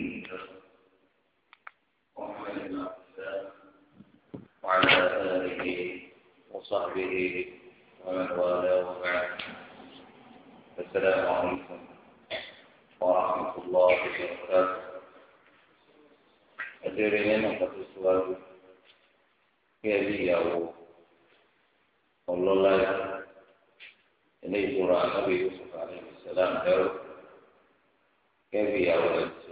محمد بن عبد الله وعلى آله وصحبه ومن والاه وبعد السلام عليكم ورحمة الله وبركاته أدري لنا قد السؤال كيفية والله لا يعلم إليه ترى النبي يوسف عليه السلام دعوه كيفية ولد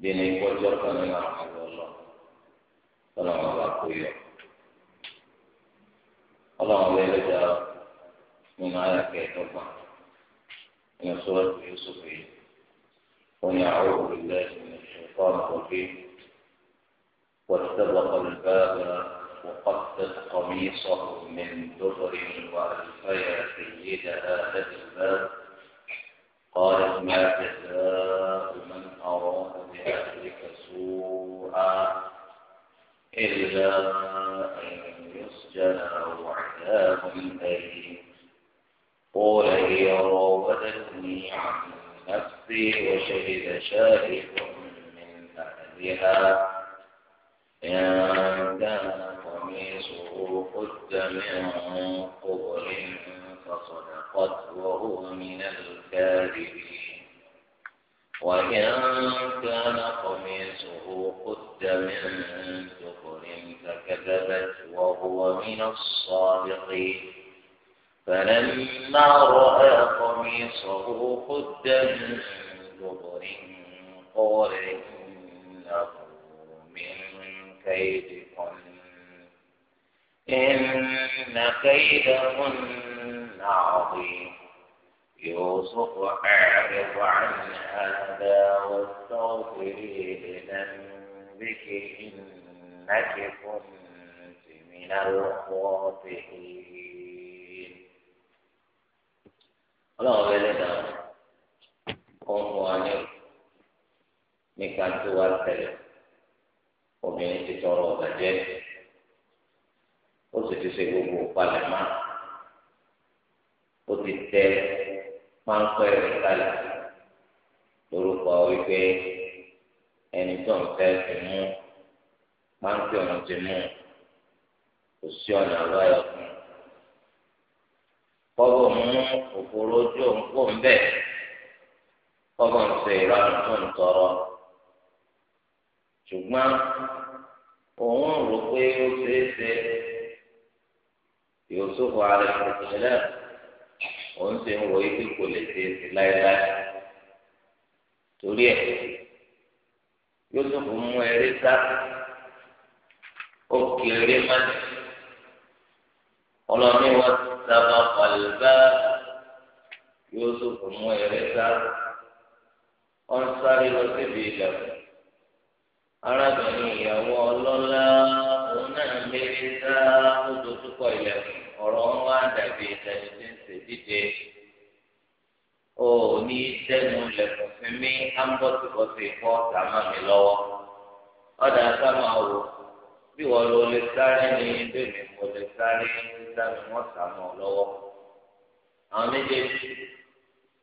bíní ìkọjọ kan nínú àwọn ọmọ ọlọ ọlọ́run ọba kò yọ ọlọ́run ọba ẹlẹ́dà nínú ayàkẹ ẹ̀dọ́gbọ̀n nínú sọlọtù Yusuf yìí wọn yà áwọ òrùlé nínú ìṣẹ̀kọ́ ọmọkùnrin bíi واستبق الباب وقدت قميصه من دبر وألفيا سيدها لدى الباب قالت ما جزاء من أراد يهلك سوءا إلا أن يسجن أو عذاب أليم قول هي راودتني عن نفسي وشهد شاهد من أهلها إن كان قميصه قد من قبل فصدقت وهو من الكاذبين وإن كان قميصه قد من دبر فكذبت وهو من الصادقين فلما رأى قميصه قد من دبر قال إنه من كيدكن إن كيدهن عظيم يوسف أعرض عن هذا واستغفري لذنبك إنك كنت من الخاطئين الله ولنا قوم وانير نكان توال تلف ومن تتورو بجد وستسيبوه قلما وتتلف pàǹpẹ́ rẹ̀ kalẹ̀ lórúkọ wípé ẹni tó ń fẹ́ ti mú pàǹpẹ́ ọ̀hún ti mú kò sí ọ̀nà àbáyọ fún un. kọ́bọ̀ mú òfurufú ojú òun kò ń bẹ̀ kọ́bọ̀ ń ṣe ìranù tó ń tọrọ ṣùgbọ́n òun rò pé ó ṣeé ṣe Yusuf alẹ́ kìrìkìrì náà òun ṣe ń wọ ibi kò lè ṣe é sí láéláé torí ẹ Yusuf mú eré sá ó kí eré má ní ọlọ́ni wọn sábà pàlùbá Yusuf mú eré sá ó sáré lọ síbi ìdàgbà arábìnrin ìyàwó ọlọ́lá òun náà mérí sá ó dojú kọ ilẹ̀kùn ọ̀rọ̀ wọn wá dàbí ìtẹ̀lé tí ń ṣe dídé ó ní tẹnu lẹ̀kùn fún mi á ń bọ̀ sí bọ́ sí ikọ́ sàmà mi lọ́wọ́ ọ̀dà sàmà wò bí wọ́n lọ lè sáré ní bèmí mo lè sáré nígbà mi wọ́n sàmà lọ́wọ́ àwọn méjèèjì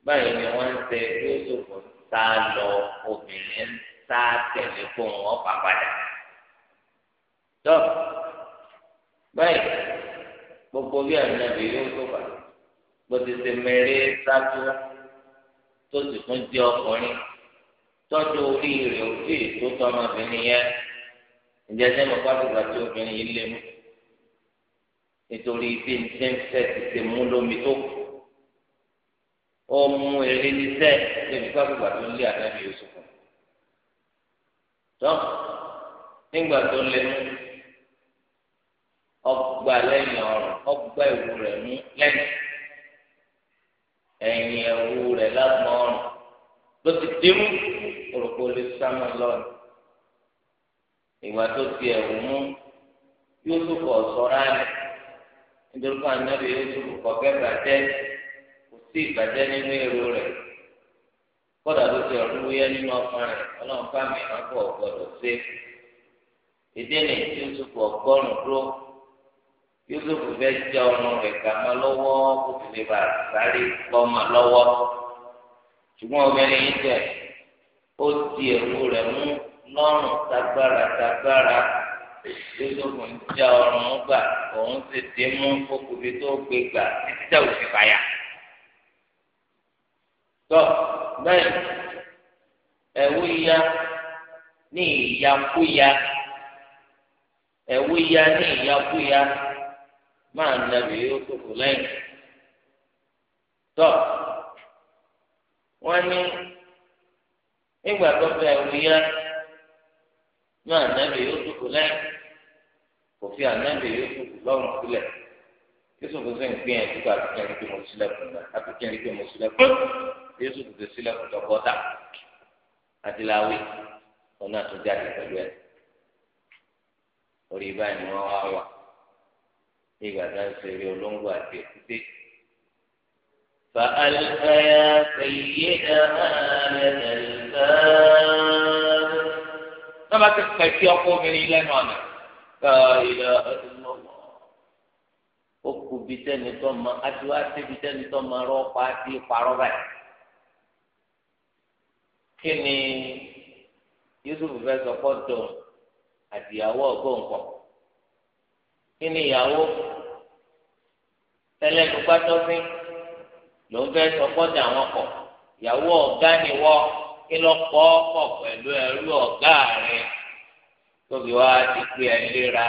báyìí ni wọ́n ń ṣe yóòsùfù ń sá lọ obìnrin ń sá tẹ̀lé fún wọn pàpàdà. báyìí gbogbo bí ànábì yóò tó bá bó ti ṣe mẹ́rẹ́ sáájú tó sì fún jẹ́ ọkùnrin tọ́jú orí rẹ̀ ó sì tó tọ́ ọmọbìnrin yẹn ìjẹ́ sẹ́nu pàtàkì tí obìnrin yìí lé mú nítorí bí n ṣe ń fẹ́ ti ṣe mú lómi tó kù ó mú eré níṣẹ́ lébi pàtàkì tó lé ànábì yóò sùn fún un. tọ́ nígbà tó lé mú ọgbà lẹ́yìn ọrùn ọgbà ìwú rẹ̀ mú lẹ́yìn ẹ̀yìn ẹ̀wú rẹ̀ lágbọ̀n ọrùn ló ti dìmú òrùkọ lè sámọ lọ́nà ìwà tó ti ẹ̀wù mú yóò tó kọ̀ sọ́ra rẹ̀ nítorí pé anábì yóò tó kọ̀ kẹ́ bàjẹ́ kò sí ìbàjẹ́ nínú èrò rẹ̀ kódà ló ti ọdún wúyẹ́ nínú ọkàn rẹ̀ ọlọ́run bá mi máa bọ̀ gbọ́dọ̀ sí yusuf fẹ́ jẹ ọrùn rẹ̀ kàmá lọ́wọ́ kó fi lè bá sáré gbọmọ lọ́wọ́ ṣùgbọ́n obìnrin yìí tẹ ó di ẹ̀wù rẹ̀ mú lọ́rùn tagbára tagbára yusuf ń jẹ ọrùn gbà òun sì dé mú kókòbí tó gbé gbà títí tẹ òfin fàyà. tọ bẹ́ẹ̀ ẹ̀wù ya ní ìyakuya ẹ̀wù ya ní ìyakuya máa nàbì Yúsúfù lẹ́yìn tọ́ wọ́n ní nígbà tó fẹ́ wíyá máa nàbì Yúsúfù lẹ́yìn kò fi ànábì Yúsúfù lọ́rùn sílẹ̀ Yúsúfù sì ń gbìyànjú pé àtúkẹ́rì pé mo sílẹ̀kùn náà àtúkẹ́rì pé mo sílẹ̀kùn Yúsúfù ti sílẹ̀kùn tọkọ́ta àdìláwí ọ̀nà àtúnjáde pẹ̀lú ẹ̀ orí báyìí ni wọ́n wá wà nígbà tá ń ṣeré olóńgbò àti èkúté. فألقيا سيدها لدى الباب كما تكفي يقوم إلى نعمة لا إله إلا الله ó kú bí sẹ́ni tó ma adúlá síbi sẹ́ni tó ma rọ́ pa sí parọ́ báyìí. kí ni Yusuf fẹ́ sọ pọ́ dùn àdìyàwó ọgọ́ nǹkan. kí ni ìyàwó tẹ́lẹ̀ nípa ló ń fẹ́ sọpọ́tì ìyàwó ọ̀gá ni kí lọ kọ́ ọkọ̀ pẹ̀lú ẹrú ọ̀gá rẹ̀ tóbi wá ti pé ẹ ọ̀nà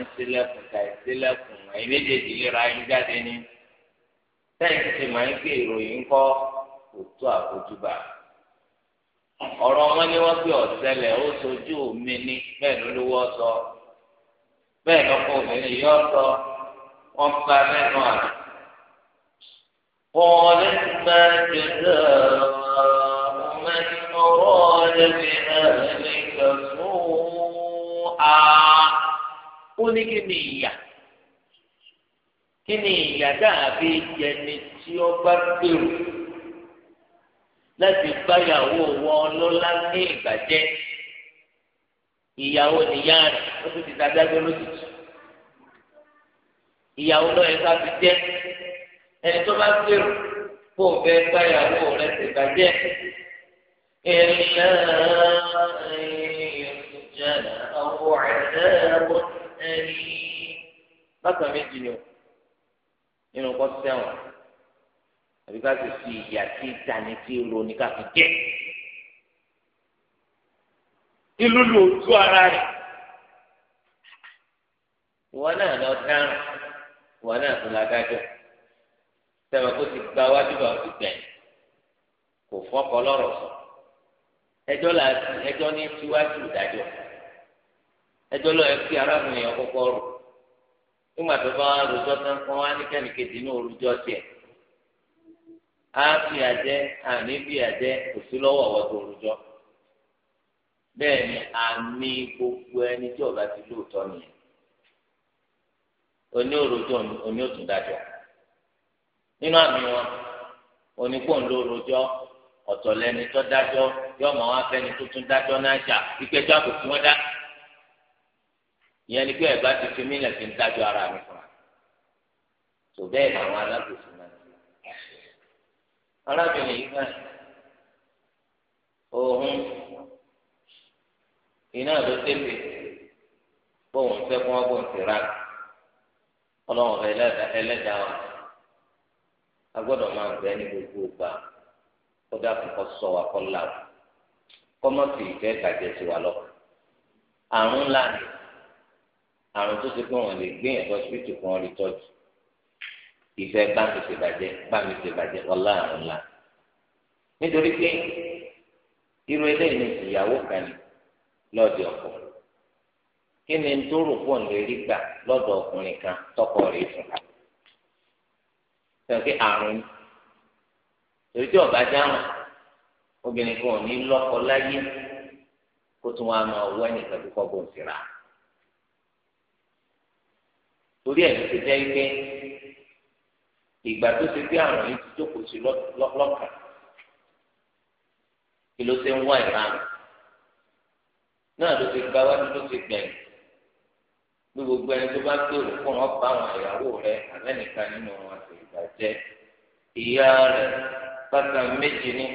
ń sílẹ̀kùn tàì sílẹ̀kùn méjèèjì ni bẹ́ẹ̀ lọ́kọ obìnrin yọ sọ wọ́n gba mẹ́nu àná. ولما جزاء من أراد بأهلك سوءا ó ní kí ni ìyà kí ni ìyà dàbí ẹni tí ó bá gbèrò láti báyàwó wọn lọ́lá ní ìbàjẹ́ ìyàwó nìyá rẹ̀ ó tún ti sàdájọ́ lójijì ìyàwó náà ẹ̀ka ti jẹ́ ẹni tó bá gbèrò kó o fẹ́ bá ìyàwó rẹ̀ ti bàjẹ́ ìlànà ìjànà ọ̀wọ̀ bákan méjì ni o nínú kọ́ sẹ́wọ̀n àbíká ti fi ìyà tí ìtàní tí ó lò ní ká fi jẹ́ ìlú lu òtú ara rẹ̀ ìwọ náà lọ dáràn ìwọ náà tó la dájọ́ sẹ́wọ̀n kó ti gba wájú bá ti gbẹ̀ kò fọ́kọ lọ́rọ̀ sọ ẹjọ́ la ẹjọ́ ní tiwájú ìdájọ́ ẹjọ́ lọ́ọ́ fi arákùnrin yẹn kọ́kọ́ rò nígbà tó bá rojọ́ tán kọ́ wá ní kẹ́nìkejì ní orújọ́ tiẹ̀ á fi àjẹ́ àní fi àjẹ́ kò sí lọ́wọ́ ọ̀wọ́ tó rojọ́. bẹ́ẹ̀ ni àmì gbogbo ẹni tí ọba ti lóòótọ́ nìyẹn oní òròjọ oní òtún dájọ́ nínú àmì wọn oníkóhùn ló ọ̀tọ̀ lẹni tó dájọ́ yóò mọ wá fẹ́ni tó tún dájọ́ náà jà ìgbẹ́jọ́ ara mi fún wa tó bẹ́ẹ̀ ni iná ló tẹ́lẹ̀ bóun fẹ́ kó wọ́n bóun ti rà ọlọ́run ẹlẹ́dàá wa a gbọ́dọ̀ máa bẹ́ẹ̀ ní gbogbo gbà kó dákun kó sọ wa kó là wa kó má fi ìfẹ́ gàjẹ́ sí wa lọ́kàn àrùn ńlá ni àrùn tó ti pé wọn lè gbé yẹn lọ síbítù kí wọn lè tọ́jú ìfẹ́ bá mi ṣe bàjẹ́ bá mi ṣe bàjẹ́ ọlá àrùn ńlá nítorí pé irú eléyìí ni ìyàwó kan nìyí lọ́ọ̀dì ọkùnrin kí ni ń tó rò pọ̀ ń lè rí gbà lọ́dọ̀ ọkùnrin kan tọkọ rẹ̀ fún àrùn torí tí ọba dáhùn obìnrin kan ò ní lọ́kọ láyé kó tún wàá máa wọ ẹnìkan tó torí ẹ̀ ló ti jẹ́ pé ìgbà náà ló ti gba wájú ló ti gbẹ̀yìn bí gbogbo ẹni tó bá gbèrò fún wọn bá àwọn ìyàwó rẹ àbẹ́nìkan nínú wọn àti ìbàjẹ́ ìyá rẹ bàtà méjì ní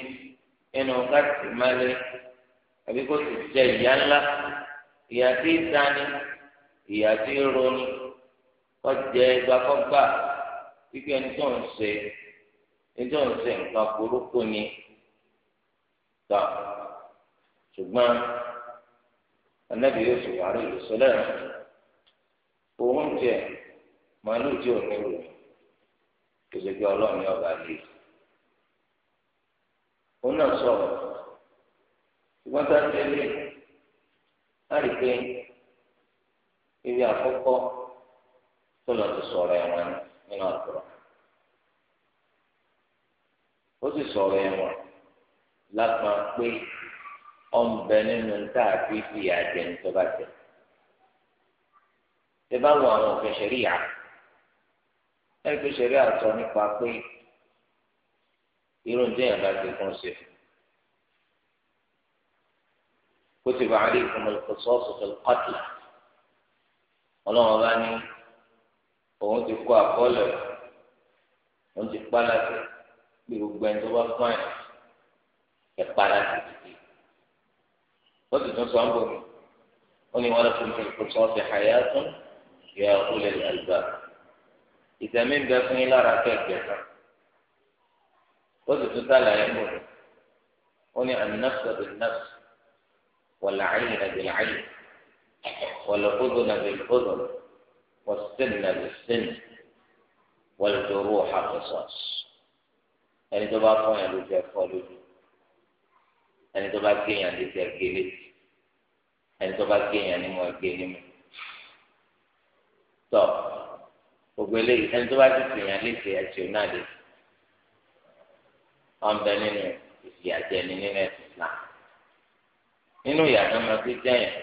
nínú káàtì málẹ àbí kó sì jẹ ìyá ńlá ìyá tí ń dání ìyá tí ń roni ọjẹ ìgbàkọgbà wípé ẹni tó ń ṣe ẹni tó ń ṣe nǹkan burúkú ni tọ ṣùgbọ́n. anabi yusuf alayhi salam òun jẹ o tí ò ní rò ìṣègbè ọlọ́run ní ọba lè òun náà sọ̀rọ̀ ṣùgbọ́n tá a ti lè láti pé ibi àkọ́kọ́ tó lọ ti sọ̀rọ̀ ọ̀nbẹ nínú nta àti ìyá jẹ nítorí tẹ. ṣé bá wọ àwọn òfin ṣẹ̀ríyà ẹni tó ṣẹ̀ríyà sọ nípa pé irú ní ìyàrá ti kún sí i. كتب عليكم القصاص في القتل ọlọ́run bá ní òun ti kó àkọọ́lẹ̀ òun ti pa láti gbogbo ẹni tó bá pààyàn ẹ̀ pa láti jù. وتدفع عنهم وني ولكم في الخصوص حياة يا أولي الألباب إذا من دفن إلى ركاب جهة وتدفع لا يمر وني النفس بالنفس والعين بالعين والأذن بالأذن والسن بالسن والجروح قصاص يعني تبقى قوية لو جاء قوية ẹni tó bá géèyàn létí ẹgé létí ẹni tó bá géèyàn nímú ẹgé nímú tọ gbogbo eléyìí ẹni tó bá ti fìyàn létí ẹtì ò náà létí wọn bẹ nínú ìfìyàjẹni nínú ẹsìn náà nínú ìyàtọ̀ máa fi jẹyàn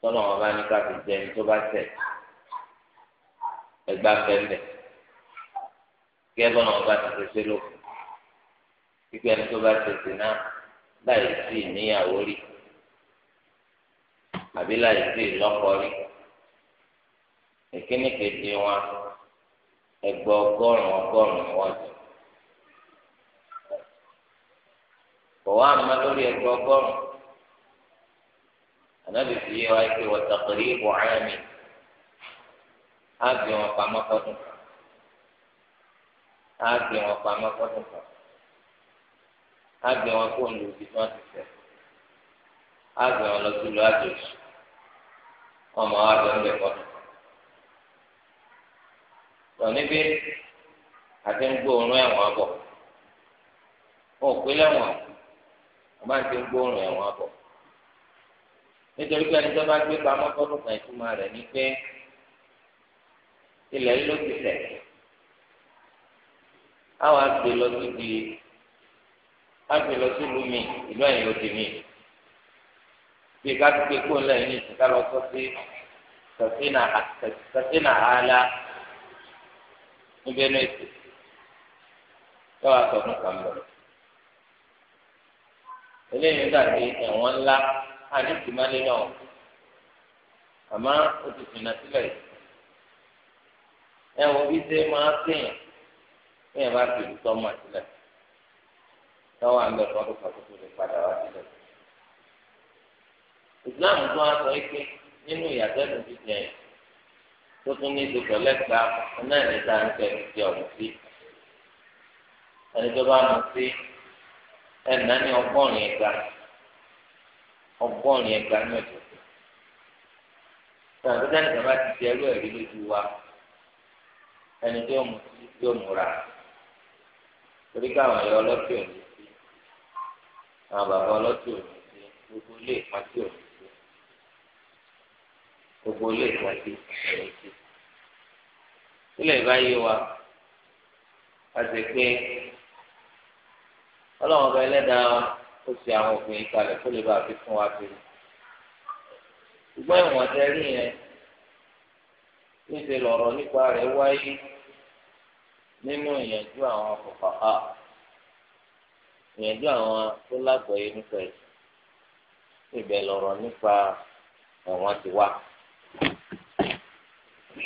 tọ́lọ̀ wọn bá ní ká fi jẹ ẹni tó bá tẹ̀ ẹgbà fẹ́lẹ̀ kí ẹ bọ́n wọn bá ti ṣe lókun gbígbé ẹni tó bá tẹ̀ sí náà láì sí ìníyàwó rí àbí láì sí ìlọ́kọ rí ìkíní kejì wọn ẹgbẹ́ ọgọ́rùn ọgọ́rùn wájú kò wá àmọ́ lórí ẹgbẹ́ ọgọ́rùn ànábì fi yé wa pé wọ́n tàkìrí ìbò ara mi á gbé wọn pamọ́ fọ́dún kan á gbé wọn pamọ́ fọ́dún kan àgbẹ̀ wọn kó lu ibi tí wọ́n ti fẹ́ àgbẹ̀ wọn lọ sí lu àjòjì ọmọ àgbẹ̀ ńlẹ̀ kọ́tù. lọ́ní bí àti ń gbóòórùn ẹ̀wọ̀n bọ̀ wọn ò pé lẹ́wọ̀n wọn máa ti ń gbóòórùn ẹ̀wọ̀n bọ̀ nítorí pé ẹni tó bá gbé pamọ́ fọ́dún kan ìtumọ̀ rẹ̀ ni pé ilẹ̀ ló ti tẹ̀ àwọn àgbẹ̀ lọ sí ibi láti lọ sí ìlú mi ìlú ẹ̀yìn ló ti mi bí ká tó gbé kó ńlẹ̀ yìí ní ìsìnká lọ sọ sí sàtínà àlá níbi ẹnu ètò yóò wá sọ fún kàmbọ̀ eléyìí nígbà tí ẹ̀wọ̀n ńlá àdìsí má nínú ọ̀ àmọ́ ó ti fìnà sílẹ̀ ẹ̀wọ̀n bí ṣe máa ń sèyàn ẹ̀ bá fi ìlú tọ́ mọ̀ sílẹ̀ táwọn àmì ẹ̀kọ́ tó kàkó tó lè padà wá sílẹ̀. ìsìláàmù tó wá sọ pé nínú ìyàtọ̀ ẹ̀dùn jíjẹ tó tún ní ìdìbò lẹ́ka ọ̀nà ìrẹta ń tẹ̀ ti ọ̀hún sí. ẹni tó bá mú sí ẹ̀nà ní ọgọ́rin ẹ̀ka ọgọ́rin ẹ̀ka ní ọ̀dọ̀. sọ̀rọ̀ tó dáná ti di ẹrú ẹ̀rí lójú wa ẹni tó mú sí yóò múra torí káwọn ẹ̀yọ́ ọlọ́pẹ̀ àwọn bàbá ọlọ́tì òní sí gbogbo ilé ìpàtì òní sí gbogbo ilé ìpàtì òní sí. sílẹ̀ ìbáyé wa a sì pé ọlọ́run ọba ẹlẹ́dàá ó ṣe àwọn obìnrin kalẹ̀ kó lè bá a fi fún wa bí. ṣùgbọ́n ìwọ̀n tẹ rí yẹn níṣẹ́ lọ̀rọ̀ nípa rẹ̀ wáyé nínú ìyànjú àwọn ọkọ̀ ìyẹnjú àwọn tó lágbọ̀ọ́yé nípa ẹ̀sìn ibẹ̀ lọ̀rọ̀ nípa ẹ̀wọ̀n ti wá.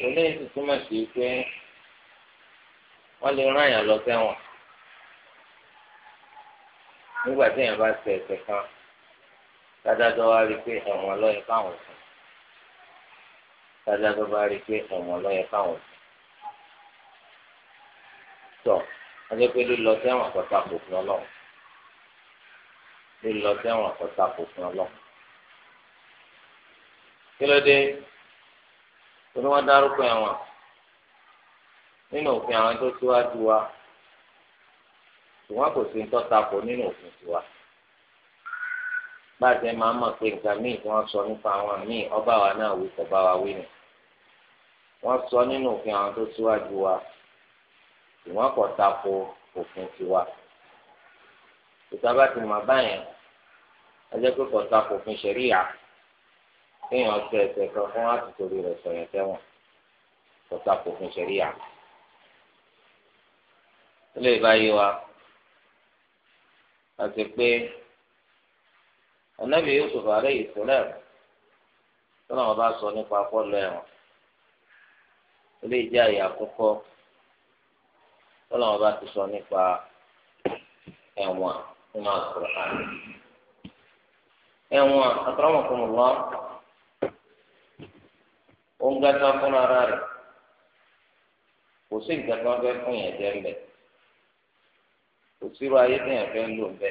eléyìí ti túmọ̀ sí pé wọ́n lè rán èèyàn lọ sẹ́wọ̀n nígbà tí èèyàn bá ṣe ẹ̀ṣẹ̀ kan dáadáa wá rí i pé ẹ̀wọ̀n ló yẹ káwọn sùn dáadáa bá rí i pé ẹ̀wọ̀n ló yẹ káwọn sùn. tọ́ adé pé lílọ sẹ́wọ̀n pàtàkì òfin ọlọ́run. lílọ sẹ́wọ̀n àkọ́tà kò fún ọlọ́ kí ló dé wọ́n dárúkọ ẹ̀wọ̀n nínú òfin àwọn tó síwájú wa ṣùgbọ́n kò sí tọ́ta kò nínú òfin tiwa báyìí máa mọ̀ pé nǹkan míì tí wọ́n sọ nípa àwọn míì ọba wa náà wí wa wí ni wọ́n sọ nínú òfin àwọn tó síwájú wa ṣùgbọ́n kò òfin tiwa ẹjẹ pé kọta kò fún ṣẹríà kéèyàn ṣe ẹsẹ̀ kan fún àtìtòrí rẹ̀ sọ̀yẹ̀ tẹ́wọ̀n kọta kò fún ṣẹríà ilé ìbáyé wa àti pé ọ̀nàbí Yusuf alẹ́ ìsọ̀lẹ̀ tó náà bá sọ nípa pọ́lọ ẹ̀wọ̀n ilé ìjà ìyá àkọ́kọ́ tó náà bá ti sọ nípa ẹ̀wọ̀n nínú àkùrọ̀ àná. ẹ̀wọ̀n àtọ́mọ̀kùnmọ̀lá ó ń gàdá fún ara rẹ̀ kò sí nǹkan tí wọ́n fẹ́ fún yẹn jẹ́ mbẹ́ kò sírò ayé yẹn lò kò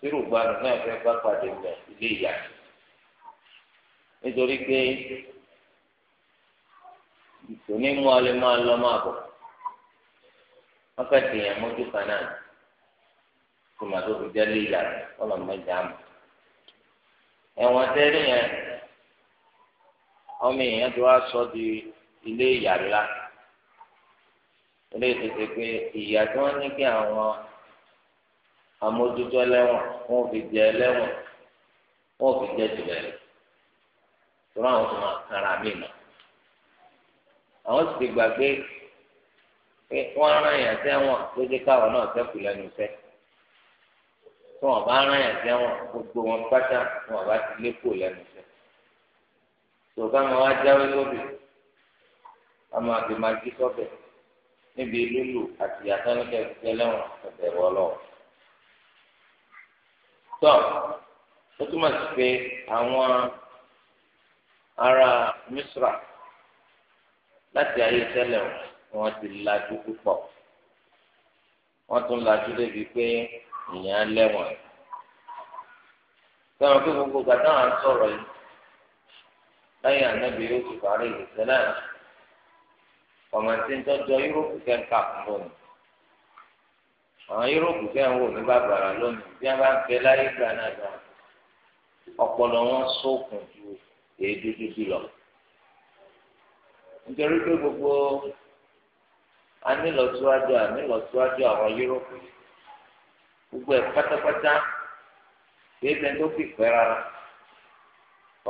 sírò yẹn pàdé ilé ìyá nítorí pé òní mú máa lọ máa kan náà tòmátò fi lọ mọ ìjà ẹwọn tẹ́lẹ̀ yẹn ọmọ èèyàn ti wá sọ di ilé ìyà ńlá ilé pé ìyà tí wọ́n ní kí àwọn amójútó lẹ́wọ̀n wọ́n fi jẹ lẹ́wọ̀n wọ́n fi jẹ jù tó ráwọn tó máa kára mí àwọn sì ti gbàgbé pé tí wọn bá rán yàn jẹun gbogbo wọn pátá tí wọn bá ti lékò lẹ́nu iṣẹ́ tó ká máa wá jáwé lóbì ká máa fi máa jí sọbẹ níbi lúlù àti yàtọ̀ níkẹ jẹlẹwọn ọbẹrẹ ọlọ́run tó ó túmọ̀ sí pé àwọn ará misra láti ayé tẹ́lẹ̀ wọn ti làjú púpọ̀ wọn tún làjú débi pé ìyẹn lẹ́wọ̀n ẹ̀ sọ̀rọ̀ pé gbogbo gbàtà à ń sọ̀rọ̀ yìí láyé ànábì yóò ti parí ìṣẹ̀lẹ̀ ọmọ tí ń tọ́jú yúróòpù fẹ́ ń kà fún lónìí àwọn yúróòpù fẹ́ ń wò ní bàbàrà lónìí bí wọ́n bá ń fẹ́ láyé gbà náà dá wọn sókun ju èédú dúdú lọ nítorí pé gbogbo anílọsíwájú anílọsíwájú àwọn yúróòpù yìí gbogbo ẹ̀ pátápátá kìí ṣe tó fi pẹ́ rárá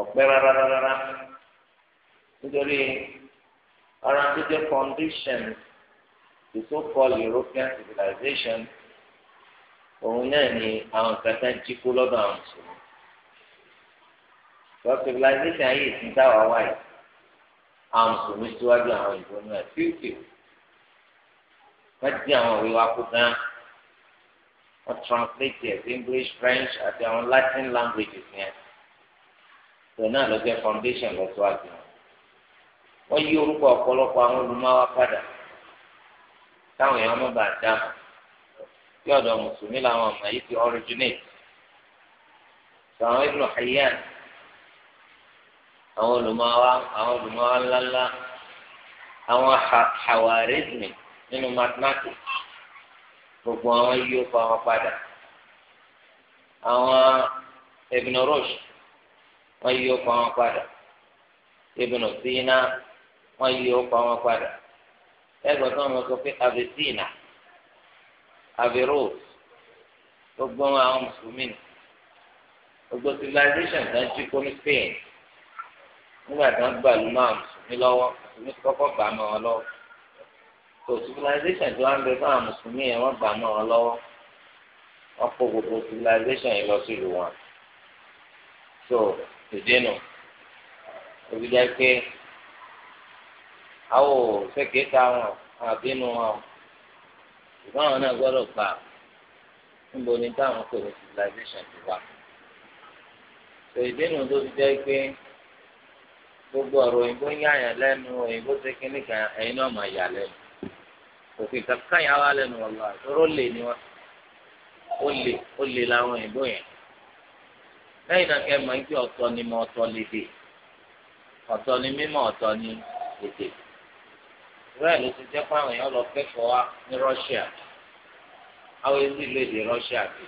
ọ̀pẹ́ rárá rárá nítorí ara tó jẹ́ condition the so called European civilization òun náà ni àwọn kàtà jí kó lọ́dọ̀ àwọn sòrò lọ civilization ayé ìsìnká wa wáyé àwọn sòrò síwájú àwọn ìbò náà fífi wọ́n ti àwọn òwe wa kó dáná wọ́n translate ẹ̀ English French àti àwọn Latin languages yẹn tó náà ló jẹ́ foundation lọ́sọ́wájú wọ́n yí orúkọ ọ̀pọ̀lọpọ̀ àwọn olùmọ̀wá padà táwọn èèyàn mọ̀ bá dáhùn tí ọ̀dọ̀ mùsùlùmí làwọn ọmọ yìí ti originate sàwọn Ibn Hayyan àwọn olùmọ̀wá àwọn olùmọ̀wá ńláńlá àwọn Hawarizmi nínú mathematics gbogbo àwọn yí ó fa wọn padà àwọn Ibn Rushd wọn yí ó fa padà Ibn Sina wọn yí ó fa wọn padà ẹgbẹ́ tó wọn sọ pé Avicenna Averroes gbogbo àwọn mùsùlùmí gbogbo civilization náà jí kó ní Spain nígbà tí wọn gbàlú máa mùsùlùmí lọ́wọ́ mùsùlùmí kọ́kọ́ bàá wọn lọ́wọ́ so civilization tí wọ́n ń bẹ fún àwọn mùsùlùmí yẹn wọ́n gbà mọ́ ọ lọ́wọ́ kó gbogbo civilization yìí lọ sílùú wọn so ìdènà òbí jẹ́ pé àwọn ò fẹ́kẹ́ ta wọn àbínú wọn ìgbà wọn náà gbọ́dọ̀ gbà níbo ni táwọn kò ní civilization ti wà so ìdènà tó fi jẹ́ pé gbogbo ọ̀rọ̀ òyìnbó ń yàyàn lẹ́nu òyìnbó ṣe kíníkan náà máa yà lẹ́nu òfin kankan yà wà lẹ́nu ọlọ àtọrọ lè ní wa ó lè ó lè làwọn òyìnbó yẹn lẹ́yìn náà kẹ mọ̀ ikú ọ̀tọ̀ ni mọ̀ ọ̀tọ̀ lédè ọ̀tọ̀ ni mímọ̀ ọ̀tọ̀ ni èdè israẹl ló ti jẹ fáwọn èèyàn lọ kẹ́kọ̀ọ́ wa ní Russia àwọn èsì lédè Russia bi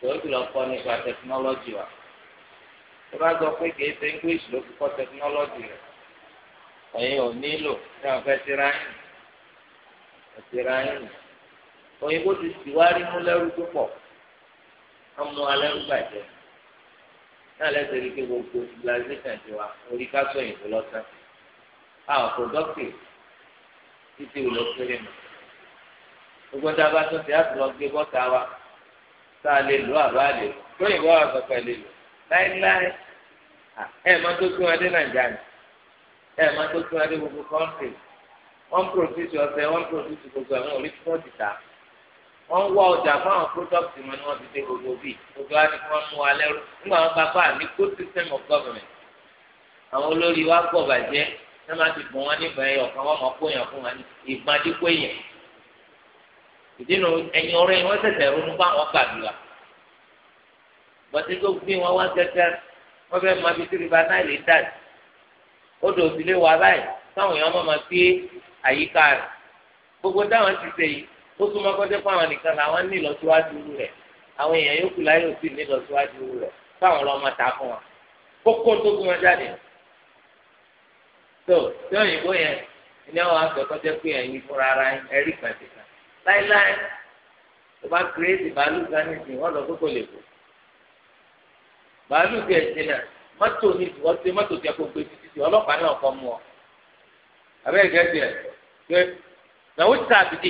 tòun ti lọ kọ́ nípa tẹkinọlọgì wa tó bá gbọ́ pé kìí ṣe English ló fi kọ́ tẹkinọlọgì rẹ ẹ̀yin ò nílò tí wọn fẹ́ẹ̀ ti ráyìn àtìrà yìí òyìnbó ti tìwárí mú lẹ́rú tó pọ̀ ọmọ alẹ́rú bàjẹ́ náà lẹ́sẹ̀ rí i pé gbogbo civilization ti wá orí ká sọ òyìnbó lọ́sàn àwọn productive títí wò ló kéré mọ́ gbogbo tá a bá tún ti á tún lọ gbé bọ́tà wa tá a lè lò àbá lè lò lóyìnbó wa sọ pé lè lò láéláé ẹ máa tó tún adé nàìjíríà ẹ máa tó tún adé gbogbo kọ́ńtì wọ́n produce ọ̀sẹ̀ wọ́n produce gbogbo àwọn orí tí wọ́n ti ta wọ́n wá ọjà fún àwọn product wọn ni wọ́n ti dé gbogbo bíi gbogbo wa ni wọ́n mú wa lẹ́rú nígbà wọn bá bá ní good system of government àwọn olórí wa gbọ́ bàjẹ́ náà má ti bùn wọn nígbà yẹn ọ̀kan wọn mọ̀ kó yàn fún wọn ní ìgbàdígbò yẹn ìdínà ẹ̀yìn ọ̀rẹ́ yẹn wọ́n ṣẹ̀ṣẹ̀ ronú bá wọn gbàdúrà bọ́tí tó gbé wọn wá gẹ́gẹ́ wọ́n fẹ́ mọ abisiriba náà lè dà odò òsì lè báyìí táwọn èèyàn máa fi àyíká rẹ̀ gbogbo táwọn ti ṣe yìí ó súnmọ́ kọ́jọ́ pé àwọn nìkan làwọn ní ìlọsíwájú rẹ̀ àwọn èèyàn yòókù láyé òsì ní ìlọsíwájú rẹ̀ fáwọn ọmọ ta fún wa kókó tó gún wọn jáde tó tí òyìnbó yẹn ní àwọn akẹ́kọ̀ọ́ pé ẹ̀yin fúnra ara ẹ̀rí pàṣẹ kan láéláé tó bá kírètì bàálù gánìtì wọn lọ kókó lè kó bàálù tiẹ̀ jìnnà mọ́tò ní ìwọ́sẹ̀ mọ́tò tiẹ̀ kó gbé títí ọlọ́pàá náà kọ́ mú ọ abẹ́rẹ́ gẹ́gẹ́ pé na which car be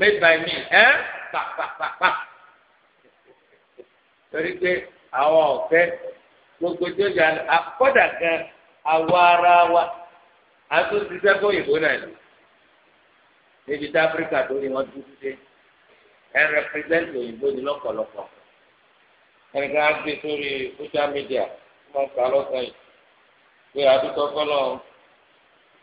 made by me ẹ pa pa pa pa torí pé àwọn ọ̀fẹ́ gbogbo tó yà akọ́dà ah, kan awọ ara wa àtúntìṣẹ́ fún òyìnbó náà ni níbi tí áfíríkà tó ní wọn dúró dé ẹ rẹpírẹsẹ̀ntì òyìnbó ni lọ́pọ̀lọpọ̀ ẹnìkan á gbé sórí social media wọn kà lọ́sàn-án yìí pé àdúgbò fọlọ́ọ̀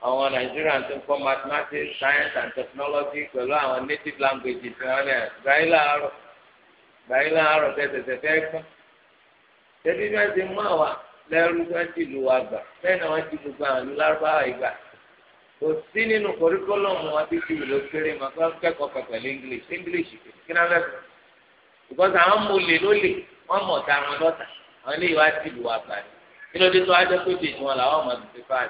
àwọn Nigerian tó ń kọ́ mathematics science and technology pẹ̀lú àwọn native languages wọn ni gbàyí láàárọ̀ gbàyí láàárọ̀ tẹ̀sẹ̀sẹ̀ fẹ́ gbọ́n tẹ̀bí bí wọ́n ti mú àwa lẹ́rú tí wọ́n ti lù wá gbà bẹ́ẹ̀ náà wọ́n ti gbogbo àwọn ìlú lárúbáwá ìgbà kò sí nínú kòríkọ́lọ́mù wọn ti ti lò mà kó kẹ́kọ̀ọ́ pẹ̀lú English English kí náà fẹ́ fún because àwọn mọ̀lẹ́ ló lè wọ́n mọ̀ ọ̀tá wọn lọ́tà àwọn ilé ìwádìí lù wá gbà ni kí ló dé tó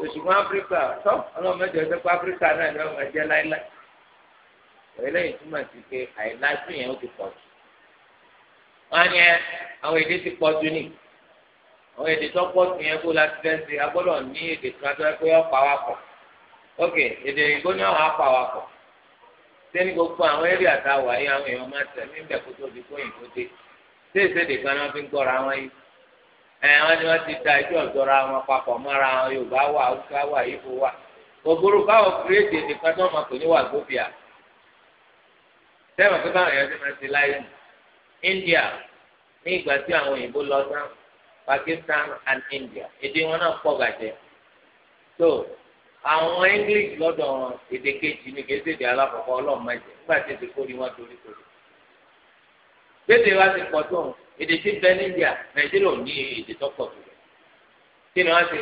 òṣùwọ̀n áfíríkà tó ọlọ́run mẹ́jọ ẹgbẹ́ pé áfíríkà náà ni wọ́n máa jẹ́ láíláí eléyìí túmọ̀ sí pé àìláṣú yẹn ó ti pọ̀ jù wọ́n á ní àwọn èdè ti pọ̀ jù ní àwọn èdè tó pọ̀ jù yẹn kó láti fẹ́ ṣe agbọ́dọ̀ ní èdè kan tó yẹ pé ọ̀pá wa pọ̀ ok èdè ìgbó ní àwọn apá wa pọ̀ sẹ́ni gbogbo àwọn eré àtàwọ̀ ayé àwọn èèyàn máa tẹ̀ níbẹ̀ kó tóbi kó yìnbó dé sí èsèdè kan náà fi ń gbọ́ra wọn yìí Ee, wọn ni wọn ti da ìjọ ìjọra wọn papọ̀ mọ́ra wọn yorùbá wà haúsá wà ìbò wà ògbóró káwọn kúrẹ́ẹ̀dì nìkan tó máa ní sẹ́wọ̀n èèyàn ti máa ti láyé nù India ní ìgbà tí àwọn òyìnbó lọ Pakistan and India èdè wọn náà pọ̀ gàjẹ́ so àwọn English lọ́dọ̀ èdè kejì ní alákọ̀ọ́kọ́ nígbà tí èdè wọn èdè tí bẹ ní India Nàìjíríà ò ní èdè tó pọ̀ tó kí ni wọ́n ṣe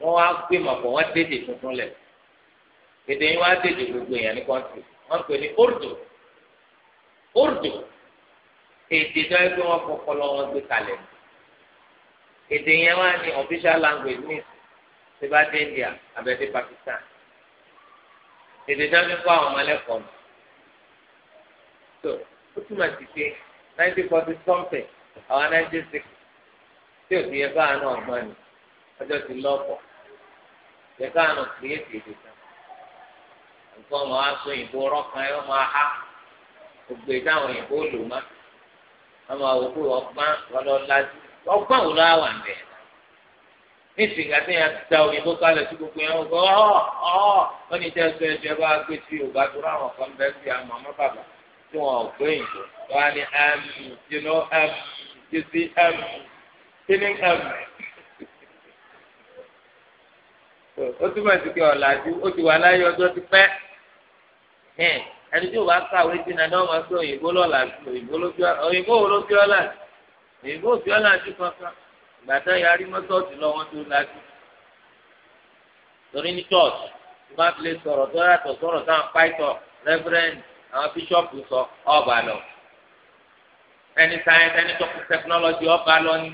wọ́n wá gbé mọ̀pọ̀ wọ́n dédè tuntun lẹ̀ èdè yín wá dédè gbogbo èèyàn ní kọ́ńtì wọ́n pè ní Urdu Urdu èdè tó yẹ kí wọ́n fọpọlọ wọn gbé kalẹ̀ èdè yẹn wá ní official language ní sèbáde India abẹ́dé Pakistan èdè tó yẹ kí wọ́n fọ àwọn ọmọ ẹlẹ́kọ̀ọ́ so ó túmọ̀ sí pé. nineteen forty something àwọn nineteen six tí o ti yẹ káà náà gbọ́n ni ọjọ́ ti lọ́pọ̀ yẹ káà náà kìrìẹ́tì èdè kan nǹkan ọmọ aṣọ òyìnbó rọ́kan ẹ̀ ọmọ aha ògbè táwọn òyìnbó lò má ọmọ yẹn ti kalẹ̀ sí gbogbo yẹn wọ́n gbọ́ ọ́ ọ́ ní tí wọn ò gbé ìjọ wọn á ní ẹm you know ẹm you see ẹm feeling ẹm. ó túmọ̀ sí pé ọ̀làjú ó ti wà láyé ọjọ́ ti pẹ́ ẹni tí o bá kàwé sí náà náà máa fi òyìnbó lọ́làjú òyìnbó ló fi òyìnbó wo ló fi ọ́ làjú òyìnbó ò fi ọ́ làjú kankan ìgbà tó yarí mọ́tọ́ọ̀tì lọ́wọ́ tó làjú torí ní church tí wọ́n á fi lè sọ̀rọ̀ tó yàtọ̀ sọ̀rọ̀ sáà pàìtọ̀ rẹ́fúrẹ́ǹdì àwọn bíṣọ̀pù sọ ọba lọ ẹni sáyẹnsì ẹni tọkùn tẹkinọlọjì ọba lọ ni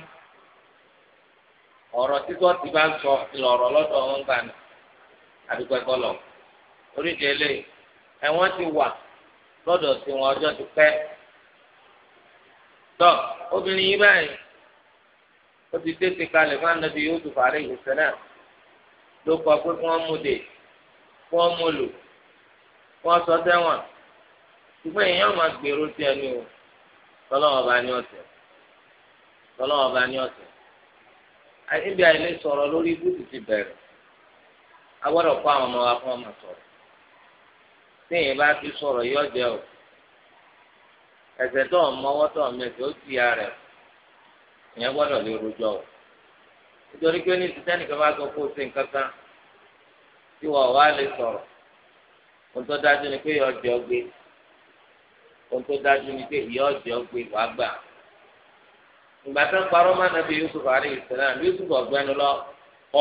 ọ̀rọ̀ títọ́ ti bá ń sọ ìlọ̀rọ̀ lọ́dọ̀ wọn gbà ní àdúgbò ẹ̀kọ́ lọ oríṣi eléyìí ẹ̀wọ̀n ti wà lọ́dọ̀ sí wọn ọjọ́ ti pẹ́ tọ́ obìnrin yìí báyìí ó ti dé ti kalẹ̀ fún anabi yóò tún fàárẹ̀ ìhùsẹ̀ náà ló kọ pé kí wọ́n mú de kí wọ́n mú lò kí wọ́n sọ sẹ́wọ̀n. ṣùgbọ́n èèyàn máa gbèrò sí ẹni o tọ́lọ́wọ́ bá ní ọ̀sẹ̀ tọ́lọ́wọ́ bá ní ọ̀sẹ̀ níbi àìlè sọ̀rọ̀ lórí ibú ti ti bẹ̀rẹ̀ a gbọ́dọ̀ kó àwọn ọmọ wa fún ọmọ sọ̀rọ̀ tí èèyàn bá sọ̀rọ̀ o ẹ̀ṣẹ̀ tó ń mọ́wọ́ tó ya èèyàn gbọ́dọ̀ lè rojọ́ o nítorí pé ní títẹ́ nìkan bá sọ kó o ṣe nǹkan kan tí ohun tó dájú ni pé ìyá ọ̀jẹ̀ ọgbẹ́ wàá gbà ìgbà tó ń parọ́ máa nàbí Yusuf alayhi salam Yusuf ọ̀gbẹ́ni lọ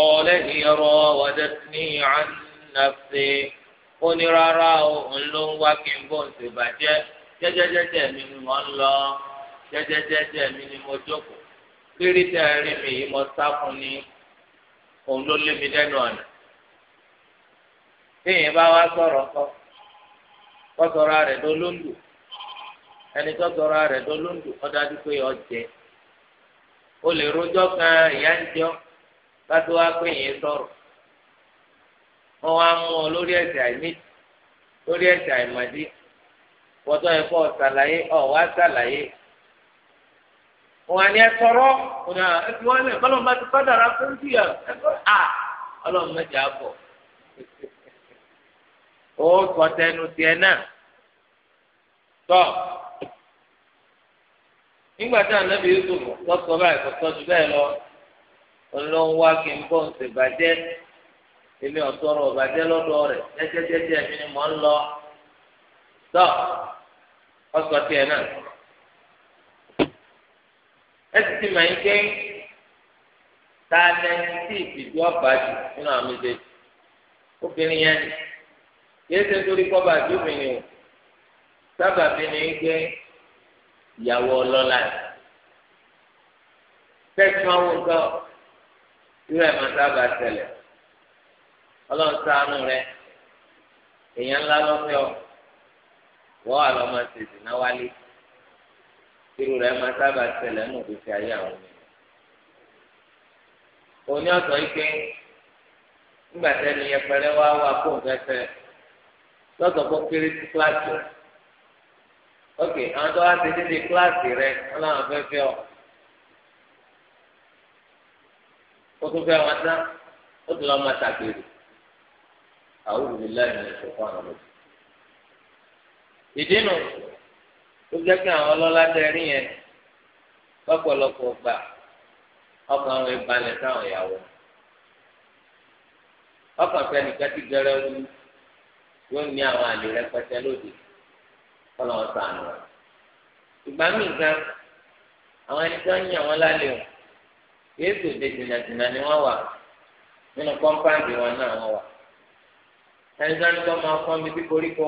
ọ̀ọ́lẹ́ ìyọrọ ọ̀dẹ ní ànàfẹ́ ó ní rárá òun ló ń wá kí n bọ̀ ń ṣe bàjẹ́ jẹ́jẹ́jẹ́jẹ́ mi ni mo ń lọ jẹ́jẹ́jẹ́jẹ́ mi ni mo jókòó lérí tẹ́ ẹ rí mi yìí mo sá fún ni òun ló lé mi lẹ́nu ọ̀nà téèyàn bá wá sọ̀rọ̀ kọ́ kọ́ sọ̀rọ̀ rẹ̀ lólóńdò ẹni tó sọ̀rọ̀ rẹ̀ tó lóńdù ọ̀dájú pé ọ̀jẹ̀ o lè rojọ́ kan ìyá ń jọ́ láti wá pé yẹn sọ̀rọ̀ wọ́n wá mú ọ lórí ẹ̀sẹ̀ àìní lórí ẹ̀sẹ̀ àìmọ̀dí wọ́tọ́ ẹ̀fọ́ ṣàlàyé ọ̀ wá ṣàlàyé wọ́n á ní ẹ sọ̀rọ̀ wọ́n á ti wọ́n lẹ̀ kọ́lọ́mù bá ti kọ́dàrà fún bíyà ẹ̀kọ́ à ọlọ́mù mẹ́jọ ó sọ tẹnu tiẹ̀ náà tọ́. nígbà tí ànábì yusuf lọsọ báyìí kò tọ́jú bẹ́ẹ̀ lọ ọlọ́run wá kí n bọ ń ṣe bàjẹ́ èmi ọtọrọ ọbàjẹ́ lọ́dọ̀ rẹ̀ jẹjẹjẹjẹ mi ni mò ń lọ tọ ọsọ tiẹ̀ náà ẹ ti mọ̀ yín pé ta lẹni tí ọba jù nínú àmì obìnrin yẹn ni kọ́ bàjẹ́ ìyàwó ọlọ́lá yìí tẹ̀sán àwọn nǹkan irú ẹ̀ máa sábà ṣẹlẹ̀ ọlọ́run rẹ èèyàn ńlá lọ́fẹ́ ọ wọ́n wà lọ́mọ tètè náà wálé irú rẹ máa sábà ṣẹlẹ̀ nù gbèsè ayé àwọn ènìyàn òní ọ̀sán wá kéré ok àwọn tó wá ti dídí kíláàsì rẹ wọn làwọn fẹ́ fẹ́ ọ ó tún fẹ́ wọn tán ó tún lọ máa tàgbèrè àwọn olùdílé ní ìṣòfò àwọn ọmọdé ìdí nu ó jẹ́ kí àwọn ọlọ́lá tẹrí yẹn lọ́pọ̀lọpọ̀ gbà ọkàn àwọn ìbalẹ̀ sáwọn ìyàwó ọkàn fẹ́ nìkan ti gẹrẹ wú yóò ní àwọn àlè rẹpẹtẹ lóde ọlọ́run sànù rẹ̀. ìgbà míì gan àwọn ẹni tí wọ́n yàn wọ́n lálẹ́ o yéé tó de jìnnàjìnnà ni wọ́n wà nínú kọ́ńpáàdì wọn náà wọ́n wà. ẹni tí wọ́n ní wọ́n máa fọ́n mi bí koríko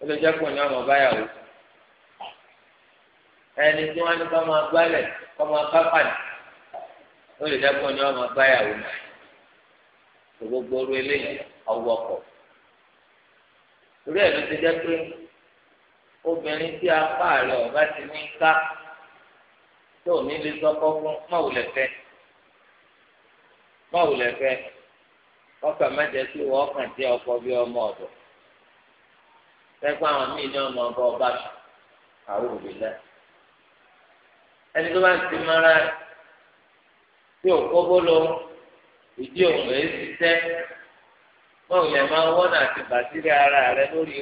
ó lè jẹ́ kó ní ọmọ báyàwó. ẹni tí wọ́n ní máa gbálẹ̀ kọ́ máa bá pàdé ó lè jẹ́ kó báyàwó gbogbo oru eléyìí ọwọ́ kọ̀. torí ẹ̀ ló ti jẹ́ pé. obìnrin tí apá rẹ̀ ọ̀bá ti ní ká tó ní lè sọ́kọ́ fún mọ̀wùlẹ̀fẹ́ mọ̀wùlẹ̀fẹ́ ọkàn mẹ́jẹ sí wọ́n ọkàn tí ọkọ bí ọmọ ọ̀dọ̀ fẹ́pẹ́ àwọn míì ní ọmọ ọba ọba àwọn òbí lẹ ẹni tó bá ń ti mara tí iji bóló ìdí òun èé ti tẹ́ mọ̀wùlẹ̀ máa ń bàtírí ara lórí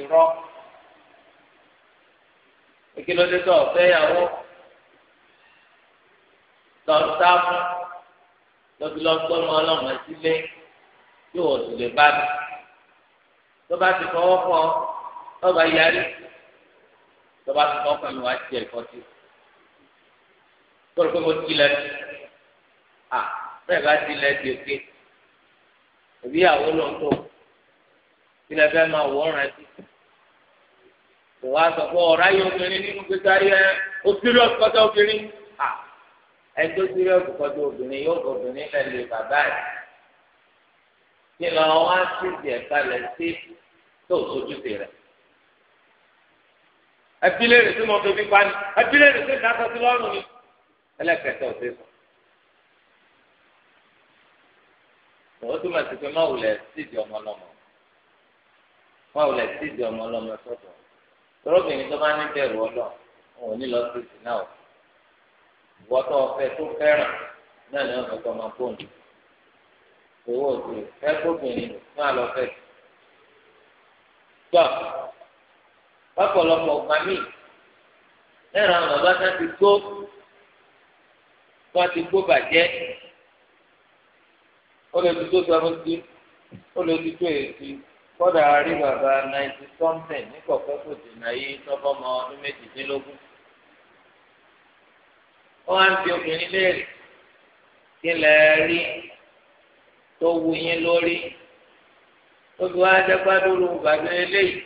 kí ló dé tó ọ̀fẹ́ yàwó tó ń sá fún lọ́bi lọ́gbọ́n mọ́ ọlọ́run sílé yóò sì lè bá mi tó bá ti fọwọ́ fọ tó bá yarí tó bá ti fọwọ́ pẹ̀lú wá tiẹ̀ kọ́tí tó rò pé mo ti lẹ̀ ti à bẹ́ẹ̀ bá ti lẹ̀ ti òkè òbí yàwó lọ́n tó ilẹ̀ fẹ́ máa wọ̀ ọ́ràn ẹ̀ kò wá sọ pé ọ̀rá yóò obìnrin nínú gbèsè ayé ó sírìọ́sì kọjá obìnrin à ẹ tó sírìọ́sì kọjá obìnrin yóò obìnrin lẹ lè bàbá ẹ kí lọ wá sí ìdíyẹ kalẹ̀ sí tó sojúṣe rẹ. ẹbílẹ̀ rẹ̀ sí mọ́tò fífa ni ẹbílẹ̀ rẹ̀ sí ìdáṣọ sí lọ́rùn ni ẹlẹ́kẹ̀tẹ̀ ò sí sọ. ó túmọ̀ sí pé máwùlẹ̀ sídìí ọmọ lọ́mọ máwùlẹ̀ sídìí ọmọ lọ́mọ sọ̀tọ̀. tọ́lọ́bìnrin tó bá ní bẹ̀rù ọlọ́ wọn ò ní lọ sí ìsìn náà ìwọ tó ọfẹ tó fẹ́ràn náà ni wọ́n fẹ́ kọ́ máa bóńdù owó òsì fẹ́ kóbìnrin náà lọ fẹ́ tọ́ ọ̀pọ̀lọpọ̀ ọgbà míì bàbá náà ti gbó wọ́n ti gbó bàjẹ́ kọ́dà rí bàbá náìtì sọ́ńtìn ní kọ̀kọ́ kò dènà yìí tọ́bọ́mọ ọdún méjìdínlógún. wọ́n á ń bi obìnrin léèrè kí lẹ rí tó wu yín lórí tóbi wá dábàdúró bàbá eléyìí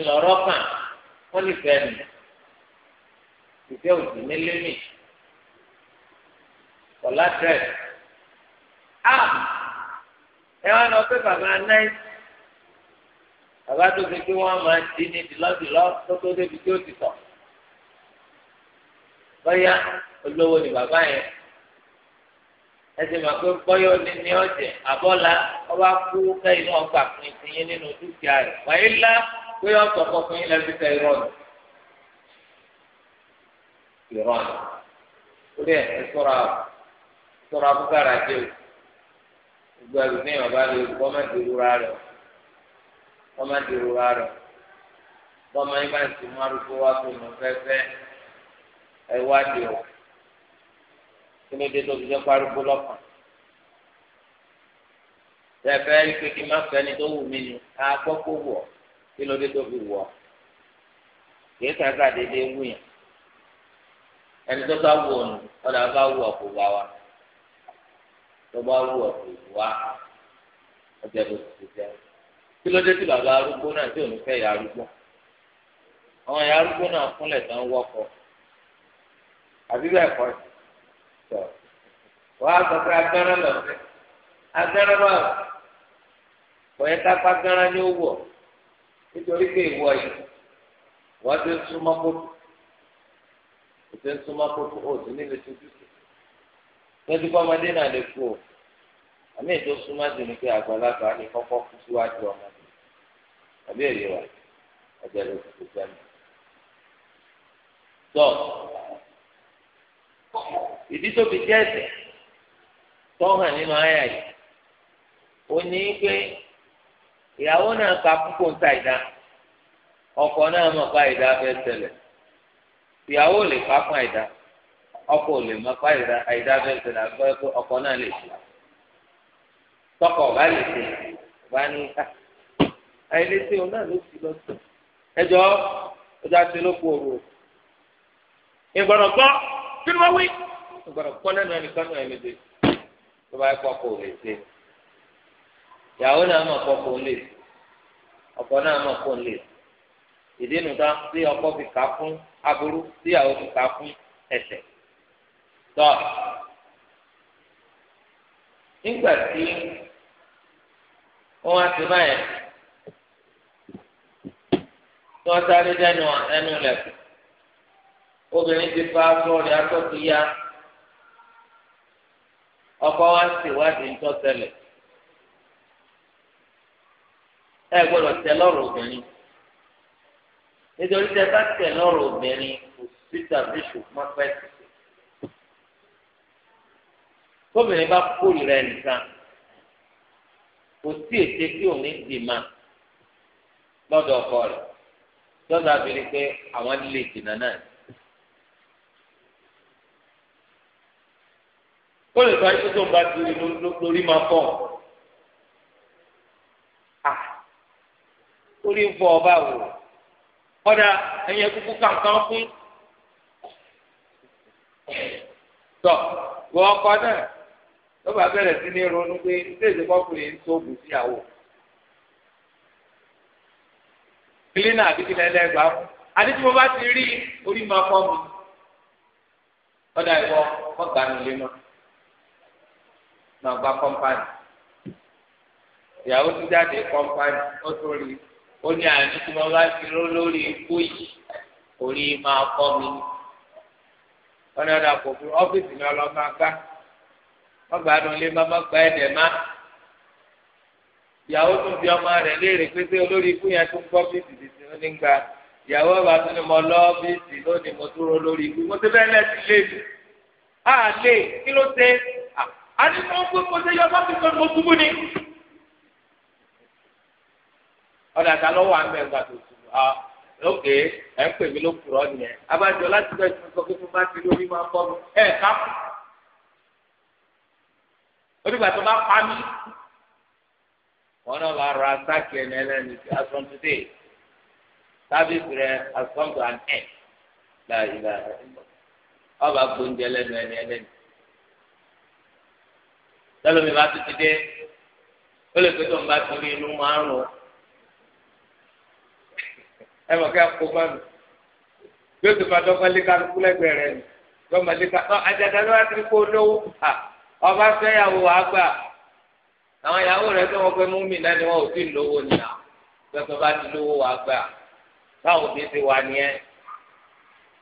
ńlọrọ kàn wọ́n lè fẹ́ nù ìfẹ́ òdì nílé mi kọ̀lá tẹ̀ ah! ẹ wá lọ pé bàbá náìtì bàbá tó fi pé wọ́n máa ti ní dìlọ́dìlọ́ tó tó débi tí ó ti tọ̀ bọ́yá olówó ni bàbá yẹn ẹsẹ̀ máa pé bọ́yọ̀ ní ní ọ̀jẹ̀ àbọ́lá ọba kú kẹ́yìn náà gbà fún ìsinyìí nínú dúkìá rẹ̀ wáyé lá pé ọ̀tọ̀ kọ fún yín lẹ́bi tẹ irọ́ nù irọ́ nù orí ẹ̀ ẹ sọ̀rọ̀ àwọ̀ sọ̀rọ̀ abúgbàrà o gbogbo ní ìwọ̀nba lè gbọ́ mẹ́tẹ̀ẹ́rù rárẹ̀ wọ́n máa di ìrora rẹ̀ wọ́n máa ń bá ti mú arúgbó wá pé mo fẹ́ fẹ́ ẹ wá di ọ̀ kí ló dé tó fi jẹ́ parúgbó lọ́kàn tẹ̀fẹ́ rí pé kí n má fẹ́ ni tó wù mí ni ká gbọ́ kó wọ̀ kí ló dé tó fi wọ̀ kìí kàkà déédéé wù yàn ẹni tó bá wù ọ̀nù ọ̀dà bá wù ọ̀kù bá wa tó bá wù ọ̀kù wá ọjà ló ti ti jẹ́. kí ló dé tí bàbá arúgbó náà tí òun fẹ́ ya arúgbó àwọn ìyá arúgbó náà kúnlẹ̀ tán wọ́pọ̀ àbí bẹ́ẹ̀ kọ́ tọ̀ wọ́n á sọ pé agbára lọ́sẹ̀ agbára bá wọ̀ kò yẹ ká ní owó nítorí pé ìwọ yìí wọ́n ti ń súnmọ́ kótó kò ti ń o àmì súnmọ́ sí ni pé àgbàlagbà ni kọ́kọ́ àbí èyí wa ẹ̀jẹ̀ ló ti sẹ́nu. tọ́ ìdí tó fi jẹ́ ẹ̀sẹ̀ tó hàn nínú àyà yìí ó ní pé ìyàwó náà ka púpọ̀ ń ta ìdá ọkọ náà mọ̀ ká ìdá fẹ́ ṣẹlẹ̀ ìyàwó lè ká fún àìdá ọkọ lè mọ̀ ká àìdá fẹ́ ṣẹlẹ̀ àgbẹ̀ ọkọ náà lè ṣe tọkọ ọba lè ṣe ọba ní ká. Ah, àìlèsè òun náà ló fi lọ sí ẹjọ́ ọjà ṣe ló kú òru ìgbọ̀dọ̀ gbọ́ kí ni wọ́n wí ìgbọ̀dọ̀ gbọ́ lẹ́nu ẹnìkan náà ẹ̀mẹ́dẹ́ tó bá kọ́ kó lè ṣe ìyàwó náà mọ̀ kọ́ kó lè ọkọ náà mọ̀ kó lè ìdí nu tán tí ọkọ fi kà fún aburú tí ìyàwó fi kà fún ẹ̀ṣẹ̀ tọ́ nígbà tí wọ́n ti báyẹn. tí wọ́n sáré dẹnu ẹnu lẹ̀kùn obìnrin ti fa sọ́ọ̀rì atọ́kùyá ọkọ wa ń ṣèwádìí ńtọ́sẹ̀lẹ̀ ẹ gbọ́dọ̀ tẹ lọ́rọ̀ obìnrin nítorí tẹ bá tẹ lọ́rọ̀ obìnrin kò sí tàbí ṣùgbọ́n pẹ́ tì tóbìnrin bá kórìíra ẹnìkan kò sí ète tí òun ní dì má lọ́dọ̀ ọkọ rẹ̀. yọ̀ọ́dà abiri pé àwọn lè dènà náà. ó lè fa ikú tó ń bá kiri lórí máa fọ̀ orí ń fọ ọba wò kọ́dà ẹ̀yẹ kúkú kankan fún tọ wọ ọkọ náà ló bá bẹ̀rẹ̀ sí ní ronú pé ṣé ìdíkọ́kùnrin ń tó ògùn síyàwó. kílínà àbí kílínà ẹlẹgbà fún àti tí mo bá ti rí orí máa fọ́ mi ọ̀dà ìwọ ọgbà nílé náà náà gba kọ́mpáànì ìyàwó tó jáde kọ́mpáànì ó tó rí ó ní àní tí mo bá ti ró lórí ikú yìí orí máa fọ́ mi ọ̀nà ọ̀dà kò fún ọ́fíìsì ni ọlọ́mọ agbá ọgbà nílé má má gba ẹ̀dẹ̀ má ìyàwó tún fi ọmọ rẹ̀ léèrè pé ṣé olórí ikú yẹn tún gbọ́ bí tìtìtì ló ní gbà ìyàwó bá tún ní mo lọ bí tì lónìí mo dúró lórí ikú mo ti bẹ́ẹ̀ lẹ́sìn lé a lè kí ló ṣe a ní mo gbé mo ṣe yọ sọ́ọ̀tì pé mo túbú ni. ọ̀dà ta lọ́wọ́ àmì ẹ̀gbà tó tù á lókè ẹ̀ ń pè mí ló kúrọ̀ nìyẹn abájọ láti bẹ́ẹ̀ tún sọ pé fún bá ti lórí máa ń bọ́ mi ẹ̀ ká ó dìgbà tó bá pa mí wọn náà bá ra sáàkì ẹni ẹlẹ́ni sí as from today sábìsì rẹ has come to an end láàyè láàyè ọba gbóúnjẹ lẹ́nu ẹni ẹlẹ́ni tẹlomi bá tún ti dé ó lè pé tó ń bá tún rí inú márùn ẹ mọ̀ kí a kó má mi yóò tó máa dọ́gba lé kálukú lẹ́gbẹ̀ẹ́ rẹ ni dọ́gba lé kálukú àjàdá ló wá sí kó lówó ọba fẹ́yàwó àgbà àwọn ìyàwó rẹ tó wọn pé mú mi náà ni wọn ò tí ì lówó ni à pẹpẹ bá ti lówó wa gbà báwo bí ti wà nìyẹn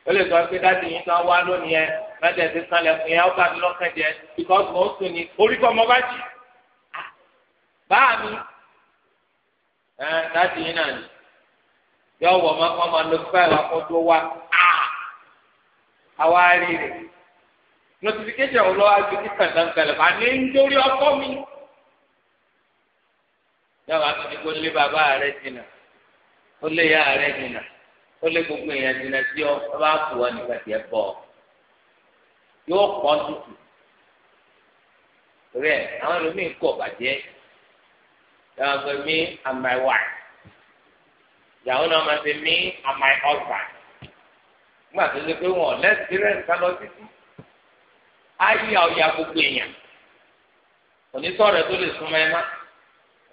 ó lè sọ pé dáàdi yín kan wá lónìí yẹn láti ẹsẹ sanlẹ fún yẹn ó bá mi lọkàn jẹ because mo ń sùn ní orí kọ ọmọ bá jì báà mi ẹ dáàdi yín náà ni yọ wọ ọmọ kan máa lo fáìlì akọ́jọ́ wa àwa rí rẹ notification lọ́wọ́ agbègbè kàtàkàlẹ̀ bá ní ń dórí ọkọ mi yọ̀wá fi kó lé bàbá rẹ̀ jìnnà ó lé ìyá rẹ̀ jìnnà ó lé gbogbo èèyàn jìnnà sí ọ ọ bá kú ọ nígbà tí ẹ bọ̀ yóò pọ̀ tutù rẹ̀ àwọn ẹlòmíín kọ̀ bàjẹ́ yọ̀wá pé me and my wife ìyàwó náà máa ṣe me and my husband nígbà tó ṣe pé wọn lẹ́sìn rẹ̀ ká lọ títí ayé ọ̀yà gbogbo èèyàn òní sọ̀rọ̀ tó lè súnmọ́ ẹ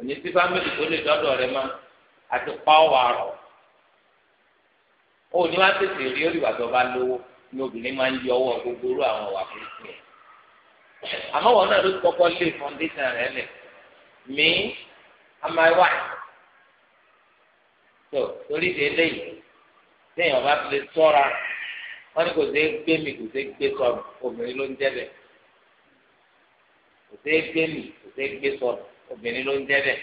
òní tí fámìlì tó lè dọ́dọ̀ rẹ mọ́ àti pọ́wọ́ àrọ̀ ó ní wá tètè rí orí ìwàsọ bá lówó ní obìnrin máa ń yọ ọwọ́ gbogbo orú àwọn ọ̀wà burúkú yẹn àmọ́ wọn náà ló kọ́kọ́ lé fọ́ndéṣàn rẹ lẹ̀ mí amáwá tó torí de eléyìí téèyàn bá fi lè tọ́ra wọ́n ní kò sí gbé mi kò sí gbé sọ̀rọ̀ obìnrin ló ń jẹ́ bẹ̀ kò sí gbé mi kò sí gbé sọ̀rọ̀. obìnrin ló ń jẹ́ bẹ́ẹ̀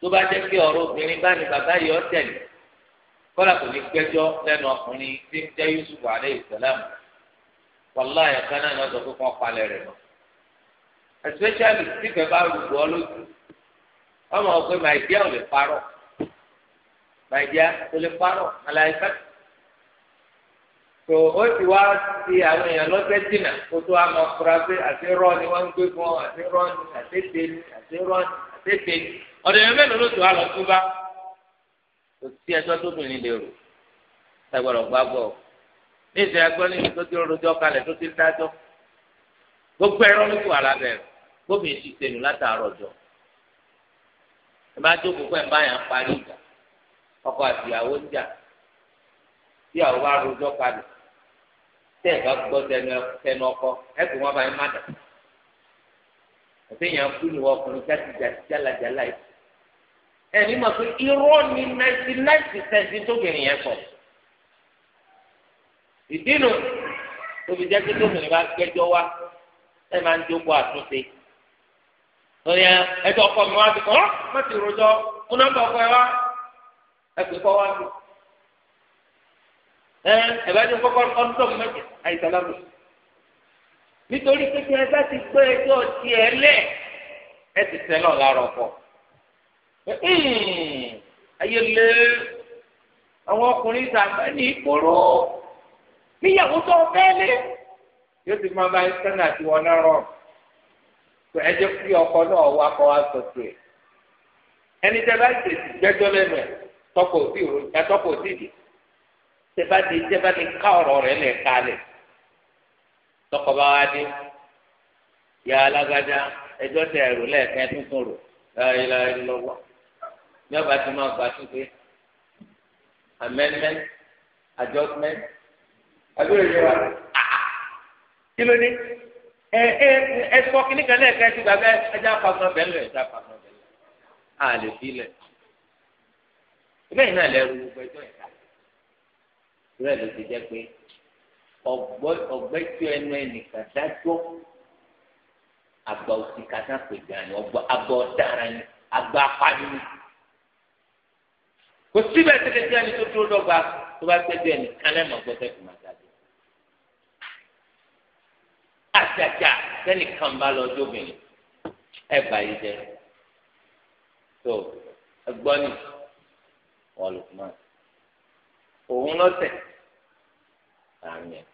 tó bá jẹ́ pé ọ̀rọ̀ obìnrin bá ní bàbá yìí ọ́ tẹ̀lé kọ́lá kò ní gbẹ́jọ́ lẹ́nu ọkùnrin tí ń Yusuf salam náà pé kàn lọ. especially bá lójú ọmọ màìdíà ò lè màìdíà ò lè tó o ti wá ti àwọn èèyàn lọ́sẹ̀ dìnnà kó tó àmọ́ fura pé àti rọ́ ni wọ́n ń gbé fún ọ àti ni àti ètè ni àti rọ́ ni àti ètè ni ọ̀dọ̀ yẹn mélòó ló tó wá lọ tó bá kò sí ẹjọ́ tó gbàgbọ́ ní ẹgbẹ́ ní tó ti rojọ́ kalẹ̀ tó ti dájọ́ gbogbo ẹ̀rọ ló kù ti látàárọ̀ jọ ẹ bá tẹ́ ẹ̀ bá gbọ́ sẹ́nu ọkọ ẹ̀ kò wọ́n bá yín má dà àtẹ̀yìn akú ni wọ́n ọkùnrin jáde jáde jálajàlá yìí ẹ̀mí mọ̀ pé irọ́ ni ninety nine percent tóbìnrin yẹn sọ ìdínú tóbi jẹ́ pé tóbìnrin bá gbẹ́jọ́ wá ẹ̀ máa ń jókòó àtúnṣe lórí ẹjọ́ ọkọ mi wá sí kọ́ ọ́ má ti rojọ́ múnábọ̀ ọkọ ẹ wá ẹ pè kọ́ wá sí ẹ bá jẹ kọ́kọ́ ọdún mẹ́jọ àìsàlámù nítorí pé kí ẹ bá ti gbé ẹjọ́ tiẹ̀ lẹ̀ ẹ ti tẹ náà lára ọkọ ayé lé àwọn ọkùnrin sàmẹ ní ìkóró níyàwó tó fẹ́ lé yóò ti máa bá ẹsẹ̀nà àti wọn náà rọ pé ẹ jẹ́ kí ọkọ náà wá kọ́ wá sọ sí ẹ ẹni tẹ bá tètè gbẹ́jọ́ lẹ́nu ẹ tọkọ òsì ìròyìn ẹ tọkọ òsì ìdí tẹ́bá di tẹ́bá di ká ọ̀rọ̀ rẹ̀ lẹ̀ kalẹ̀ tọkọ bá wá dé ya alágbádá ẹjọ́ tẹ ẹ̀rù lẹ́ẹ̀kẹ́ tuntun rò ẹ̀ẹ́dẹ́gbẹ̀rún ẹ̀ẹ́dẹ́gbẹ̀rún ní ọba tí máa gbà tún pé amendment adjustment àbúrò yìí wà kí ló ní ẹ ẹ ẹ sọ kí ní kan lẹ́ẹ̀kẹ́ tí gbàgbé ẹja fagbọn bẹ́ẹ̀ lọ ẹja fagbọn bẹ́ẹ̀ lọ àlè fi lẹ̀ bẹ́ẹ̀ náà lẹ́rù gbogbo ẹjọ́ yẹn rẹ̀ ló ti jẹ́ pé ọgbẹ́jọ ẹnu ẹnìkan dájọ́ àgbà òsì kàtà pè gani àgbà ọ̀daràn ni àgbà apáni ni kò síbẹ̀ tẹ́tẹ́ tí ẹni tó dúró dọ́gba tó bá gbẹ́jọ ẹnìkan lẹ́mọ̀ gbọ́dọ̀ fún màtá jù àjàjà sẹ́nìkan bá lọ jóbìnrin ẹ̀ báyìí jẹ́ tó ẹgbọ́n ni wọ́n lò fún wa òun lọ́sẹ̀ láàrin ẹ̀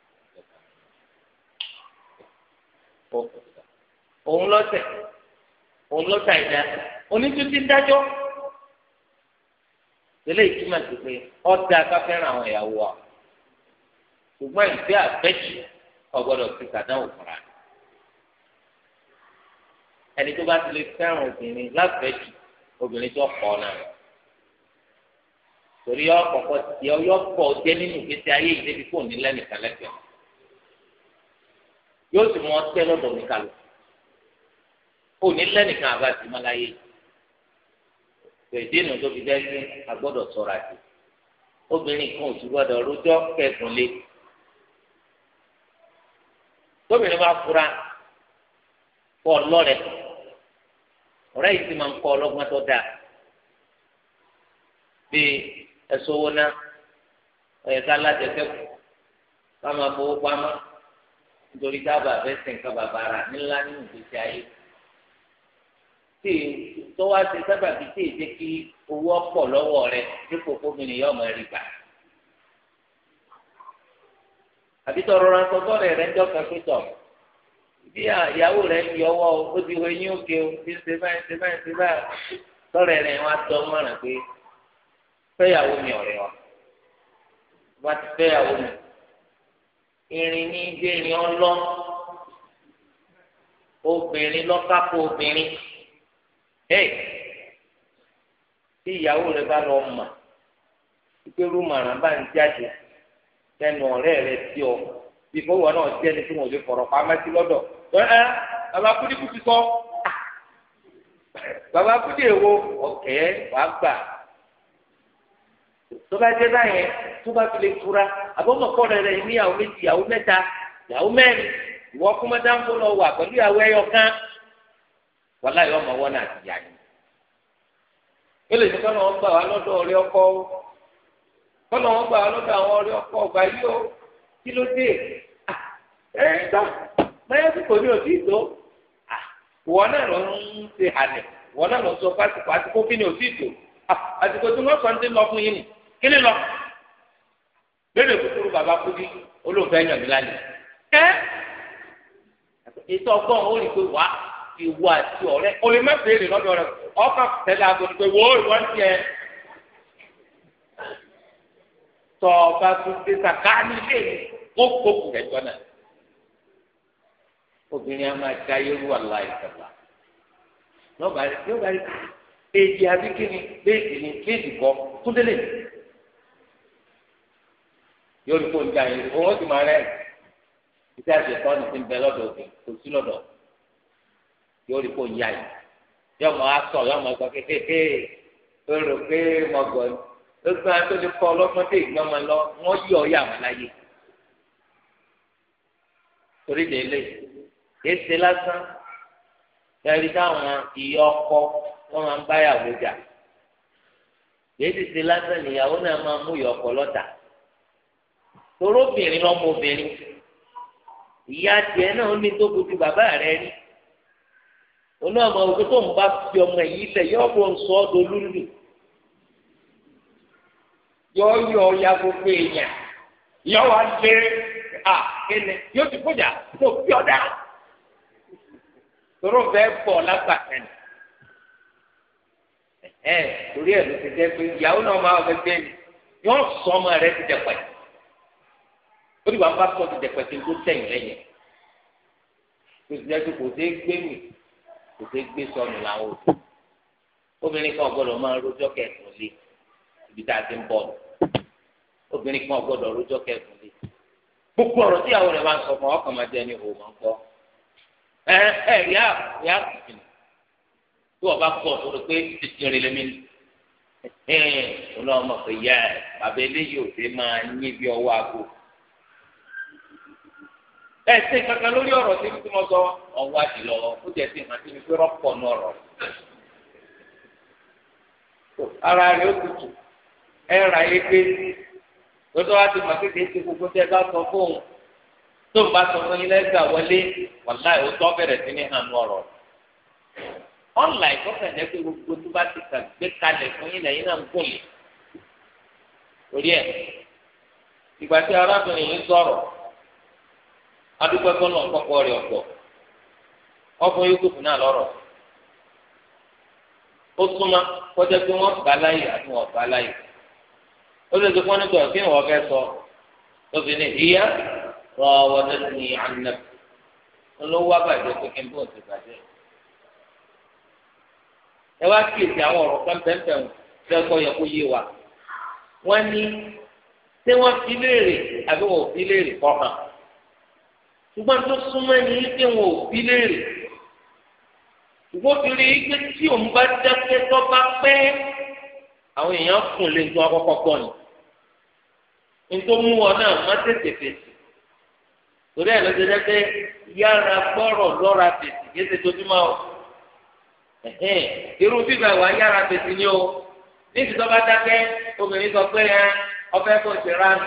òun lọ́sẹ̀ òun lọ́sẹ̀ ìdá onítú ti dájọ́ tẹ́lẹ̀ ìtumọ̀ sí pé ọ̀dà káfẹ́ràn àwọn ìyàwó wa ṣùgbọ́n ìgbé àbẹ́jì ọgbọ́dọ̀ ti sàdáwò fúnra rẹ̀ ẹni tó bá ti lè fẹ́ràn obìnrin lábẹ́jì obìnrin tó pọ̀ náà torí yọ kọkọ yọ yọ pọ jẹ nínú ìgbésí ayé yìí débi kò ní lẹ́nìkan lẹ́gbẹ̀ẹ́ yóò sì mú ọtẹ lọ́dọ̀ oníkalu kò ní lẹ́nìkan àbáṣe mọ́láyé pèsè ìnù tó fi jẹ́ pé a gbọ́dọ̀ sọ̀rọ̀ àti obìnrin kan ò sì gbọ́dọ̀ rojọ́ kẹsùn lé tóbìnrin bá fura kọ́ lọ́rẹ̀ ọ̀rẹ́ yìí sì máa ń kọ́ ọlọ́gbọ́n tó dáa bíi ẹ̀sọ́ owó náà ọ̀yẹ̀ ká lájẹsẹ́kù ká máa fowó pamọ́ nítorí dábàá fẹ́sẹ̀ nǹkan bàbá rà nílá nínú ìgbésí ayé tí tọ́wá ti sábà fi tí èdè kí owó ọ̀pọ̀ lọ́wọ́ rẹ dípò kóbìnrin yóò mọ ẹ̀rí gbà. àbí tọrọ ra sọ́tọ́ rẹ̀ rẹ̀ ń jọ́ kan pétọ̀ bí ìyàwó rẹ̀ ń yọwọ́ ó ti wọ eyín òkè ó ti ṣe báyìí ṣe báyìí ṣe báyìí tọ́rẹ̀ rẹ̀ wá tọ́ mọ́ràn pé fẹ́yàwó mi ọ̀rẹ́ wa wá ti fẹ́yàwó mi irin ní gbẹ̀rin ọlọ́ obìnrin lọ́kàkọ́ obìnrin hey tí ìyàwó rẹ bá lọ mà pípé rúmọ̀ràn bá ń jáde lẹ́nu ọ̀rẹ́ rẹ tí ọ bífọ́ wọn náà jẹ́ ẹni tí wọn ò lè fọ̀rọ̀ pamẹ́ sí lọ́dọ̀ ẹ ẹ bàbá kúndínkù ti sọ bàbá kúndínkù èwo ọ̀kẹ́ wàá gbà tó bá jẹ́ báyẹn tó bá fi lè tura àbọ̀mọ̀kọ́ rẹ̀ rẹ̀ níyàwó méjì ìyàwó mẹ́ta ìyàwó mẹ́rin ìwọ kúmọ́dáńkó lọ wà pẹ̀lú ìyàwó ẹyọ kan wàhálà yọ ọmọ wọn náà ti yà yín ó lè kọ́nà wọn gbà wá lọ́dọ̀ ọ̀rẹ́ ọkọ o kọ́nà wọn gbà wá lọ́dọ̀ àwọn ọ̀rẹ́ ọkọ ọgbà yìí o kí ló dé ẹ ẹ gbà báyọ̀ tí kò ní òtí tó wọ́n náà lọ ń ṣe àlẹ̀ wọ́n náà lọ sọ pásítọ̀ àti kó kí ni òtí tó àsìkò tí wọ́n lọ kí ni lọ lédè kúkúrú bàbá kúdí olóòfẹ́ yàn mí lálẹ́ ẹ́ ètò ọgbọ́n ó rí pé wá ìwọ àti ọ̀rẹ́ o lè má béèrè lọ́dọ̀ rẹ ọkàn tẹ̀lé aago ni pé wò ó ìwọ ń tiẹ̀ tọ́ ọba tún dé sàká nílé ó kókù rẹ̀ jọ náà obìnrin a máa da irú àlá ìtàlá lọ́ba rí lọ́ba rí èdè àbíkíni léèdì ni léèdì kọ́ kúndélé ni yóò rí fóun jà yín owó sì máa rẹ iṣẹ́ àṣetọ ní ti ń bẹ lọ́dọ̀ òkè kò sí lọ́dọ̀ yóò rí fóun yá yìí yóò mọ asọ yóò mọ ẹgbẹ kékeré ó rò pé mo gbọ́ yìí lóṣù náà tó lè kọ ọlọ́mọdé ìgbọmọ lọ wọn yí ọ yà wọn láyé torí délé èsè lásán yẹri táwọn ìyá ọkọ wọn máa ń báyàwó jà èsì lásán nìyàwó náà máa mú ìyá ọkọ lọ́tà. torobìnrin lọmọbìnrin ìyá tiẹ̀ náà ó ní tó bàbá rẹ rí oní ọmọ tó ń bá fi ọmọ yìí lẹ yọ bó ń sọ ọdọ lúlù yọ yọ ya gbogbo èèyàn yọ wá gbé à kéne yóò ti kójà tó fi ọdá toro bọ ẹ torí ẹ ló ti pé ìyàwó náà máa yọ sọ ọmọ ti dẹ ó dìgbà ń bá sọ ti dẹ̀pẹ̀tẹ̀ tó tẹ̀yìn lẹ́yìn tó ti dẹ́kun kò sí gbé mi kò sí gbé sọnù làwọn òbí obìnrin kan gbọ́dọ̀ máa rojọ́ kẹsùn lé ibi tá a ti ń bọ̀ obìnrin kan gbọ́dọ̀ rojọ́ kẹsùn lé gbogbo ọ̀rọ̀ tí àwọn rẹ̀ máa ń sọ fún ọkàn máa jẹ ní òun máa ń kọ́ ẹ ẹ yá yá kìkìn tí wọ́n bá kọ́ sórí pé títí rẹ̀ lẹ́mí ẹ ọlọ́mọ pé yá ẹ bàbá ò ẹ ṣe kankan lórí ọ̀rọ̀ tí mo sọ ọwọ́ àdìlọ ó jẹ sí nǹkan tí mi fi rọpò ọ̀rọ̀ ara rẹ ó tutù ẹ ra yé pé lọ́dọ̀ wa ti mọ̀ kékeré gbogbo tẹ bá sọ fóun tó ń bá sọ fún yín lẹ́gbà wọlé wàláì ó tọ́ bẹ̀rẹ̀ sí ní hàn ọ̀rọ̀ ọ̀là ìkọ́kànjẹ́ pé gbogbo tó bá ti gbé kalẹ̀ fún yín lẹ́yìn náà ń gùn orí ìgbà tí adúgbò ẹ̀kọ́ náà kọ́kọ́ rẹ̀ ọ̀pọ̀ ọkùnrin Yusuf náà lọ́rọ̀ ó súnmọ́ kọjá pé wọ́n bá láyè àti wọ́n bá láyè ó lè dùn fún ẹni tó kí wọ́n fẹ́ sọ lóbìnrin ìyá rọ wọlé ní àná olówó abàjẹ́ pé kí n bọ̀ ti bàjẹ́ ẹ wá kíyèsí àwọn ọ̀rọ̀ kan pẹ́ńpẹ́ ń fẹ́kọ̀ yẹ kó yé wa wọ́n ní ṣé wọ́n fi léèrè àbí wọ́n fi léèrè kọ́ hàn ṣùgbọ́n tó súnmọ́ ẹni wípé wọn ò bí léèrè ìwọ́n ti rí i pé tí òun bá dákẹ́ tó bá pẹ́ àwọn èèyàn kùn lè tún akọ́kọ́ pọ̀ ni nítorí mú wọn náà má tètè fèsì torí ẹ̀ ló ti dẹ́ pé yára gbọ́rọ̀ lọ́ra fèsì kí ẹsẹ̀ tójúmọ́ o irú bíbá ìwà yára fèsì ni o ní ìsìtọ́ bá dákẹ́ obìnrin sọ pé ọfẹ́ kò ṣe ránù.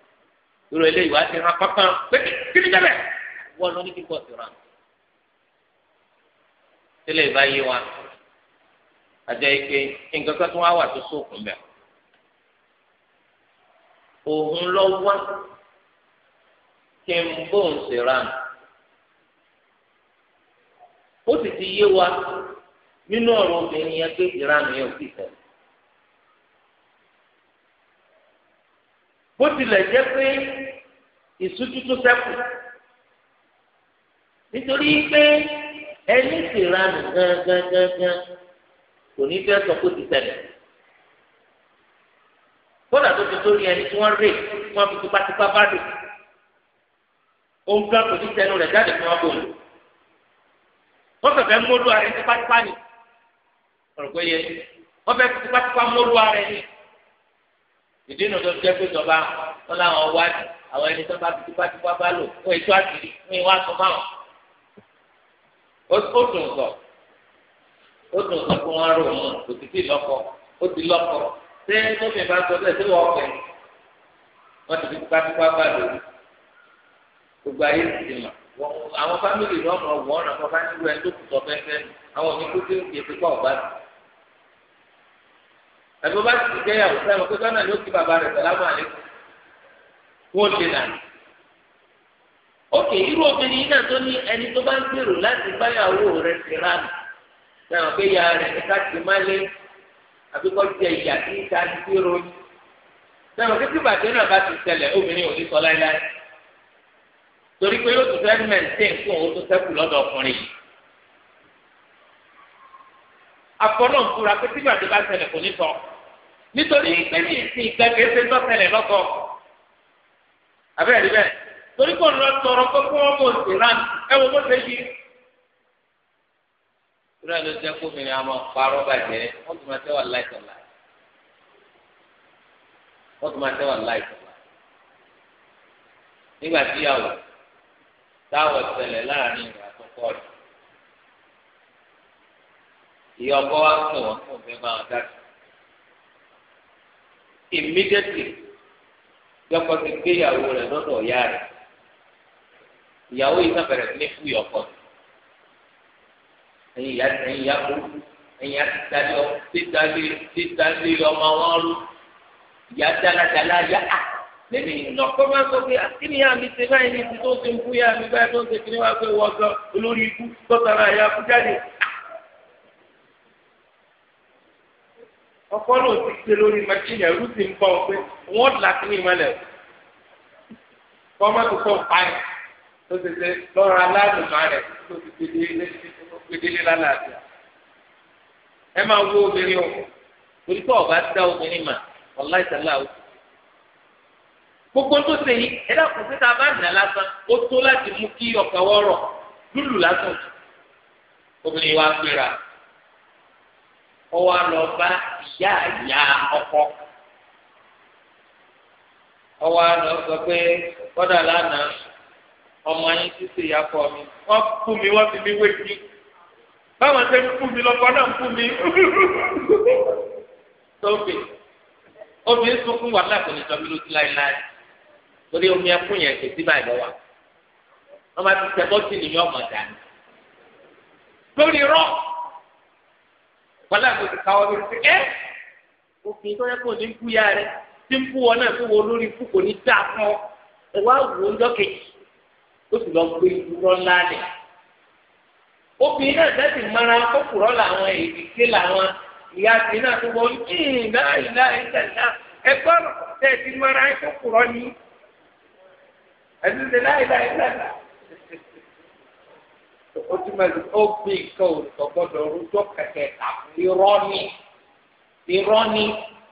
irú eléyìí wá ti hàn pápá pé kí ni bẹ́ẹ̀ wọ́n lọ ní kíkọ́ sí ra tẹ́lẹ̀ ìbá yé wa àjọ ike nǹkan kan tó wá wà tó sókun bẹ́ẹ̀ òun lọ wá kí n bóun sí ra ó sì ti yé wa nínú ọ̀rọ̀ obìnrin yẹn pé ìranù yẹn ò sì tẹ̀lé. bó tilẹ̀ jẹ́ pé ìṣújú tó sẹ́kù nítorí pé ẹni tìranù gangan kò ní fẹ́ sọ pé ti ṣẹlẹ̀ kódà tó ti sórí ẹni tí wọ́n rè tí wọ́n fi tipátipá bá dùn òun kan kò ní tẹnu rẹ̀ jáde fún wọn bò lò wọ́n fẹ̀fẹ̀ mọ́lú ara ẹni tipátipá ni ọ̀rọ̀ pé yẹ wọ́n fẹ́ tipátipá mọ́lú ara ẹni ìdí nu tó jẹ́ pé ìjọba wọn làwọn wádìí àwọn ẹni tó bá tipátipá bá lò fún ètò àtìrí fún ìwà tó bá wọn. ó dùn sọ ó dùn sọ fún wọn rò mọ kò sì sí lọ́kọ ó ti lọ́kọ ṣé tóbi bá sọ bẹ́ẹ̀ sí wọn ọkẹ wọn ti tipátipá bá lò gbogbo ayé ti ti mọ àwọn fámìlì náà mọ wọn ọ̀nà kan bá ẹni tó kù sọ fẹ́fẹ́ àwọn òní kó tó ń gbé pípa ọ̀bá sí àbí wọn bá ti jẹ ìyàwó sẹ́wọ̀n pé sọ́nà ni ó kí bàbá rẹ̀ sàlámù àlékún wọ́n ti nà. ókè irú obìnrin yìí náà tó ní ẹni tó bá ń gbèrò láti báyàwó rẹ̀ ti rà nù sẹ́wọ̀n pé ìyá rẹ̀ ní ká ti má lé àbí kọ́ jẹ ìyà kí ká ti fi ro sẹ́wọ̀n pé tí bàtẹ́ náà bá ti ṣẹlẹ̀ obìnrin ò ní sọ láéláé torí pé yóò tún fẹ́ mẹ́ntẹ́n fún òun tó sẹ́kù lọ́dọ̀ ọkùnrin yìí afọlọ́ ń fura pé tí ìbàdí bá ṣẹlẹ̀ kò ní sọ nítorí pé ní ìsìn ìgbà kẹsẹ̀ tó ṣẹlẹ̀ lọ́kọ̀ àbẹ́rẹ́ rí bẹ́ẹ̀ torí kò lọ tọrọ pé kó wọ́n mọ̀ sí ran ẹ wo bó ṣe yí. ìrora ló jẹ́ kó mi ni a máa parọ́ bàjẹ́ wọ́n tún máa tẹ́ wà láìsọ̀ láì wọ́n tún máa tẹ́ wà láìsọ̀ láì nígbà tíyàwó táwọ̀ ṣẹlẹ̀ láàrin ìgbà tó kọ́ ìyá ọkọ wa pè wọn fún mi máa dá sí immediately yọkọ ti gbé ìyàwó rẹ̀ lọ́dọ̀ ọyá rẹ̀ ìyàwó yìí náà bẹ̀rẹ̀ ní fún ìyọkọ ẹ̀yin ìyá ẹ̀yin ìyá kú ẹ̀yin àtìtàlẹ títàlẹ títàlẹ ọmọ wọn rú ìyá dáradára yá á níbi ìlọkọ máa sọ pé àkíní yá mi ṣe báyìí ní ti tó ṣe ń kú yá mi báyìí tó ń ṣe kí ni wàá pé wọ́n gan olórí ikú tó tara ìyá kú jáde. ọkọ ló ti gbé lórí machine ẹrú ti ń bọ ọ pé wọn là kí ni ìmọlẹ kọ́mọ́ tó tó pa ẹ̀ tó ti ṣe lọ́rọ̀ aláàdùnmá rẹ̀ tó ti gbedele lálàáfíà ẹ máa wo obìnrin o torí pé ọba dá obìnrin mà ọ̀la ìtàlá o gbogbo tó ṣe yìí ẹ dákun sí ta bá nà lásán ó tó láti mú kí ọkàn wọ́rọ̀ lùlù lásán obìnrin wa gbéra ọwọ́ lọ bá ìyá ìyá ọkọ ọwọ́ lọ sọ pé kọ́dà lánàá ọmọ yín títí ìyá kọ mi wọ́n kú mi wọ́n fi mi wé kí báwọn ṣe ń kú mi lọ́kọ náà ń kú mi tóbi obìnrin sunkún wà láàbò ní sọmi lójú láéláé torí omi ẹkún yẹn kò sí báyìí lọ́wọ́ wọ́n bá ti tẹ̀ bọ́tì nìyí ọmọ dání lórí rọ́ọ̀ wọ́n láti ti káwọ́ lórí pé ẹ́ òfin tó yẹ kó ní kú ya rẹ tí ń kú wọn náà tó wọ lórí kú kò ní dá fún ọ ẹ wá wò ó jọkejì ó sì lọ gbé ìdúró ńlá rẹ obìnrin náà tẹ́sí mara kókùrọ́ làwọn èdèké làwọn ìyá ti náà tó wọ ìhìnlá ìlà ìtẹ̀lá ẹgbọ́n tẹ́sí mara kókùrọ́ ni ẹ̀sìn tẹ̀lá ìlà ìtẹ̀lá ó túmọ̀ sí ó gbé nǹkan òtò gbọ́dọ̀ rújọ́ kẹ̀kẹ́ tàbí irọ́ ni irọ́ ni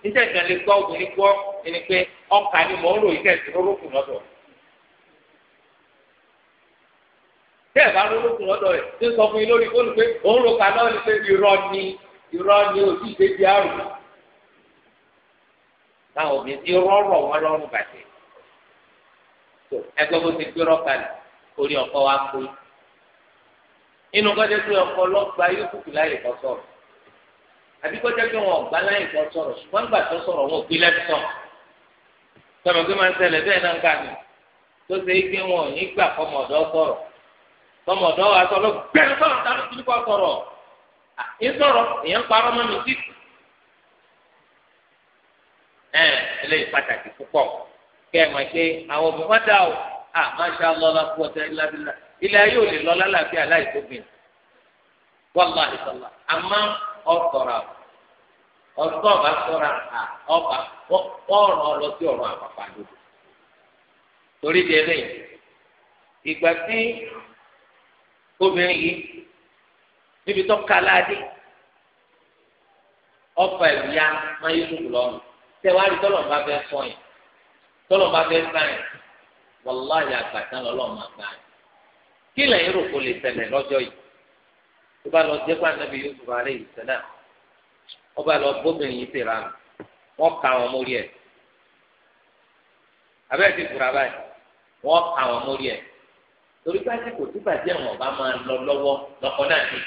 níta ìtàn lè gbọ́ obìnrin gbọ́ ẹni pé ọkà ni mò ń ròyìn tẹ̀sí rórùkùn lọ́dọ̀ tẹ́ ẹ̀ bá rórùkùn lọ́dọ̀ rẹ̀ tí ń sọ fún yín lórí fóònù pé òun ròkà náà ni pé irọ́ ni irọ́ ni òsì ìdèjì àrùn táwọn obìnrin ti rọ́rọ̀ wọn lọ́rùn bàjẹ́ ẹgbẹ́ bó ti gbérọ́ kalẹ̀ orí ọkọ wa pé inú kọjá pé ọkọ lọgba yókùtù láyè kọ sọ̀rọ̀ àbí kọjá pé wọn ọgbà láyè kọ sọ̀rọ̀ ṣùgbọ́n gbà tó sọ̀rọ̀ wọn ò gbé lẹsàn tọmọ pé máa ń ṣẹlẹ̀ bẹ́ẹ̀ náà ń kà mí tó ṣe é pé wọn ò ní gbà kọmọdọ sọ̀rọ̀ kọmọdọ wa sọ̀rọ̀ gbẹrù sọ̀rọ̀ dáná tó ní kọ sọ̀rọ̀ ìsọ̀rọ̀ èèyàn parọ́ mọ́ mi sí ẹ eléyìí pàtàkì púpọ̀ kẹ ẹ mọ̀ pé àwọn òbí wọn dà o à máṣá lọ́la fún ọtẹ ńlá ilé ayé ò lè lọ lálàáfíà láìsóbìn wàllá ìsọlá àmọ́ ọsọra ọsọ ọba sọra ọba ọrùn ọlọ sí ọrùn àpapà lódò torí di eléyìí ìgbà tí obìnrin yìí níbi tó káládé ọfà ìyá máa yé lùkù lọ́rùn tẹwárí ọrụ fẹ́ lọlọmọ àgbà kí lẹ́yìn rò kó lè ṣẹlẹ̀ lọ́jọ́ yìí tó bá lọ jẹ́ pé anabi Yusuf alẹ́ yìí sẹ́nà wọ́n bá lọ bóbìnrin yìí ṣe ránu wọ́n ka wọn mórí ẹ̀ abẹ́rẹ́ ti fura báyìí wọ́n ka wọn mórí ẹ̀ torí pé àsìkò tí bàjẹ́ wọn bá máa lọ lọ́wọ́ lọ́kọ́ náà ti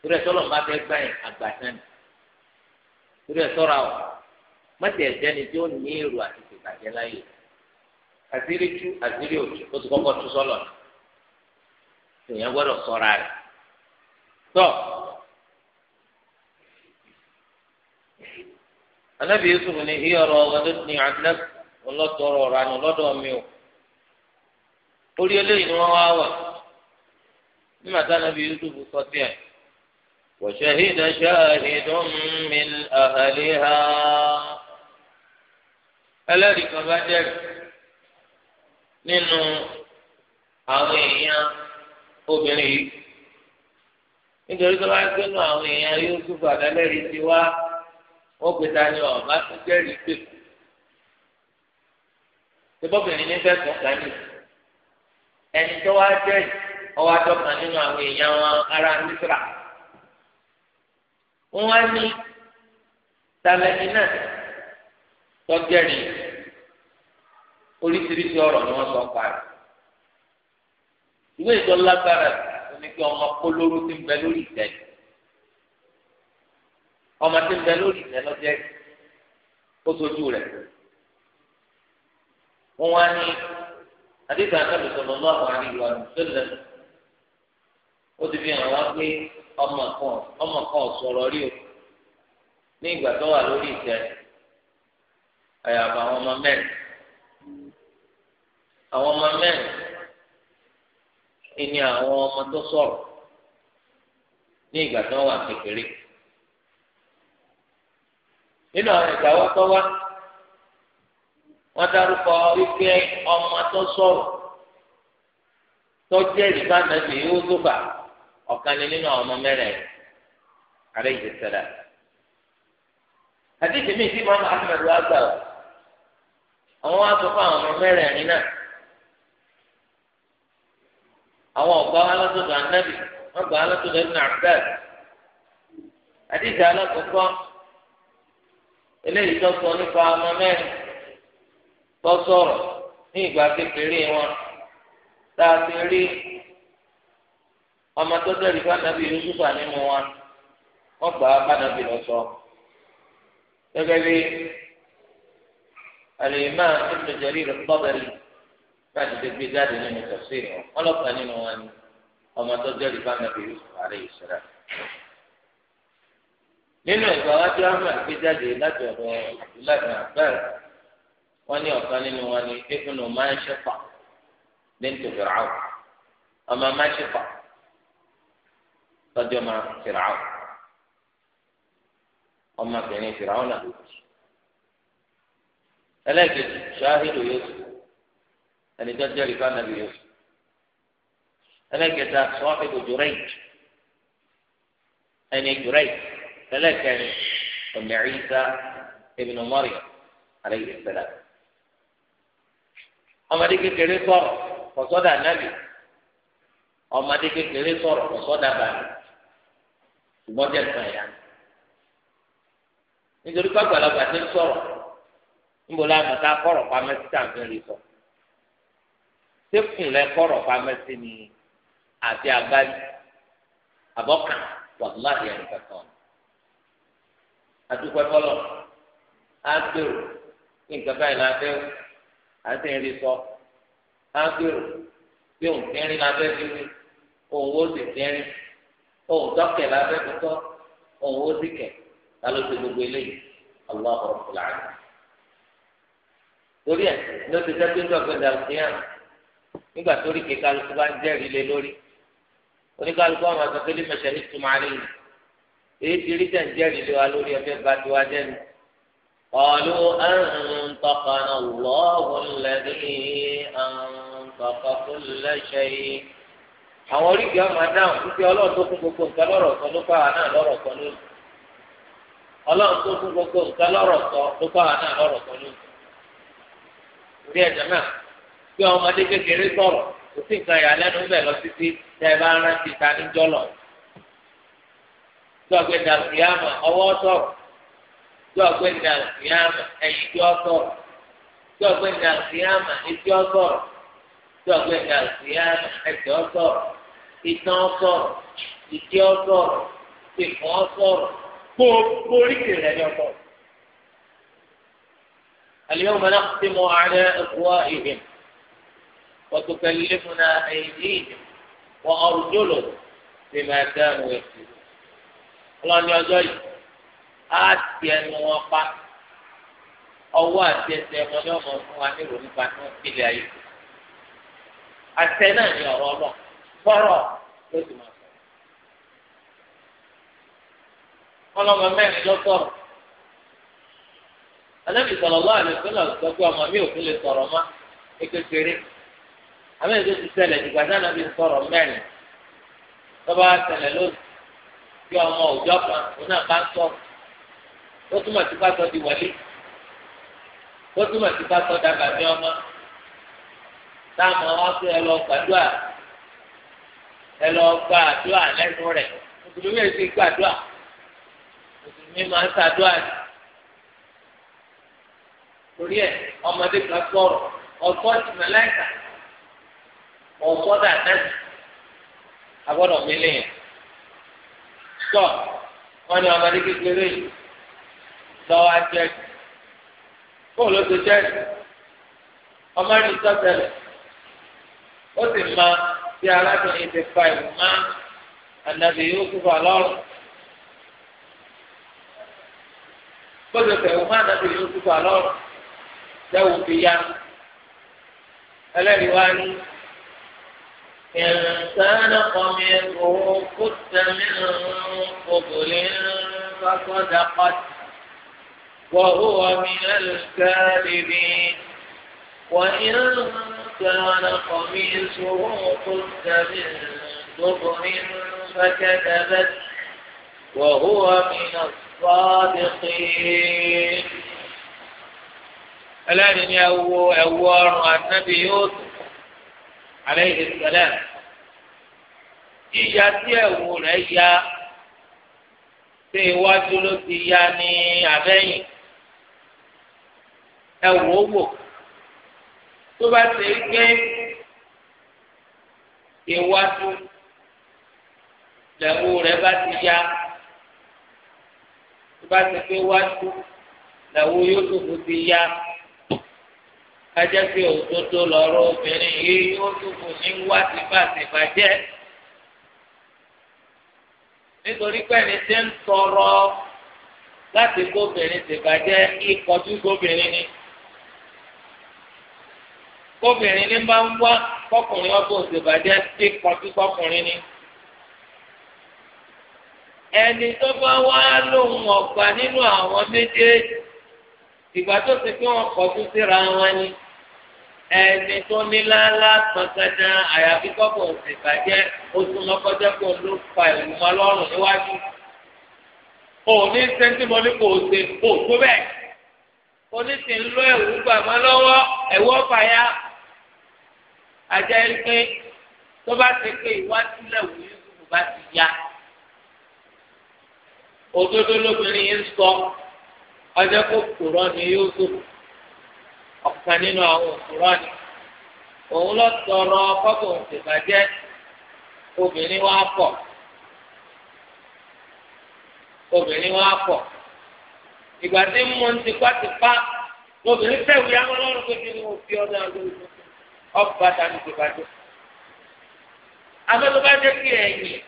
torí ẹ̀ sọ́lọ́ bá fẹ́ gbà yẹn àgbà sẹ́ni torí ẹ̀ sọ́ra ọ̀ mọ́tì ẹ̀jẹ̀ ni tí ó ní èrò àti ìbàjẹ́ láyé àṣírí tú àṣírí òtú ó ti kọ́kọ́ tú sọ́lọ̀ èèyàn gbọ́dọ̀ sọ́ra rẹ̀ tọ́ anabi yusuf ni iye ọ̀rọ̀ ọgọdọ ni adilẹk ọlọtọrọ ọ̀rọ̀ àná lọ́dọ̀ mi o orí eléyìí ni wọn wá wà nígbà tí anabi yusuf sọ tiẹ̀ wa shahida shahidun min ahliha ẹlẹ́rìí kan bá jẹ́rìí. nínú àwọn èèyàn obìnrin yìí nítorí tó bá ń gbénu àwọn èèyàn Yusuf àdálẹ́rì ti wá wọ́n pè ta ni ọ̀bá tó jẹ́rìí pé tibọ́bìnrin ní fẹ́ẹ́ ẹni tó wá jẹ́rìí ọwọ́ àtọ́kàn nínú àwọn èèyàn wọn wọ́n á oríṣiríṣi ọ̀rọ̀ ni wọ́n sọ pa rẹ̀ ìwé ìjọ lágbára ni pé ọmọ polówó ti ń bẹ lórí ìtẹ́ ọmọ ti ń bẹ lórí ìtẹ́ lọ́jẹ́ ó sojú rẹ̀ wọ́n wá ní àdéhùn àtàlù sọ̀rọ̀ lọ́wọ́ àríwá ìṣẹ̀lẹ̀ ó ti fi hàn wá pé ọmọ kan ọmọ kan sọ̀rọ̀ rí o ní ìgbà tó wà lórí ìtẹ́ àyàfà ọmọ mẹ́rin àwọn ọmọ mẹ́rin ìní àwọn ọmọ tó sọ̀rọ̀ ní ìgbà tí wọ́n wà kékeré nínú àwọn ìgbàwọ́ tó wá wọ́n dárúkọ wípé ọmọ tó sọ̀rọ̀ tó jẹ́rìí bá nàbì yóò tó bà ọ̀kan ni nínú àwọn ọmọ mẹ́rin àrẹ ìjẹsẹ̀dá àdéhùn mi ti máa ń ahmed wá gbà ọ́ àwọn wá sọ fún àwọn ọmọ mẹ́rin náà. àwọn ọgbà alátọ̀dọ̀ anábì wọn gbà alátọ̀dọ̀ ibn Abbas àdìsí alákòókò eléyìí tó nípa ọmọ mẹ́rin tó ní ìgbà kékeré wọn tá a ti rí ọmọ tó tẹ̀lé fanabi yusufa nínú wọn wọn gbà fanabi lọ gẹ́gẹ́ káàdì ṣe gbé jáde nínú tọ̀sí wọn ọlọ́pàá nínú wọn ni ọmọ tó jẹ́rìí bá nàbí Yusuf alayhi salam. nínú ìgbà wa tí wọn máa gbé jáde láti ọ̀dọ̀ ìlànà àbẹ́rẹ́ wọn ní ọ̀kan nínú wọn ni maa ibnu Manshiqa bintu Fir'aun ọmọ maa ṣẹ́pà Manshiqa tọ́jú ọmọ Fir'aun ọmọbìnrin Fir'aun náà lójú. ẹlẹ́gẹ̀dì ṣáhìlú Yusuf. ẹni tó jẹ́ rìbá nàbí yóò ẹlẹ́kẹta sọ́ọ́fì kò jùrẹ́ẹ̀t ẹni jùrẹ́ẹ̀t ẹlẹ́kẹrin ọ̀nà ìsá ibn Maryam alayhi salam ọmọdé kékeré sọ̀rọ̀ kọ̀sọ́dà nàbì ọmọdé kékeré sọ̀rọ̀ kọ̀sọ́dà bàbí ṣùgbọ́n jẹ́ nǹkan ìyá nítorí pàgbàlagbà ti ń sọ̀rọ̀ níbo la mọ̀ kọ̀rọ̀ pamẹ́ sí tàǹfẹ́ rí sọ̀rọ̀ sẹ́kùn lẹ́kọ̀rọ̀ pamẹ́sí ni àti agbárí àbọ̀kàn wàláhì ẹ̀ríkà kan. adúpẹ́ bọ́lọ̀ á gbèrò kí nǹkan báyìí la fẹ́ à ń sìn rí sọ á gbèrò bí òun ti rí la fẹ́ fi wí òun ó sì ti rí òun tọ́kẹ̀ la fẹ́ fi tọ́ òun ó sì kẹ̀ ta ló ti gbogbo eléyìí aláwọ̀ ọ̀rọ̀ torí ẹ̀ ní o ti sẹ́kùn tó ọ̀gbẹ́dà òkè yàrá nígbà tó rí kíkálukú bá ń jẹ́rìí lé lórí oníkálukú àwọn àtọ́kẹ́ lè mẹ̀ṣẹ̀ ní tùmọ̀ àlẹ́ yìí èyí ti rí tẹ̀ jẹ́rìí lé wa lórí ẹgbẹ́ bá ti wá jẹ́nu. قالوا أنطقنا الله الذي أنطق كل شيء àwọn oríkèé ọmọ adáhùn títí ọlọ́run tó fún gbogbo nǹkan lọ́rọ̀ sọ ló fáwọn náà lọ́rọ̀ sọ lónìí ọlọ́run tó fún gbogbo nǹkan lọ́rọ̀ sọ ló fáwọn náà lọ́rọ̀ sọ lónìí. orí ẹ̀jẹ̀ náà bí ọmọdé kékeré sọ̀rọ̀ kò sí nǹkan ìyàlẹ́nu ń bẹ̀ lọ títí tẹ́ ẹ bá ń rántí ta ní jọ́lọ̀ tí ọ̀gbẹ́ ní àfìyàmà ọwọ́ sọ̀rọ̀ tí ọ̀gbẹ́ ní àfìyàmà ẹ̀yìn tí ọ sọ̀rọ̀ tí ọ̀gbẹ́ ní àfìyàmà etí ọ sọ̀rọ̀ tí ọ̀gbẹ́ ní àfìyàmà ẹsẹ̀ ọ sọ̀rọ̀ itan ọ sọ̀rọ̀ ìdí ọ sọ̀rọ̀ ìfọ̀ ọ sọ̀rọ̀ gbogbo oríkèé rẹ̀ اليوم نختم على أفواههم وتكلمنا أيديهم وأرجلهم بما كانوا يكسبون ọlọ́ni wọn pa ọwọ́ àti ẹsẹ̀ wọn ni ọmọ fún wa nírò nípa tí wọ́n fi lè ayé kù àtẹ náà ni ọ̀rọ̀ ọlọ́ fọ́rọ̀ àmì ìlú ti ṣẹlẹ̀ ìgbà dáná fi sọ̀rọ̀ mẹ́rin lọ́ba ṣẹlẹ̀ lónìí bí ọmọ òjọ́ kan òun náà bá ń sọ ó túmọ̀ sí pásọ di wọlé ó túmọ̀ sí pásọ dàgbà mí ọmọ táwọn ọmọ sọ ẹ lọ gbàdúrà ẹ lọ gbàdúrà lẹ́nu rẹ̀ mùsùlùmí èsì gbàdúrà mùsùlùmí máa ń ṣàdúrà ni torí ẹ ọmọdé kan sọ̀rọ̀ ọ̀pọ̀ ìmọ̀lẹ́ka. ọ̀sọ́dà náà agbọ́dọ̀ mílẹ̀ yẹn Sọ, wọ́n ní ọmọdé kékeré yìí lọ́wọ́ ajẹ́ fóònù ló ti jẹ́ ọmọ rí sọ́tẹ̀lẹ̀ ó sì máa bí arábìnrin ti fa ìwọ̀n máa ànàbì yóò kúrò lọ́rùn. bóde fẹ̀wò má nàbì yóò ya ẹlẹ́rìí wá إن كان قميصه قد من قبل فصدقت وهو من الكاذبين وإن كان قميصه قد من دبر فكذبت وهو من الصادقين الآن يا يأوار النبي يوسف عليه السلام yíya tí ẹ̀wù rẹ̀ ya ṣé iwájú ló ti ya ní abẹ́yìn ẹ̀wù ó tó bá ṣe gbé iwájú lẹ̀wù rẹ̀ bá ti ya tó bá ṣe gbé iwájú lẹ̀wù Yúsúfù ti ya kájẹ́ pé òdodo lọ́rọ̀ obìnrin yìí Yúsúfù ní wá ti bá ti bàjẹ́ nítorí pé ẹni tí ń tọrọ láti kóbìnrin ṣèbàjẹ́ ìkọjú kóbìnrin ni kóbìnrin ní bá ń wá kọkùnrin ọgbọ́n ṣèbàjẹ́ ìkọjú kọkùnrin ni ẹni tó bá wá lóhùn ọ̀gbà nínú àwọn méjèèjì ìgbà tó ti fi wọn kọjú síra wọn ni ẹni tó ní lálá kankanjá àyàfi kọ́kọ́ òsè bàjẹ́ oṣù lọ́kọ́jẹ́ kó ló fa ìwúmọ́ lọ́rùn níwájú. òní sẹ́ńtìmọ́ ní kò ṣe kò tó bẹ́ẹ̀. oníṣìí ń lo ẹ̀wù gbàmọ́ lọ́wọ́ ẹ̀wù ọ̀fà ya. àjẹ́ pé tó bá ti pé ìwájú lẹ̀wù yusuf bá ti ya. òdodo lóbìnrin yìí ń sọ ọjọ́ kó kúrọ́ ni yusuf ọ̀kan nínú àwọn òṣùrọ̀ ni òun lọ tọrọ kọ́kọ́ òṣèbàjẹ́ obìnrin wa pọ̀ obìnrin wa pọ̀ ìgbà tí ń mú tipátipá obìnrin tẹ̀wé àwọn ọlọ́run pé kí ni mo fi ọdún àgbẹ̀wò ọba tàbí òṣèbàjẹ́ afẹ́tọ́ bá jẹ́ kí ẹ̀yìn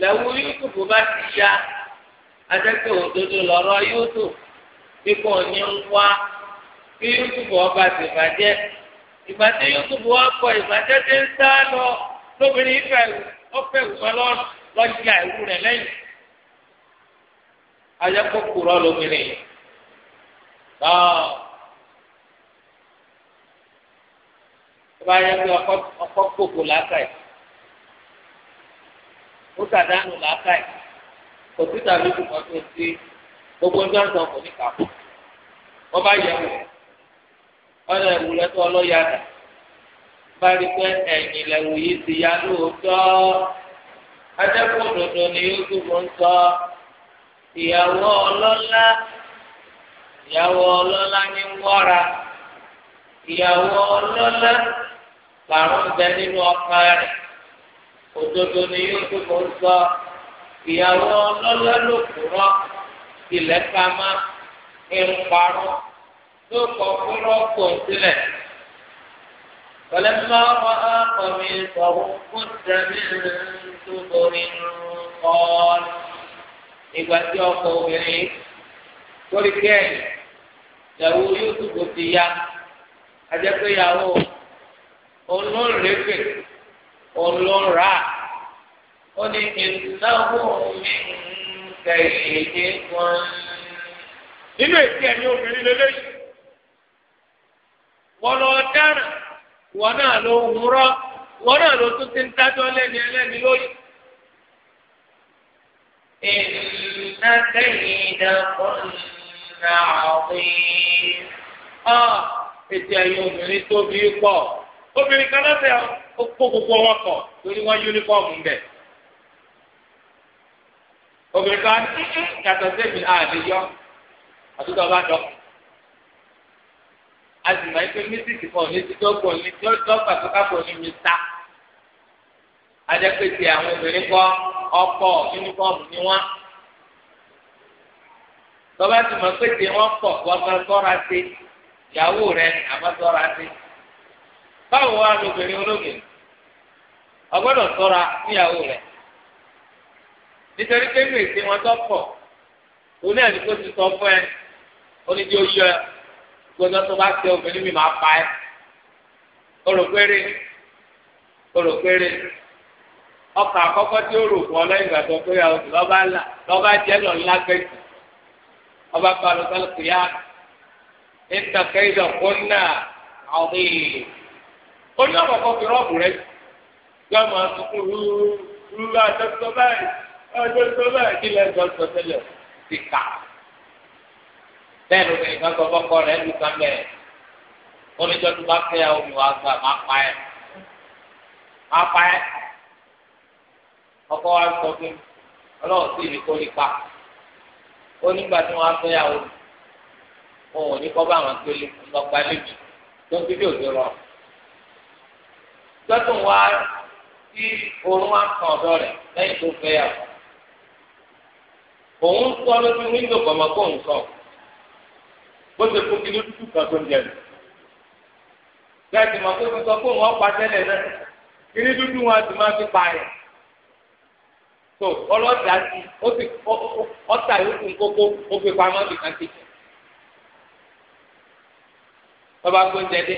lẹ́wọ́ yútùbù bá ti ya adẹ́kẹ́ òdodo lọ́rọ́ yútùbù bí kò ní ń wá bí Yusuf ọba ti bàjẹ́ ìgbà tí Yusuf wá kọ ìbàjẹ́ ti ń sá lọ lóbìnrin ìfẹ́ ọ̀fẹ́ ìfẹ́ lọ́rùn lọ́jà ìwú rẹ̀ lẹ́yìn. ayọ́kọ̀ kúrọ́ lóbìnrin tọ́ ọba yẹ kí ọkọ̀ gbogbo làákàyè ó sàdánù làákàyè kò sí tàbí kò tó ti gbogbo ń dáhùn kò ní kàkó wọ́n bá yẹ wò ọ̀nà ìwúlẹ̀ tó ọlọ́yà dà bá rí pé ẹ̀yìn lẹ́wù yìí ti ya lóòótọ́ adẹ́kùn òdòdó ni Yusuf ń sọ ìyàwó ọlọ́lá ìyàwó ọlọ́lá ní wọ́ra ìyàwó ọlọ́lá làrún bẹ nínú ọkàn rẹ̀ òdodo ni Yusuf ń sọ ìyàwó ọlọ́lá ló kúrọ́ ilẹ̀ kama ń parọ́ tó kọ fún rọ́pò sílẹ̀. فلما رأى قميصه قد من دبر قال ìgbà tí ọkọ obìnrin torí kẹ́ẹ̀yìn ìyàwó yóò túbọ̀ ti ya ajẹ́pẹ́ ìyàwó olóńrèéfè olóńrà ó ní ìnáwó mi kẹ̀yìn kan. nínú ètí ẹ̀mí obìnrin lélẹ́yìn wọ́n lọ dáràn wọ́n náà ló wúrọ́ wọ́n náà ló tún ti ń dájọ́ lẹ́ni ẹlẹ́ni lórí. Inna kaydakunna azim. Ọ́ ètò ẹ̀yìn obìnrin tóbi pọ̀. Obìnrin kan lọ́sẹ̀ ó gbogbo wọn kọ̀ torí wọ́n yúnífọ̀mù ń bẹ̀ obìnrin kan yàtọ̀ sẹ́mi àdéyọ́ àtúntò ọba dọ́kọ̀ a sì máa ń pè mísìsì kan ní dídọ́gbọ̀n ní dọ́gba tó kápọ̀ ní mítà adẹ́pẹ̀tì àwọn obìnrin kọ́ ọkọ̀ yúnífọ́ọ̀mù ni wọ́n tọ́ba ti mọ̀ pé tí wọ́n pọ̀ kó ọmọ sọ́ra sí ìyàwó rẹ̀ àmọ́ sọ́ra sí báwo wá lóbìnrin olóògbé ọgbọ́dọ̀ sọ́ra níyàwó rẹ̀ nítorí pé mi ìsìn wọn tó pọ̀ òun náà ní kó ti sọ fún ẹ onídìí oṣù ẹ gbọ́dọ̀ tó bá tẹ obìnrin mi máa pa ẹ́ olùkéré olùkéré ọkà àkọ́kọ́ tí ó rò fún ọ lẹ́yìn ìgbà tó kéré àwọn òsì lọ́ba ńlá lọ́ba jẹ́ lọ ńlá gbẹ̀sì ọba bá lọ sọ́lọ́ kìíyá nítakẹ́ ìdọ̀kún náà àwọn èèyàn ó ní ọ̀kọ̀ọ̀kan fi rọ́ọ̀bù rẹ̀ yọ ọmọ tuntun rúrú rúrú àtọ́tọ́ báyìí àtọ́tọ́ báyìí kí lẹ́ẹ̀dọ́tọ́ tẹ́lẹ̀ ti kà á. bẹ́ẹ̀ lóbìnrin kan sọ fọ́kọ rẹ̀ lù kan bẹ́ẹ̀ oníjọ́ tó bá fẹ́ omi wàá gbà má pa ẹ̀ má pa ẹ̀ wa sọ ọlọ́run sì ní kó lè pa ó nígbà tí wọ́n á fẹ́ òun ò ní kọ́ bá àwọn tó ń fi bí òjò bó ṣe fún kí ló dúdú kan tó ń jẹ láti mọ̀ pé sọ pé wọ́n pa tẹ́lẹ̀ náà kí ní dúdú wọn ti máa fi pa yẹn tó ọlọ́dà sí ó ti ọ̀tà yòókù kókó ó fi pamọ́ nìkan ti jẹ bàbá gbóúnjẹ dé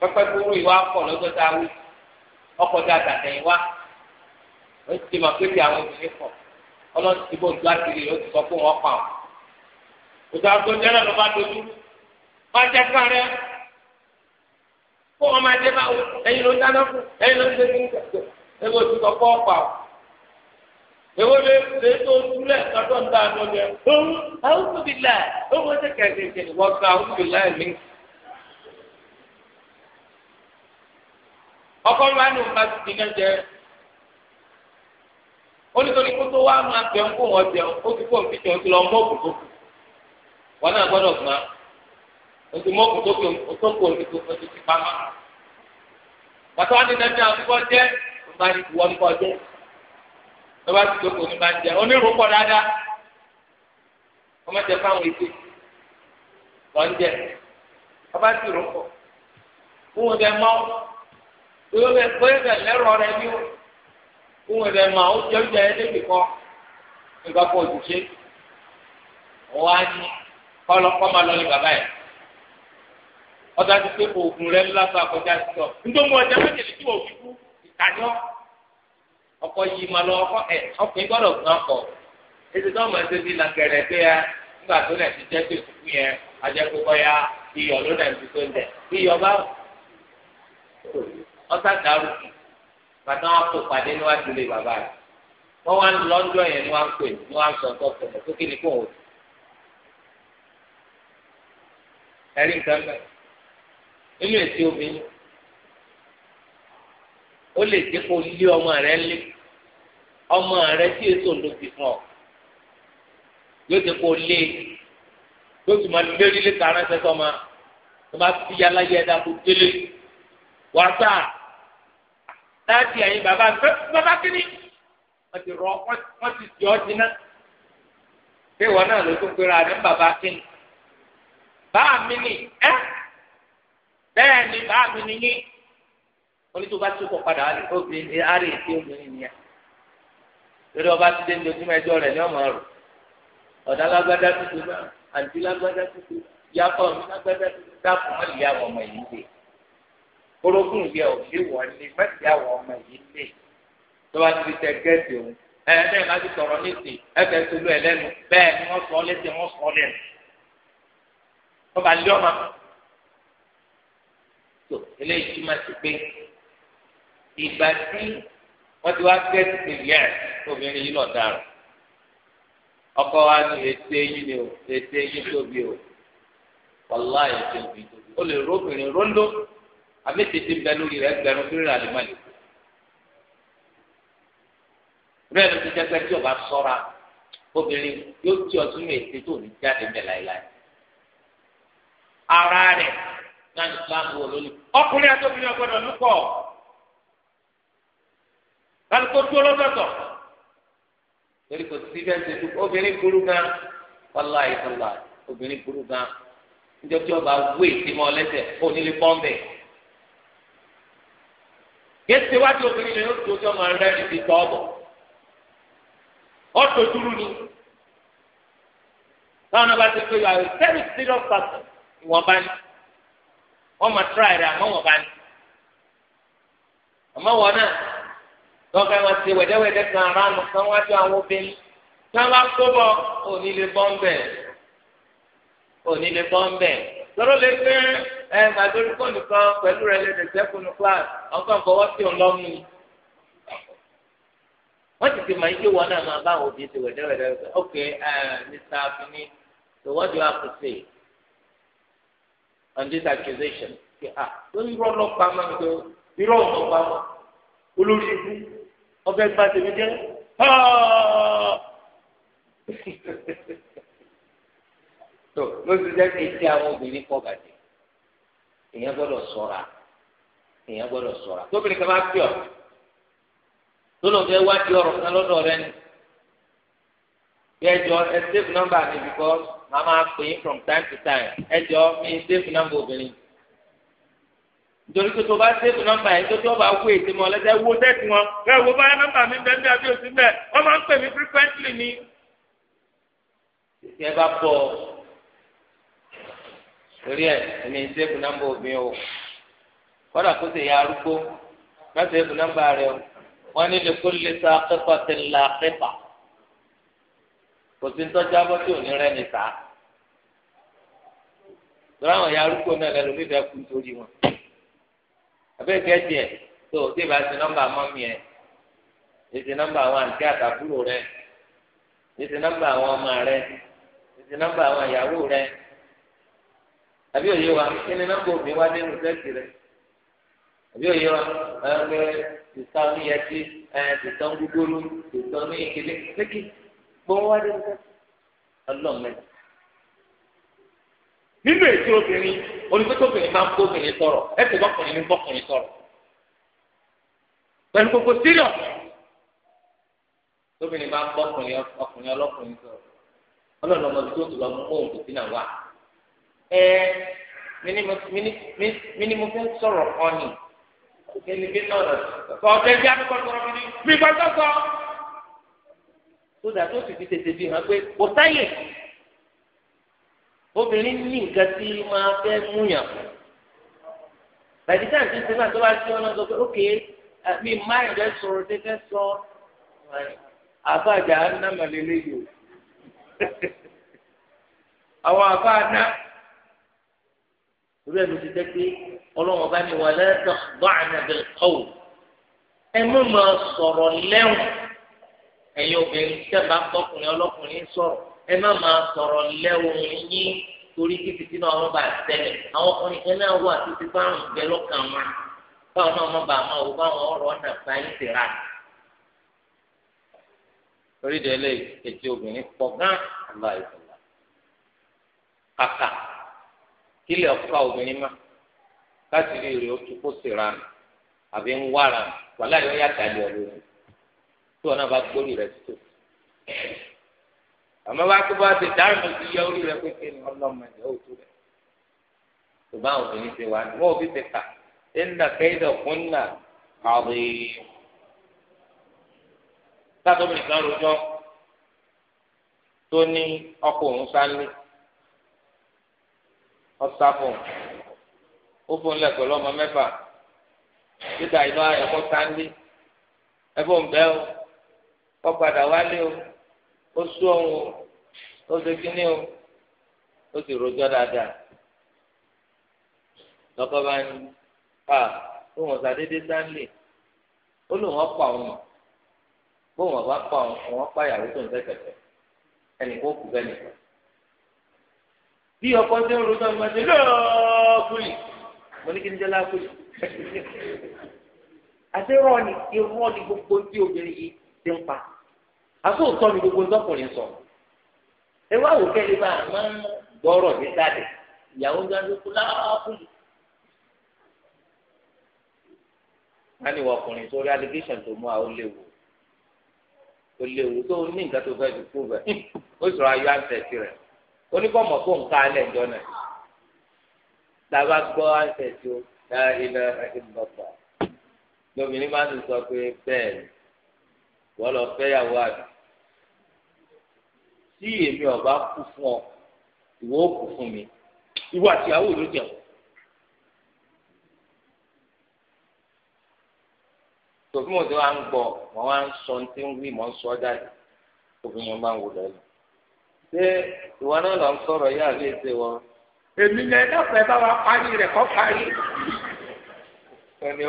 pẹpẹ kúrú ìwà kọ lọ́gọ́ta wí ọkọ̀ dáadáa tẹ̀yìn wá ó ti mọ̀ pé àwọn obìnrin kọ̀ ọlọ́dún ti bó ń gbá kiri ó ti sọ pé wọ́n pa wọn òtò àgbọ̀njẹ́ náà ló bá dojú wọ́n jẹ́ kán rẹ kó wọn máa dé báwo ẹ̀yin ló ń dáná fún ẹ̀yin ló ń ṣe fún kẹ̀kẹ́ ewu ti sọ fọ́ pa o ewu lè lè tó túlẹ̀ lọ́dọ̀ ń dáná lọ́dọ̀ ẹ̀ ọ̀hún àwọn tóbi là ọ̀hún ó ti wọ́n gba àwọn tóbi là mí. ọkọ ńlá ni òun bá ti dín náà jẹ ó nítorí kótó wa máa bẹ̀ ń kó wọn jẹun ó ti kó òun fi ti lọ mọ́ òkùnkùn wọn náà gbọ́dọ̀ gbà o ti mọ́kù tó kò o tó kò o ti ti pamọ́ pàtó wọn ti dẹ́bi àkókò jẹ́ o bá ti wọ́n kọ́ jẹ́ o bá ti tó kò ní bá jẹ́ onírú pọ̀ dáadáa wọ́n máa jẹ fáwọn ètò wọ́n jẹ wọ́n bá ti rò pọ̀ fún wọn bẹ mọ́ bóyá bẹ bóyá bẹ lẹ́rọ rẹ bí o fún wọn bẹ mọ́ o jẹ́ o jẹ́ ẹ débi kọ́ nígbà kan òjì ṣe wọ́n á ní kọlọ kọma lọ ní bàbá yẹ ọdọ ti pé oògùn rẹ ńlá fún akọjá sọ nítorí ọjà méjèèjì tí wọ́n fi kú ìtajọ ọkọ yìí máa lọ ọkọ ẹ ọkùnrin gbọ́dọ̀ gbọn kọ ètò tó ọmọ ẹsẹ bíi làgẹrẹ pé ya nígbà tó lẹ ti jẹ pé òkú yẹn ajẹpẹ bọyá iyọ̀ ló dà ní tó ń dẹ iyọ̀ bá ọsà dàrú bàtà wọn kó pàdé níwájú lé bàbá rẹ wọn wá ń yẹn ni wọn pè ni ẹ̀rí nǹkan bẹ́ẹ̀ nínú èsì obìnrin ó lè jẹ́ kó lé ọmọ rẹ̀ lé ọmọ rẹ̀ tí èso ló ti fún ọ yóò jẹ́ kó lé yóò tún máa lé lílé karánṣẹ́ sọ́mà tó bá fi yálà yẹ ẹ̀dá kó délé wàá sà láti ẹ̀yìn bàbá bàbá kínní wọ́n ti rọ wọ́n ti jọ́ jiná pé wọn náà ló tún pera rẹ̀ bàbá kínní báà mi ni ẹ́ bẹ́ẹ̀ ni báà mi ni yín onítò bá tó kọ padà obìnrin àárẹ̀ ètí obìnrin nìyẹn lórí ọba ti dé ndojúmọ́ ẹjọ́ rẹ̀ ní ọmọ rẹ̀ ọ̀dà lágbádá tuntun náà àǹtí lágbádá tuntun yàtọ̀ mi lágbádá tuntun dáàbò má lè àwọn ọmọ yìí lé korókùn yẹ òfin wọlé má lè àwọn ọmọ yìí lé tó bá ti tẹ gẹ́ẹ̀sì òun ẹ̀ẹ́dẹ́gbẹ́ láti sọ̀rọ̀ ní ìsìn ẹ̀fẹ̀ tó ẹ̀ lẹ́nu bẹ́ẹ̀ ni wọ́n sọ ọ́ lẹ́sẹ̀ wọ́n sọ ọ́ lẹ́nu wọn bá lé ọmọ tó eléyìí túmọ̀ sí pé ìgbà tí wọ́n ti wá gẹ́tì mílíọ̀n obìnrin yìí lọ dàrú ọkọ wa ní ètè yín ni o ètè yín tóbi o wàlá ètè òbí tóbi o lè róbìnrin róńdó àmì tètè bẹ lórí rẹ gbẹrún fún ìrìnàlè má lè bẹ́ẹ̀ ló ti jẹ́ pé tí o bá sọ́ra obìnrin yóò tí ọtún ní ètè tó ní jáde mẹ́ láéláé. ara rẹ̀ náà ní islam wò lónìí ọkùnrin àti obìnrin ọgbọ́dọ̀ lúkọ kálukó tó lọ́dọ̀tọ̀ torí kò sí bẹ́ẹ̀ ṣe obìnrin burú gan wàlá ìtọ́lá obìnrin burú gan níjọ́ tí ọba wé ìtìmọ̀ lẹ́sẹ̀ ó nílé pọ́ńbẹ́ yẹtẹ wájú obìnrin lẹ́yìn oṣù tó ọmọ rẹ̀ ti tọ́ ọ̀bọ̀ ọ̀tọ̀ dúró ni táwọn ọba ti pé you are a very ìwọ̀n bá ní wọ́n máa tíra rẹ̀ àmọ́ wọ́n bá ní. àmọ́ wọn náà wọ́n fẹ́ wọn ti wẹ̀dẹ́wẹ̀dẹ́ kan ara nù kan wájú àwọn obìnrin tí wọ́n bá kó bọ̀ òní lè bọ́ ń bẹ̀ òní lè bọ́ ń bẹ̀ lọ́rọ́ lè pé ẹ màdórí fóònù kan pẹ̀lú rẹ̀ lè dẹ̀sẹ̀ fóònù class ọkàn fọwọ́ sí òun lọ́mú ni. wọ́n ti fi màá yé wọn náà máa bá àwọn obìnrin ti wẹ̀dẹ́wẹ̀dẹ́ ok uh, Mr. Afini so what do you have to say? and this accusation ṣe à ah, lórí irọ́ lọ́pàá máa ń gbé irọ́ ọ̀nàpá mọ́ olórí ikú ọbẹ̀ gba tèmi jẹ́ tó ló ti jẹ́ kéde àwọn obìnrin kọ́ bàjẹ́ èèyàn gbọ́dọ̀ ṣọ́ra èèyàn gbọ́dọ̀ ṣọ́ra tóbi ni kí a máa fi ọ̀ tó lọ fẹ́ wá di ọ̀rọ̀ kan lọ́dọ̀ rẹ ni ẹjọ ẹ save number mi because màá máa pè é from time to time ẹjọ mi save number obìnrin nítorí pé tó bá save number yẹn tó tó bá wú ètò mọ lẹsẹ wo tẹsí wọn ẹ wo báyà number mi bẹ́ẹ̀ bí àbí òsì bẹ́ẹ̀ wọ́n máa ń pè mí frequently ni. ìṣe bá bọ̀ torí ẹ̀ èmi save number obìnrin o kọ́dà kó sì yà arúgbó má save number rẹ o wọ́n ní lè kó lè sa akẹ́kọ̀ọ́ tẹ̀lé akẹ́kọ̀ọ́ kò sí ntọ́jú abọ́ tí ò ní rẹ́ ní ta lọ́wọ́ àwọn ya arúgbó náà lẹ́nu mi fẹ́ kú nítorí wọn abẹ́ kẹ́tì ẹ̀ tó o tí ì bá ti nọ́mbà mọ́mí ẹ̀ ètì nọ́mbà àwọn àǹtí àtàkùrò rẹ̀ ètì nọ́mbà àwọn ọmọ rẹ̀ ètì nọ́mbà àwọn ìyàwó rẹ̀ àbí òye wa kí ni nọ́mbà òbí wá dé nù sẹ́ẹ̀tì rẹ̀ àbí òye wa ẹ̀ ẹ̀ tìta oníyẹtì ẹ̀ tìta onígbólú tìta oníyẹkẹlẹ lẹ́kì gbọ́n wá dé nípa ọlọ́run mẹ́ta. nínú ètò obìnrin olùgbẹ́tọ̀bìnrin máa ń kó obìnrin sọ̀rọ̀ ẹ̀sìn bọ́kùnrin ní bọ́kùnrin sọ̀rọ̀ pẹ̀lú gbogbo sílọ̀ tóbìnrin bá ń bọ́kùnrin ọkùnrin ọlọ́kùnrin sọ̀rọ̀ ọlọ́run ọmọdé tó tó lọ mú òun kò sí náà wà. ẹ mínímù fẹ́ sọ̀rọ̀ kan ni kí ni bí náà lọ sọ ọ̀dẹ́bí akẹ́kọ̀ọ́ sọ̀rọ̀ mi ni mi gbọ́dọ̀ sọ tó dà tó sì fi tètè fi hàn pé kò sáyè obìnrin ní nǹkan tí máa fẹ́ múyàn fún bàtí táà ti sinmi àti wá sí ọ náà sọ pé ókè mi máa ń fẹ́ sọ̀rọ̀ tí fẹ́ sọ àbájá nàmàlélẹ́ yìí o àwọn àbá ná orí ẹ̀ ló ti jẹ́ pé ọlọ́wọ́n bá ní wàlẹ́ tó àná bẹ̀rẹ̀ kọ́wò ẹ mú ma sọ̀rọ̀ lẹ́wọ̀n. ẹ̀yin obìnrin tẹ́ẹ̀bá tọkùnrin ọlọ́kùnrin sọ̀rọ̀ ẹ má máa sọ̀rọ̀ lẹ́wọ̀n yín torí kí náà wọ́n bá àwọn ọkùnrin kan náà wà títí fáwọn wọn báwọn náà bá máa wò báwọn ọ̀rọ̀ ọ̀nà báyìí ti rà. torí ìdẹ́lẹ̀ ètò obìnrin pọ̀ gán àlọ́ àìsàn kàkà obìnrin má rẹ̀ ó tún kó sí àbí ń wàláyọ̀ tí wọn náà bá gbórí rẹ tó àmọ́ bá tó bá ti dáhùn sí yẹ orí rẹ pé ní ọlọ́mọdé ó tó rẹ tó bá òfin ní ti wá ní wọn ò fi ti kà ẹnna kẹyìndà kúnlá kàwé sátọ́ mi kan rojọ́ tó ní ọkọ̀ òun sálé ọ̀sáfọ̀ ó fún lẹ́kọ̀ọ́ lọ́mọ mẹ́fà títà ìlú ẹ̀kọ́ sálé ẹ̀fọ́ ń bẹ́ ọ́ ọ̀padà wálé o ó sú ọ̀hún o ó ṣe kíní o ó sì rojọ́ dáadáa lọ́kọ́ bá ní a òun ṣàdédé sáńlẹ̀ ó lóun ọ̀pọ̀ àwọn mọ̀ bóun ọ̀bá pa àwọn pàyàwó tó ń tẹ̀tẹ̀tẹ̀ ẹnì kó kú bẹ́ẹ̀ nìkan bí ọkọ tí ń rojọ́ ọmọ ti lọ́ọ̀kùlì mo ní kí n jẹ́ láàkùlì àti rọ́ọ̀nì irọ́ gbogbo tí obìnrin yìí ti ń pa asóòtọ́ ni gbogbo ńdọ́kùnrin sọ ẹ wá wò kẹ́lẹ́ bá a máa ń gbọ́rọ̀ ní sáde ìyàwó ń gbàdúrà kó láàbùlù. a ní ọkùnrin tó rí allegation tó mú a ó léwu ó léwu tó ní nǹkan tó fẹ́ fi kú bẹ́ẹ̀ ó sọ̀rọ̀ ayọ́ àǹtẹ̀tì rẹ̀ ó ní kó mọ̀ kó nǹkan alẹ́ ìjọ náà tàbá gbọ́ àǹtẹ̀tì ó dá ilẹ̀ ìbọ̀tà lóbìnrin máa ń sọ pé bẹ́ẹ̀ wọ́n lọ fẹ́yàwó àdùn tí èmi ọba kú fún ọ ìwọ ó kú fún mi ìwọ àti ìyàwó ló jẹun. tòbí mo ti wá ń gbọ́ mo wá ń sọ ní tí ń wí mo ń sọ jáde obìnrin máa ń wò lẹ́nu. ṣé ìwọ náà lọ ń sọ̀rọ̀ yá àbí ètè wọn. èmi ni ẹ dáfẹ́ bá wa parí rẹ̀ kọ́ parí. sọ ni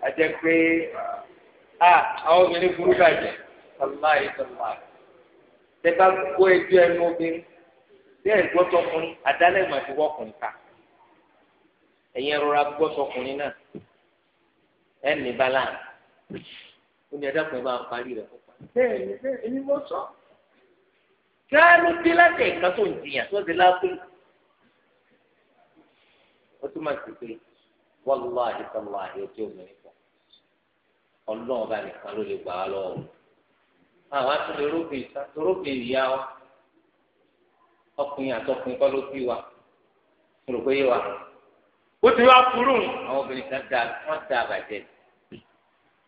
a jẹ pé ah, àwọn obìnrin burú bàjẹ́ sọláì sọláì tẹ́ka kó ẹjọ́ ẹnu obìnrin tí ẹ̀ gbọ́ tọkùnrin àdálẹ̀ mà ti wọ́kùnrin ká ẹ̀yin ẹ̀rọra gbọ́ tọkùnrin náà ẹ̀ ní balance ó ní ẹ̀dá kan bá ń parí rẹ̀ kó pa bẹ́ẹ̀ ni bẹ́ẹ̀ ni mo sọ káàlù dé láti ẹ̀ka tó ń jiyàn tó ti lápé ó túmọ̀ sí pé wọ́n lọ́wọ́ àdìsọ́ lọ́wọ́ àdìsọ́ obìnrin kan ọlọ́run bá nìkan ló lè gbà á lọ́wọ́ àwọn àtúndì rúbì ìta rúbì ìyá wa ọkùnrin àtọkùnrin kọ́ ló bí wa rò pé yé wa ó ti wá kúrú àwọn obìnrin kan da wọn da àbàjẹ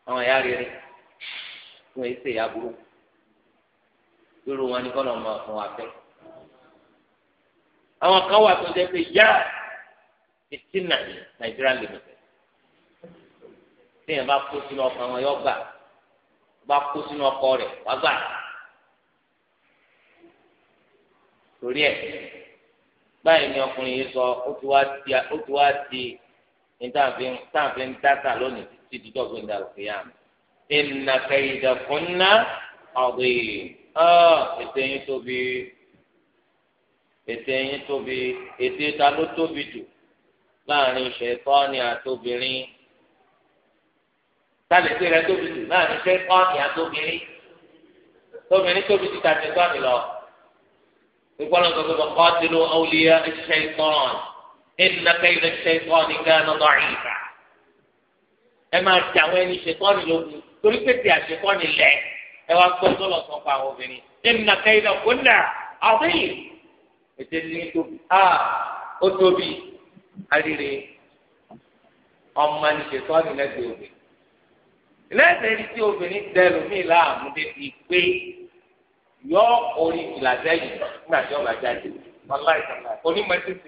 àwọn ìyá rere fún ẹsẹ ìyá burúkú lórí wọn ni kọ́nà ọmọ ọ̀fun wa fẹ́ àwọn kan wà tó jẹ́ pé yá fìtínà nàìjíríà lè mọ̀ tẹ́yìn bá kó sínú ọkàn wọn yọ gbà bá kó sínú ọkọ rẹ̀ wá gbà torí ẹ̀ báyìí ni ọkùnrin yìí sọ ó ti wá di ó ti wá di ní táǹfẹ́ ń dáta lónìí títí dídọ́ gbẹ̀ndà òkè yá mi. ìnà kẹyìndà kúnná ọ̀gbìn ọ̀ ètò yín tóbi ètò yín tóbi ètò ìta ló tóbi jù láàrin ṣẹ̀tọ́ni àtobìnrin tàbí tí rẹ tóbi jù náà ní pé ọ́ọ̀nì àtòbìnrin tóbìnrin tóbi jù tàbí sọ́ọ̀nì lọ. ìpọ́nlọ́ sọ pé qatilu awliya ash-shaytan inna kayda ash-shaytani kana da'ifa. ẹ máa ti àwọn ẹni ṣètọ́nì lógun torí pé tí àṣetọ́nì lẹ̀ ẹ wá gbọ́ sọ́lọ̀ sọ pa àwọn obìnrin inna kayda kunna adhim. ètè ní tóbi a ó tóbi àríre ọmọ ní ṣètọ́nì lẹ́gbẹ̀ẹ́ obìnrin lẹ́sẹ̀ rí tí obìnrin dẹrù mí láàmú débi pé yọ orí ìlàjẹ́ yìí nígbà tí ọba jáde onímọ̀ ẹ̀sìn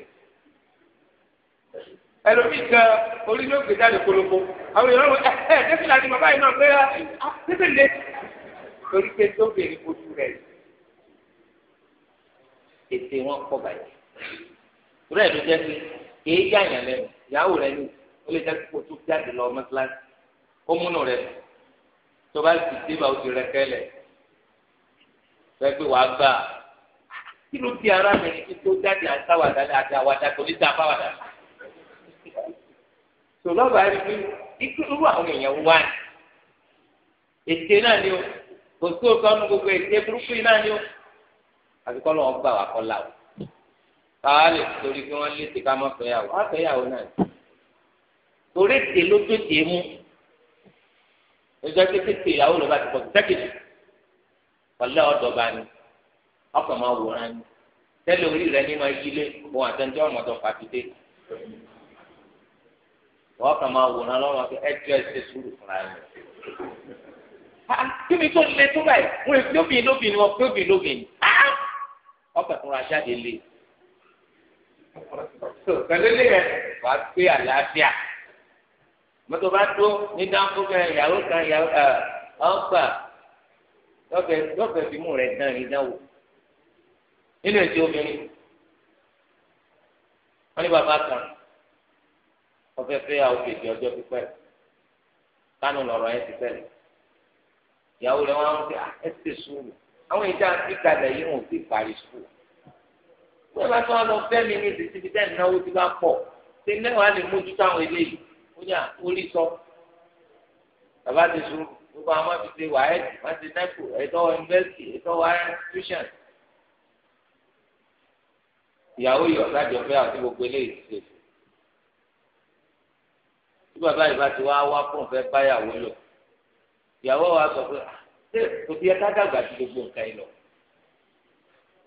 ẹlòmíì kan oríṣiríṣi jáde polówó àwọn èèyàn ẹ ẹ dẹ́sílà ni bàbá yìí náà pé títí ah, ah, lé torí pé tó bèrè ojú rẹ̀ ètè wọn pọ̀ bàjẹ́ rẹ̀ ló jẹ́ pé kéé yáyàn lẹ́nu ìyàwó rẹ̀ ni ó lè jẹ́ kó tó jáde lọ mọ́tíláṣí ó múnú rẹ tó bá sì dé bá o ti rẹ kẹlẹ pẹpẹ wàá gbà kí ló di ara mi ní tó jáde àtàwàdà àti àwàdà kò ní ta fáwàdà sọlọ́ba rí bí ikú irú àwọn èèyàn wá ní ètè náà ni o kò sí òótọ́ nu gbogbo ètè burúkú yìí náà ni o àti kọ́ lọ́wọ́ gbà wá kọ́ la o káwá lè torí pé wọ́n lé ti ká mọ́ fẹ́yàwó á fẹ́yàwó náà torí ètè ló tó tè é mú níjọ́ pé tètè ìyàwó ló bá ti kọ́ sẹ́kìtì ọ̀lẹ́ ọ̀dọ̀ bá ní ọkọ̀ máa wòran ní tẹ́lẹ̀ orí rẹ nínú ayílé òun àtẹnjọ́ ọmọdé fàtidé ọkọ̀ máa wòran lọ́wọ́ pé ẹjọ́ ẹsẹ̀ sùúrù fúnra rẹ̀. kí mi tó le tó báyìí wọn èfi obìnrin lóbìnrin wọn fi obìnrin lóbìnrin ọkọ̀ tó ra lé. pẹ̀lú ilé yẹn wàá gbé àlàáfíà mọ́tò bá tó ní dáńkó bẹ́ẹ̀ ìyàwó kan ìyàwó ọgbà lọ́fẹ̀ẹ́ fímú rẹ̀ dán ìdánwò nínú ètò obìnrin wọ́n ní bàbá kan ọ̀fẹ́ fẹ́ àwọn òkèèjì ọjọ́ pípẹ́ kánú lọ́rọ̀ ẹ̀ ti bẹ̀rẹ̀ ìyàwó rẹ̀ wọ́n á ń pè é ti sùúrù àwọn ìjà ìkàlẹ̀ yìí wọn ò ti parí sùúrù wọ́n bá tó wọn lọ fẹ́ mi ní ìdí síbi tẹ́ ìnáwó ti bá pọ̀ ṣe mẹ́wàá lè mójútó àwọn eléyìí ní àkórí sọ bàbá ti sùn gbogbo àwọn máa fi ṣe wàhálà máa ti nẹ́kù ẹ̀tọ́ yunifásitì ẹ̀tọ́ wàhálà institution ìyàwó yìí ọ̀sá jọ fẹ́ àti gbogbo eléyìí ṣe tí bàbá yìí bá ti wá wá fún fẹ́ báyàwó lò ìyàwó wa sọ pé ah, ṣé kò bí ẹka dàgbà ti gbogbo nǹkan yìí lọ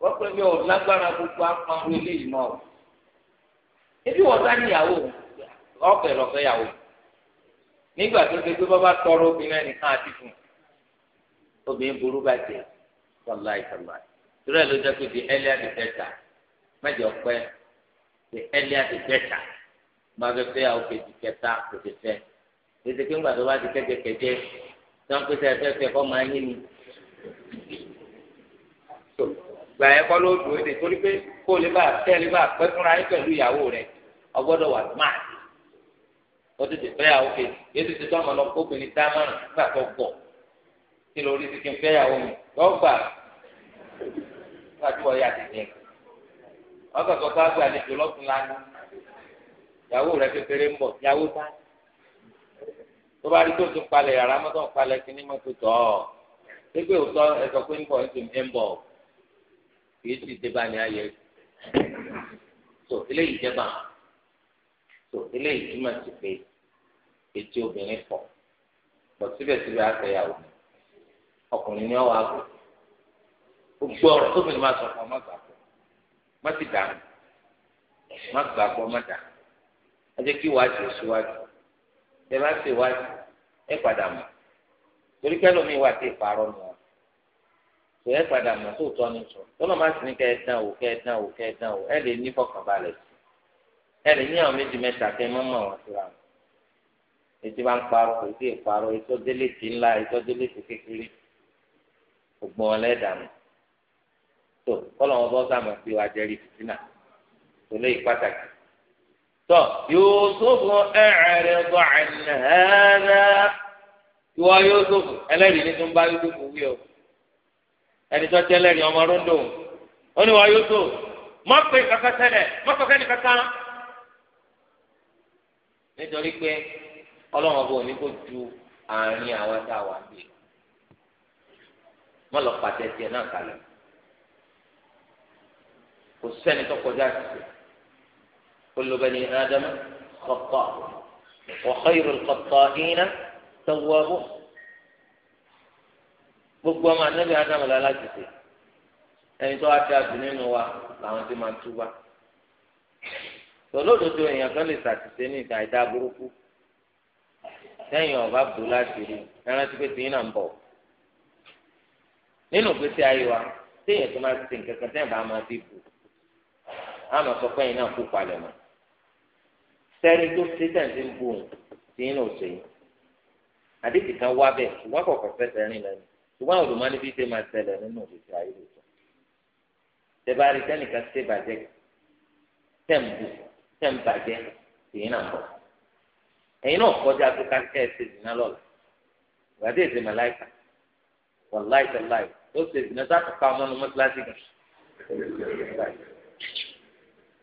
wọ́n pẹ́ mi ò lágbára gbogbo apá eléyìí mọ́ ọ ebi wọ́n níyàwó òun. ọ̀fẹ́ lọ́fẹ́ yàwó nígbà tó ṣe pé bàbá tọrọ obìnrin ẹnìkan àti fún obìnrin burú bàjẹ́ sọláì sọláì torí ẹ̀ ló jẹ́ pé the earlier the better mẹ́jọ pẹ́ the earlier the better máa fẹ́ fẹ́ àwọn kejì kẹta tó bá tó ń pèsè de torí pé kó o lè bá lè bá ó tètè fẹ́yàwó kejì yéé tètè tó àmọ́ lọ obìnrin tá a máa rìn nígbà tó gbọ̀ kí ló rí síkí fẹ́yàwó mi lọ́ gbà wájú ọ̀yà tètè wọ́n kàn sọ pé àgbà àlejò lọ́sùn lánàá ìyàwó rẹ̀ kékeré ń bọ̀ ìyàwó tá tó bá rí tó tún palẹ̀ yàrá mọ́tò ń palẹ̀ kí ní mọ́tò tọ̀ ọ́ gbégbé òótọ́ ẹ̀sọ́ pé ń bọ̀ ń bọ̀ kì í sì dé ní ayé so eléyìí jẹ́ bàá tó eléyìí túmọ̀ sí pé etí obìnrin pọ̀ pọ̀ síbẹ̀síbẹ̀ àtẹ̀yàwó ọkùnrin ni ọwọ́ àgọ́ gbogbo ọ̀rọ̀ tóbìnrin máa sọ fún ọ má gbà pọ̀ má ti dànù má gbà pọ̀ má dànù ẹ jẹ́ kí ìwádìí síwájú ẹ bá ṣe ìwádìí ẹ padà mọ̀ torí pẹ́ lómi wà tí ìparọ́ mi wọn tò ẹ padà mọ̀ tó tọ́ ni sọ tọ́lọ́ má sì ní kẹ́ ẹ dán o kẹ́ ẹ dán o kẹ́ ẹ dán o ẹ lè ní fọkànbalẹ̀ ẹ̀rì ní àwọn méjì mẹ́ta kẹ́ mọ́ mọ́ àwọn síra wọn ètò bá ń parọ́ kò sí ìparọ́ ètò délẹ̀tì ńlá ètò délẹ̀tì kékeré gbogbo wọn lẹ́dàánù tó kọ́lọ̀ wọn bọ́ sàmù sí wa jẹ́rìí fìtínà tó lé pàtàkì tó Yúsúfù ẹ̀rẹ̀ bọ̀ ẹ̀nẹ́rẹ́ ìwọ Yúsúfù ẹlẹ́rìí ní tó ń bá Yúsúfù wí o ẹni tó tẹ́lẹ̀ ní ọmọ rúndùn ó ní wọ Yúsúfù mọ́ pé kankan sẹ́lẹ̀ mọ́ pé kẹ́ni kankan nítorí pé ọlọ́run ọba òní kò ju àárín àwọn tá a wà ń bì wọ́n lọ pàtẹ tiẹ̀ náà kalẹ̀ kò sẹ́ni tó kọjá sí kullu bani ádámù kọ̀tọ̀ wa khayrul khatta'ina tawwabu gbogbo ọmọ anábì ádámù lọ́la ti sè ẹni tó wá ti àbí nínú wa làwọn ti máa túbà tòlódodo èèyàn kan lè ṣàtìṣe ní ìta ìdá burúkú sẹ́yìn ọba bò láti rí ẹran tí pété iná ń bọ̀ nínú pété ayé wa téèyàn tó máa ti nǹkan kan tẹ́yìn bá máa fi bù àmọ́ sọ pé iná kú palẹ̀ mọ́ sẹ́ni tó ṣe tẹ̀sí ń bù tí iná ò ṣe yìí àdéhùn kan wá bẹ́ẹ̀ ṣùgbọ́n kọ̀ọ̀kan fẹsẹ̀ rìn lẹ́nu ṣùgbọ́n àwọn olùmọ́ni bí ṣe máa ṣẹlẹ̀ nínú pété ayé lòtọ́ tẹ bá rí sẹ́nìkan ṣe bàjẹ́ tẹ̀ ń bù tẹ́ ń bàjẹ́ èyí náà ń bọ̀ ẹ̀yin náà kọjá tó ká ẹ̀ ṣe ìdìnnà lọ́la ìgbàdí èdè màláìka wàláì tẹ̀láì ó ṣe ìdìnnà sáà kọ́kọ́ ọmọ ọmọ kíláàsì gan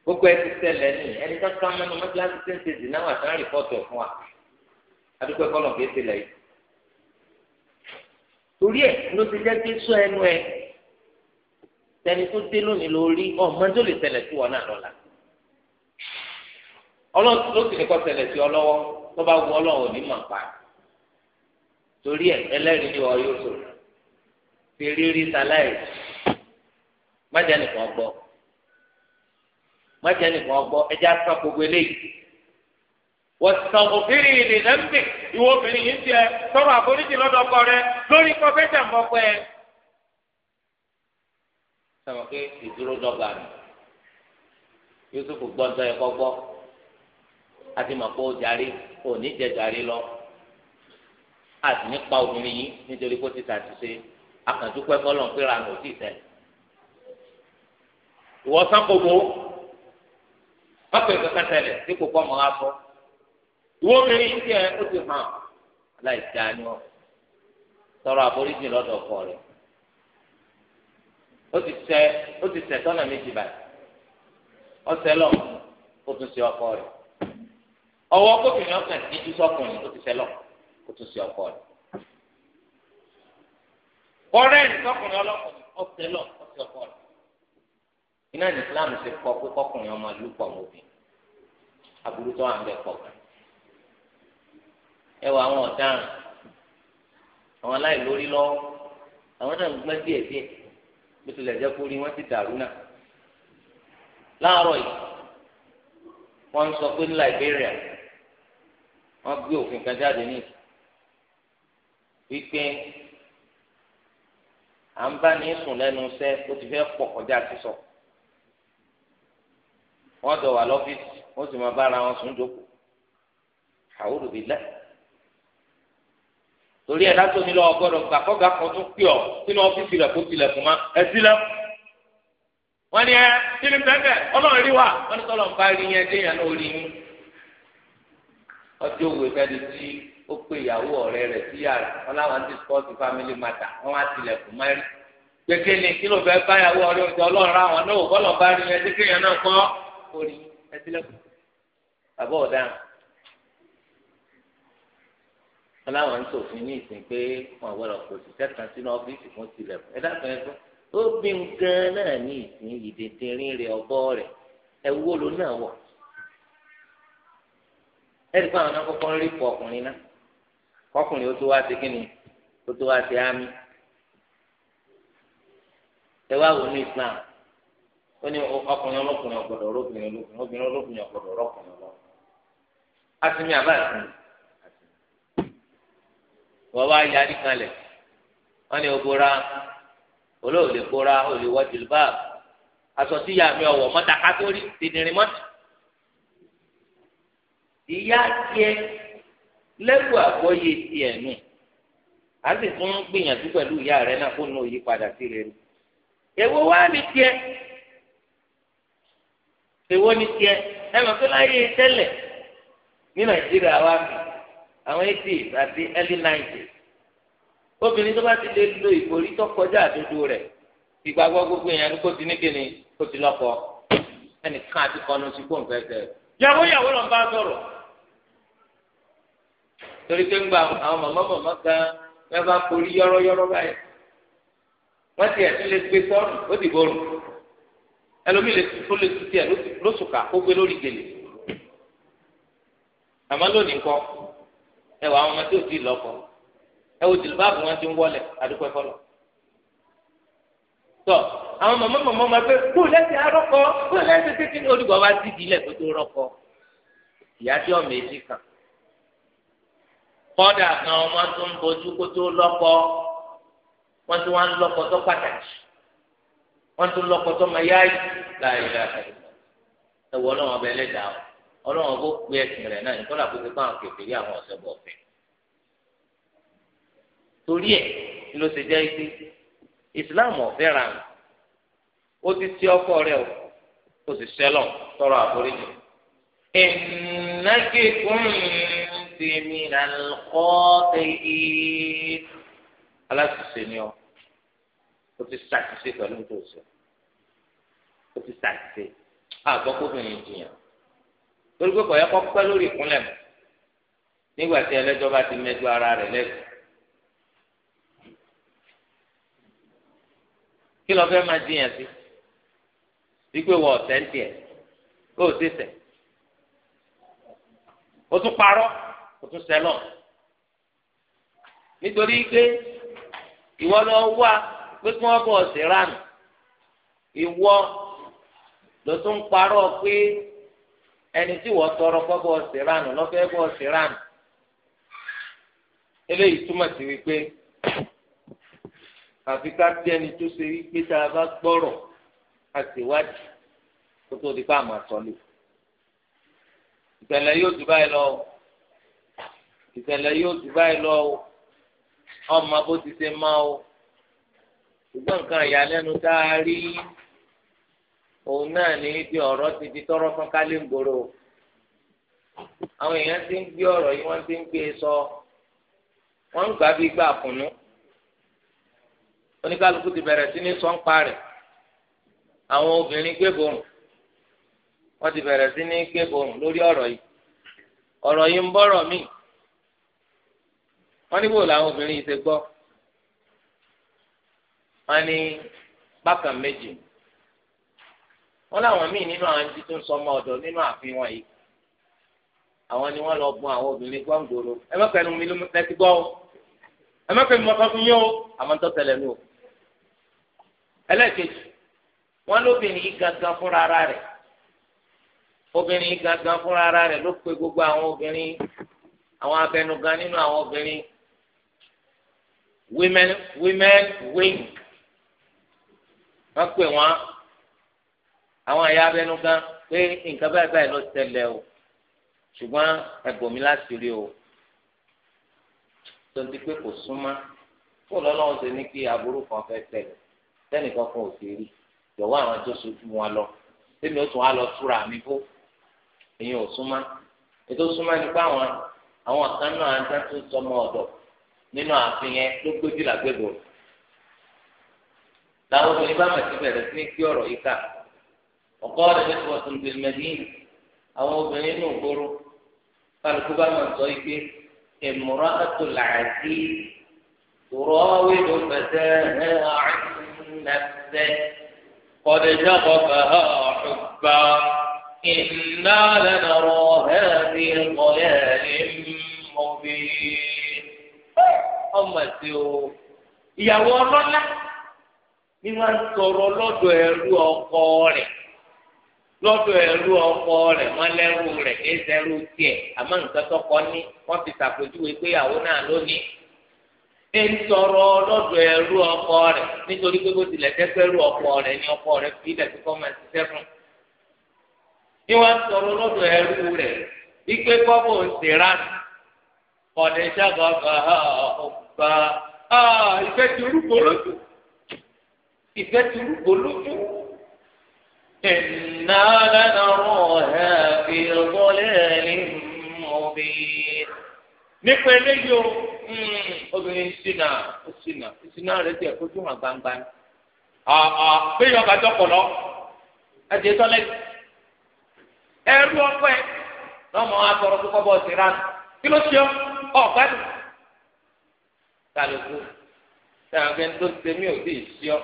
gbogbo ẹ ti ṣẹlẹ̀ ní ẹni tó ká ọmọ ọmọ kíláàsì tó ń ṣe ìdìnnà wà sáà rìpọ́tù ẹ̀ fún wa adúgbò ẹ̀kọ́ náà kì torí ẹ̀ ló ti jẹ́ pé sọ ẹnu ẹ tẹni tó dé lónìí lórí ọmọ lè ṣẹlẹ̀ sí wọn náà lọ́la ọlọ́run ló sì ní kọ́ ṣẹlẹ̀ sí ọ lọ́wọ́ tó bá wù ọlọ́run ò ní mọ̀ pa torí ẹ ẹlẹ́rìí ni wọ́n yóò sọ fi rírí sáláì májà nìkan gbọ́ májà nìkan gbọ́ ẹjẹ́ asán gbogbo eléyìí wọ́n sàn òfìrí ìlì lẹ́m̀bì ìwọ obìnrin yìí tiẹ̀ sọ̀rọ̀ àforíjì lọ́dọ̀ ọkọ rẹ lórí pọfẹ́sà mọ́pẹ́ ẹ. sọ̀rọ̀ pé ìdúró dọ́gba mi Yusuf gbọ́ntọ́ ẹ̀kọ́ gbọ́. àti mọ̀ pé ó jàre ò lọ àti nípa obìnrin yìí nítorí kó ti tàṣìṣe akàndúpẹ́ fọlọ́n pé ranù òtí tẹ̀. ìwọ sankobo ọ̀pẹ̀ kankan tẹ̀lẹ̀ tí kò kọ́ mọ́ wá sọ. ìwọ obìnrin yìí tiẹ̀ ó ti hàn ni tọrọ àforíjì lọ́dọ̀ ọkọ rẹ̀ ó ti tẹ ó ti lọ ó tún ọwọ́ kókìnrin ọkàn ní ju sọkùnrin tó ti sẹlọ kó tó sí ọkọ rẹ̀ kọrẹẹni sọkùnrin ọlọkùnrin ọsẹlọ kó sí ọkọ rẹ̀ iná ní Islam ṣe kọ pé kọkùnrin ọmọ ìlú pọ̀ mọ́bìn aburú tó wà ń bẹ pọ̀ gan ẹ wọ àwọn ọ̀daràn àwọn aláìlórí lọ́wọ́ àwọn náà ń gbọ́n díẹ̀ díẹ̀ bó tilẹ̀ jẹ́ kó rí wọ́n ti dàrú náà láàárọ̀ yìí wọ́n ń sọ pé ní Liberia wọ́n gbé òfin kan jáde ní wípé à ń bá ní sùn lẹ́nu iṣẹ́ ó ti fẹ́ pọ̀ kọjá sísọ wọ́n dọ̀ wà lọ́fíìsì wọ́n sì máa bára wọn sùn jókòó àwòrán òbí lẹ́ torí ẹ̀ látò nílò ọgọ́dọ̀ gbà kọ́gà kan tún pè ọ́ sínú ọ́fíìsì rẹ̀ kó tilẹ̀kùn má ẹ sílẹ̀ wọ́n ní ẹ kí ni bẹ́ẹ̀ bẹ́ẹ̀ ọlọ́run rí wa wọ́n ní tọ́lọ̀ ń bá rí yẹn déyàn náà rí yín ọjọ́ òwe fẹ́ni tí ó pé ìyàwó ọ̀rẹ́ rẹ̀ sí yàrá wọn láwọn ti sọ́ọ̀tì family matter wọn wá tilẹ̀kùn mẹ́rin gbèké ni kí ló fẹ́ bá ìyàwó ọ̀rẹ́ òjò ọlọ́run ra wọn náà bọ́lọ̀ bá rí ẹtí kéèyàn náà kọ́ orí ẹtílẹ̀kùn àbọ̀ ọ̀daràn wọn láwọn ń ṣòfin ní ìsìn pé wọn gbọ́dọ̀ kò sì tẹ́tàn sínú ọ́fíìsì fún tilẹ̀kùn ẹ̀dá kan ẹ̀fọ́ ó bí n gan náà ẹ̀rí pé àwọn náà kọ́kọ́ ń rí ipò ọkùnrin náà kọkùnrin ó tó wá sí kíni ó tó wá sí ámì ẹ wá wò ní Islam ó ní ọkùnrin ọlọ́kùnrin ọ̀gbọ̀dọ̀ ọlọ́kùnrin ọlọ́kùnrin obìnrin ọlọ́kùnrin ọ̀gbọ̀dọ̀ ọlọ́kùnrin ọlọ́kùnrin asimi abáàsì wọ́n wá yá ní kalẹ̀ wọ́n ní obora olóòlè bora olè wọ́jìlbáàbù aṣọ tíyà mi ọ̀wọ̀ mọ́ta kátórí tìdìrín mọ́tò ìyá tiẹ̀ lẹ́rù àgbọ́yé tiẹ̀ nù á sì tún gbìyànjú pẹ̀lú ìyá rẹ náà kó nù òyìnpadà sí rere èwo wá ní tiẹ̀ èwo ní tiẹ̀ ẹ mọ̀ pé láyé tẹ́lẹ̀ ní nàìjíríà wa àwọn eighties àti early nineties obìnrin tó bá ti lè lo ìborí tó kọjá àdodo rẹ̀ ìgbàgbọ́ gbogbo èèyàn kó ti ní kíni kó ti lọ́kọ ẹnìkan àti kọ́nu ti kó nǹkan ẹsẹ̀. yàwó yàwó ló ń bá sọ̀rọ̀ torí pé ń gba àwọn màmá màmá kan wọ́n bá forí yọ́rọ́yọ́rọ́ báyìí wọ́n ti ẹ̀sìn lè gbé sọ́ọ̀rù ó ti borò ẹlòmíì lè tó lè tu tiẹ̀ lóṣùkà ó gbé lórí gèlè àmọ́ lónìí kọ́ ẹ wà àwọn ọmọ tí ò tí ì lọ́kọ ẹ wò jùlọ báàbù wọn ti ń wọlé àdúgbò ẹ̀fọ́ lọ. tọ àwọn màmá màmá máa fẹ́ kó lẹ́sẹ̀ arọ́kọ kó lẹ́sẹ̀ kékeré olùgbọ́ wa ti di ilẹ̀ tó tó rọ́kọ ìyá tí ọmọ èjì kan kọ́dà kan ọmọ tó ń bojú kó tó lọ́kọ wọ́n tún wá ń lọ́kọ tó pàtàkì wọ́n tún lọ́kọ tó máa yáàyè láàyè láàyè ẹ̀wọ̀ ọlọ́run ọbẹ̀ ẹlẹ́dàá ọlọ́run ọbọ̀ pé ẹ̀sìn rẹ̀ náà nítorí àkókò fáwọn kékeré àwọn ọ̀sẹ̀ bọ̀ ọ̀fẹ́ torí ẹ̀ ló ṣe jẹ́ ike Islam ọ̀fẹ́ ra nù ó ti ti ọkọ rẹ o ó sì ṣẹlọ̀ tọrọ àforíjì ìnákè kún من الخاطئين aláṣìṣe ni ọ o ti ṣàṣìṣe pẹ̀lú tó o sọ o ti ṣàṣìṣe àgbọ̀ kóbìnrin jìyàn torí pé kọ̀yẹ́ kọ́ pẹ́ lórí ìkúnlẹ̀ mọ́ nígbà tí ẹlẹ́jọ́ bá ti mẹ́jọ ara rẹ̀ lẹ́sìn. kí lọ́ọ́ fẹ́ máa jiyàn sí wípé wọ́n ọ̀sẹ̀ ń tiẹ̀ kó o ti sẹ̀ o tún parọ́ kò tún sẹlọ nítorí pé ìwọ lọ wá pé kí wọn bọ ọsẹ ránù ìwọ ló tún parọ́ pé ẹni tí wọ́n tọrọ kọ́ bọ́ ọsẹ ránù lọ́fẹ́ bọ́ ọsẹ ránù eléyìí túmọ̀ sí wípé àfi ká bí ẹni tó ṣe wípé tá a bá gbọ́rọ̀ a sì wádìí kó tó di pa àmọ́ àtọ́lù ìpẹ̀lẹ̀ yóò dùbà yìí lọ ìṣẹ̀lẹ̀ yóò ti báyìí lọ o ọmọ bó ti ṣe máa o ṣùgbọ́n nǹkan ìyàlẹ́nu tá a rí òun náà ní bí ọ̀rọ̀ ti di tọ́rọ́ fún kálíǹgbòrò àwọn èèyàn ti ń gbé ọ̀rọ̀ yìí wọ́n ti ń gbé e sọ wọ́n ń gbà bí gbà kùnú oníkálukú ti bẹ̀rẹ̀ sí ní sọ́ńpa rẹ̀ àwọn obìnrin gbébòrùn wọ́n ti bẹ̀rẹ̀ sí ní gbébòrùn lórí ọ̀rọ̀ yìí ọ̀rọ̀ yìí ń bọ̀rọ̀ míì wọ́n ní bò làwọn obìnrin yìí ṣe gbọ́ wọ́n ní bákan méjì wọ́n láwọn míì nínú àwọn ẹni tó ń sọmọ ọ̀dọ̀ nínú ààfin wọn yìí àwọn ni wọ́n lọ bun àwọn obìnrin gbọǹgbòrò ẹ má pẹnu mi lẹsí gbọ́ o ẹ má pẹnu mọtọ fún yín o àmọ́ tó tẹ́lẹ̀ mi o ẹlẹ́ẹ̀kejì wọ́n lóbìnrin yìí gangan fúnra ara rẹ̀ obìnrin yìí gangan fúnra ara rẹ̀ ló pe gbogbo àwọn obìnrin àwọn abẹnugan nínú àwọn obìnrin women women wing wọ́n pè wọ́n àwọn ẹ̀yà abẹnú gan pé nǹkan báyìí báyìí ló tẹ̀lé o ṣùgbọ́n ẹ̀gbọ́nmi láti rí o tó ń di pé kò súnmọ́ kó lọ́lọ́run ṣe ní kí aburú kan fẹ́ tẹ̀lé tẹ́nìkan kan ò sí rí jọ̀wọ́ àwọn tó sojú wọn lọ tèmi ó tún wá lọ túra mi bó èyí ò súnmọ́ ètò súnmọ́ nípa àwọn àwọn kan náà ń sọmọ ọ̀dọ̀ nínú ààfin yẹn ló gbójú làgbébò làwọn obìnrin bá mọ̀ sí bẹ̀rẹ̀ sí ní kí ọ̀rọ̀ yìí kà ọ̀kọ́ ọ̀rẹ́ mi wọ̀ tó ń bẹ̀rẹ̀ mẹ́dínì àwọn obìnrin nù gbóró kálukú bá mọ̀ sọ yìí pé ìmúra tó làásì tòrọ́ wíwò fẹsẹ̀ ẹ̀ àrùn nàfẹ́ kọ́dẹ̀jọ́ ọ̀ṣùgbà ìnáwó lẹ́nu ọ̀rọ̀ ẹ̀ fi ń kọ́ ọmọ sí o ìyàwó ọlọ́lá ni wọ́n ń tọrọ lọ́dọ̀ ẹrú ọkọ rẹ̀ lọ́dọ̀ ẹrú ọkọ rẹ̀ mọ́lẹ́rú rẹ̀ kí ẹsẹ̀rú tiẹ̀ àmọ́ nǹkan tọkọ ní wọ́n fi ṣàpèjúwe pé ìyàwó náà lónìí ń tọrọ lọ́dọ̀ ẹrú ọkọ rẹ̀ nítorí pé kó tilẹ̀ tẹ́fẹ́rú ọkọ rẹ̀ ni ọkọ rẹ̀ fi ilẹ̀ tó kọ́ máa ṣiṣẹ́ fún ni wọ́n ń tọrọ lọ́dọ̀ ẹrú rẹ̀ wípé kọ́bọ̀ ń ṣèrànù kọ̀dé ṣàgọ́fà ọ̀gbà ìfẹ́ ti rúgbó lójú ìfẹ́ ti rúgbó lójú. إنا لنراها في ضلال مبين nípa eléyìí o hmm, obìnrin ṣìnà ṣìnà ṣìnà gbangba ni ọba bàjọ́ pọ̀lọ́ ẹ̀jẹ̀ tọ́lẹ̀ tó sí rán kí ló ṣe ọ? Ọ kálukú táwọn fẹ́ tó ṣe mí ò sí ìṣíọ́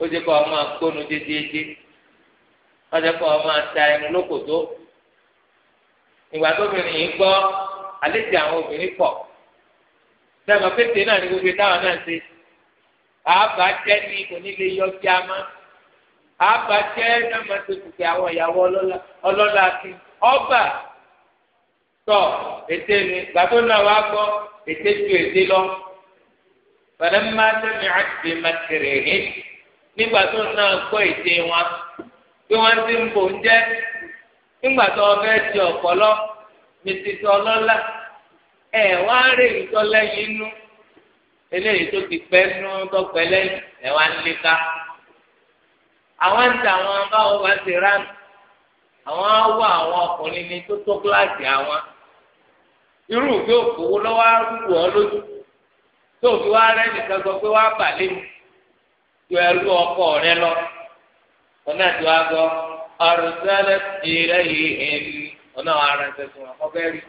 ó jẹ́ kó o máa gbónu dédéédé wọ́n jẹ́ kó o máa ta ẹnu lókòtó ìgbà tóbìnrin yìí gbọ́ àlejò àwọn obìnrin pọ̀ sẹ́mi pété náà ni gbogbo táwọn náà ṣe àbá jẹ́ ní onílé yọjú àbá jẹ́ náà máa ṣe kùkẹ́ ọba. tọ ètè ni gbàtó náà wàá gbọ́ ètè ju ètè lọ pẹ̀lẹ́ má sẹ́mi àti mẹtìrì hìn nígbà tó náà gbọ́ ètè wọn bí wọ́n ti ń bò ń jẹ́ nígbà tó ọbẹ̀ ti ọ̀pọ̀lọ́ mẹtìtì ọlọ́lá ẹ̀ wá rè ìtọ́lẹ́yìn inú eléyìí tó ti pẹ́ nú tọ́pẹ́ lẹ́yìn ẹ̀ wá ń léka àwọn ń tà wọn báwo bá ti rán àwọn á wọ àwọn ọkùnrin ní tó tó kíláàsì àwọn irú òfin òfowó lọ́wọ́ wù ọ́ lójú tó òfin wá rẹ nìkan sọ pé wá ju ẹrú ọkọ rẹ lọ ọ̀nà tó a gbọ́ ọ̀rọ̀ sẹ́lẹ̀ yìí ẹ̀mí ọ̀nà ara ń sẹ́sùn ọ̀fẹ́ rí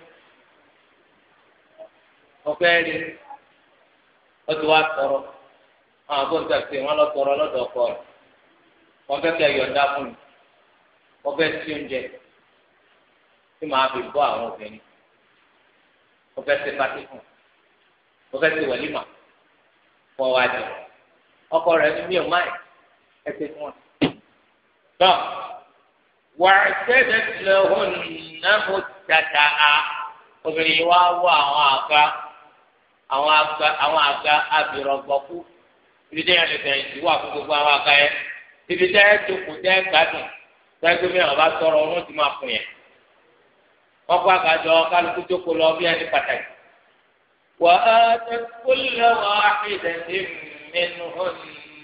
ọ̀fẹ́ rí ọtí wa tọrọ àwọn abóńtà sí wọn lọ tọrọ lọ́dọ̀ ọkọ rẹ wọn fẹ́ kẹ́ yọ̀ǹda fún mi wọn fẹ́ mo fẹ́ ṣe pati fún mo fẹ́ ṣe wẹ̀límà fún ọwọ́ àjẹ ọkọ rẹ ní mi ò máa ẹ ṣe fún ọ. tọ́ wàṣẹ́dẹ̀ lẹ́hùn náà dada a obìnrin wa wọ àwọn àga àwọn àga àwọn àga abìrọ̀gbọ̀kú ibi tẹ́yà lè fẹ̀yìn tí wà fún gbogbo àwọn àga yẹn ibi tẹ́yà tó kù tẹ́yà gbádùn tẹ́yà tó bí wọn bá tọrọ ọmọ ti máa fún yẹn wọn kó àgàjọ kálukú jókòó lọ bí ẹni pàtàkì. wà á ti kúlẹ̀ wà á fi ìdẹ̀sí mẹ́nu hàn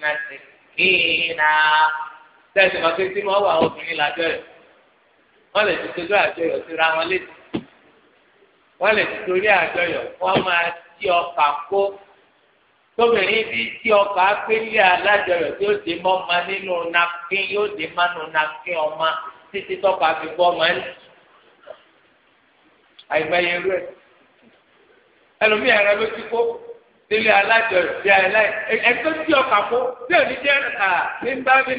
nàti kíínà. sẹ́ẹ̀sì máa ké sí máa wà àwọn obìnrin lájọ́ rẹ̀ wọ́n lè ti tojú àjọyọ̀ síra wọn létí wọ́n lè ti torí àjọyọ̀ wọ́n máa tí ọkà kó tóbìnrin bí tí ọkà pélé alájọyọ̀ tí ó di mọ́ma nínú napkin yóò di mánu napkin ọma títí tọ́ka fi bọ́ ọmọ ẹ̀ àìmọye irú ẹ̀ ẹlòmíì ẹ̀rọ ló ti kó délé alájọ ìdí aláì ẹ̀tọ́ tí ọkà kó tí ò ní jẹ́ ẹ̀ka ní bábí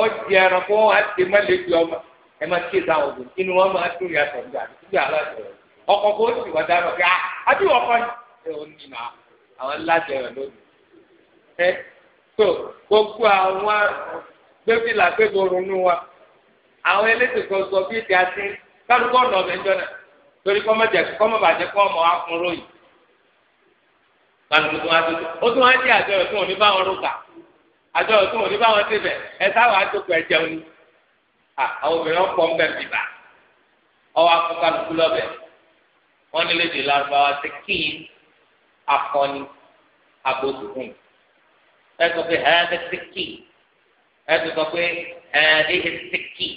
ó di ẹran kó wá ti má lè di ọmọ ẹ má kí ìta ògùn inú wọn máa dùn yàtọ̀ nígbà tí ìdí alájọ rẹ ọkọ̀ kó sì wọ́n dáná pé àbí ah, ọkọ̀ ni ó ní ma àwọn alájọ rẹ lónìí ẹ tó gbogbo àwọn gbébìlà gbégboro nù wa àwọn elétò kan sọ bí ìdí àti kálukú ọ̀nà ọ̀bẹ ńjọ náà torí kọ́ mọ̀jẹ̀ kọ́ mọ̀ bàjẹ́ kọ́ mọ̀ afúnró yìí kálukú tó wá tó ó tún wá dé àjọyọ̀ tó wọn ní báwọn rúkà àjọyọ̀ tó wọn ní báwọn tẹ̀fẹ̀ ẹ táwọn àjọkọ̀ ẹ jẹun ni àwọn obìnrin ọ̀pọ̀ ń bẹ̀ bìbà ọwọ́ akọ kálukú lọ́bẹ̀ wọn nílé dè lárúbáwá sí kíì akọni abosùnkún ẹ sọ pé ẹ ẹ ti kíì ẹ sọ pé ẹ ẹ ti kíì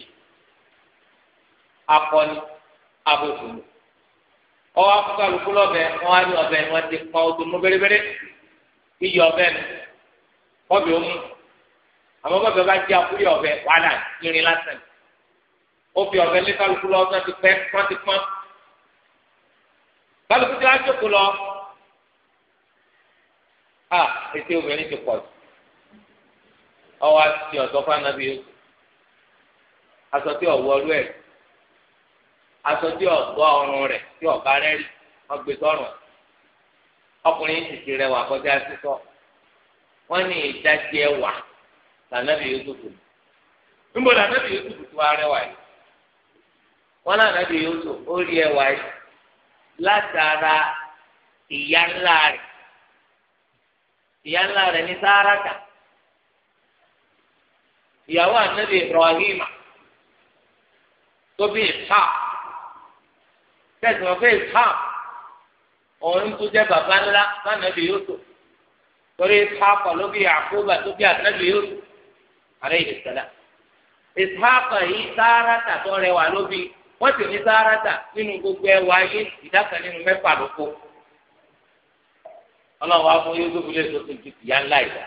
akọni abòsùnù ọwọ́ akọkọ àlùkù lọ́bẹ̀ wọn á ní ọbẹ̀ ni wọ́n ti pa oṣù mú bérébéré iyì ọbẹ̀ ni kọ́bì omi àmọ́ bọ́bẹ̀ bá jẹ́ àkúrẹ́ ọbẹ̀ wàhálà irin lásán ó fi ọbẹ̀ lé kálukú lọ wọ́n ti pẹ́ wọ́n ti pọ́n kálukú ti lájókòó lọ a ètè obìnrin ti pọ̀ jù ọwọ́ àti ọ̀dọ́ fún anabi yóò aṣọ aṣọ tí ọgbọ ọrùn rẹ tí ọba rẹ̀ rí wọn gbé ọkùnrin kọjá wọn ní ìdájí ẹwà lànàbí Yúsúfù níbo lànàbí Yúsúfù tó wá yìí wọn lànàbí Yúsúfù ó rí ẹwà yìí látara ìyá ńlá ìyá ńlá ní Ibrahima ìfà. tẹ̀sán ọ̀fẹ́ ishaq òun tó jẹ́ bàbá ńlá sànàbí yóòtò torí ishaq ló bí àkóbá tó bí ànàbí yóòtò àrẹ ìdẹ̀sẹ̀lá ishaq yìí sáárátà tó rẹwà ló bí wọ́n sì ní sáárátà nínú gbogbo ẹwà ayé ìdáka nínú mẹ́fà ló kó ọlọ́wọ́ afọ yóò gbé bulẹ̀ tó tó ti tìyà ńlá ìdá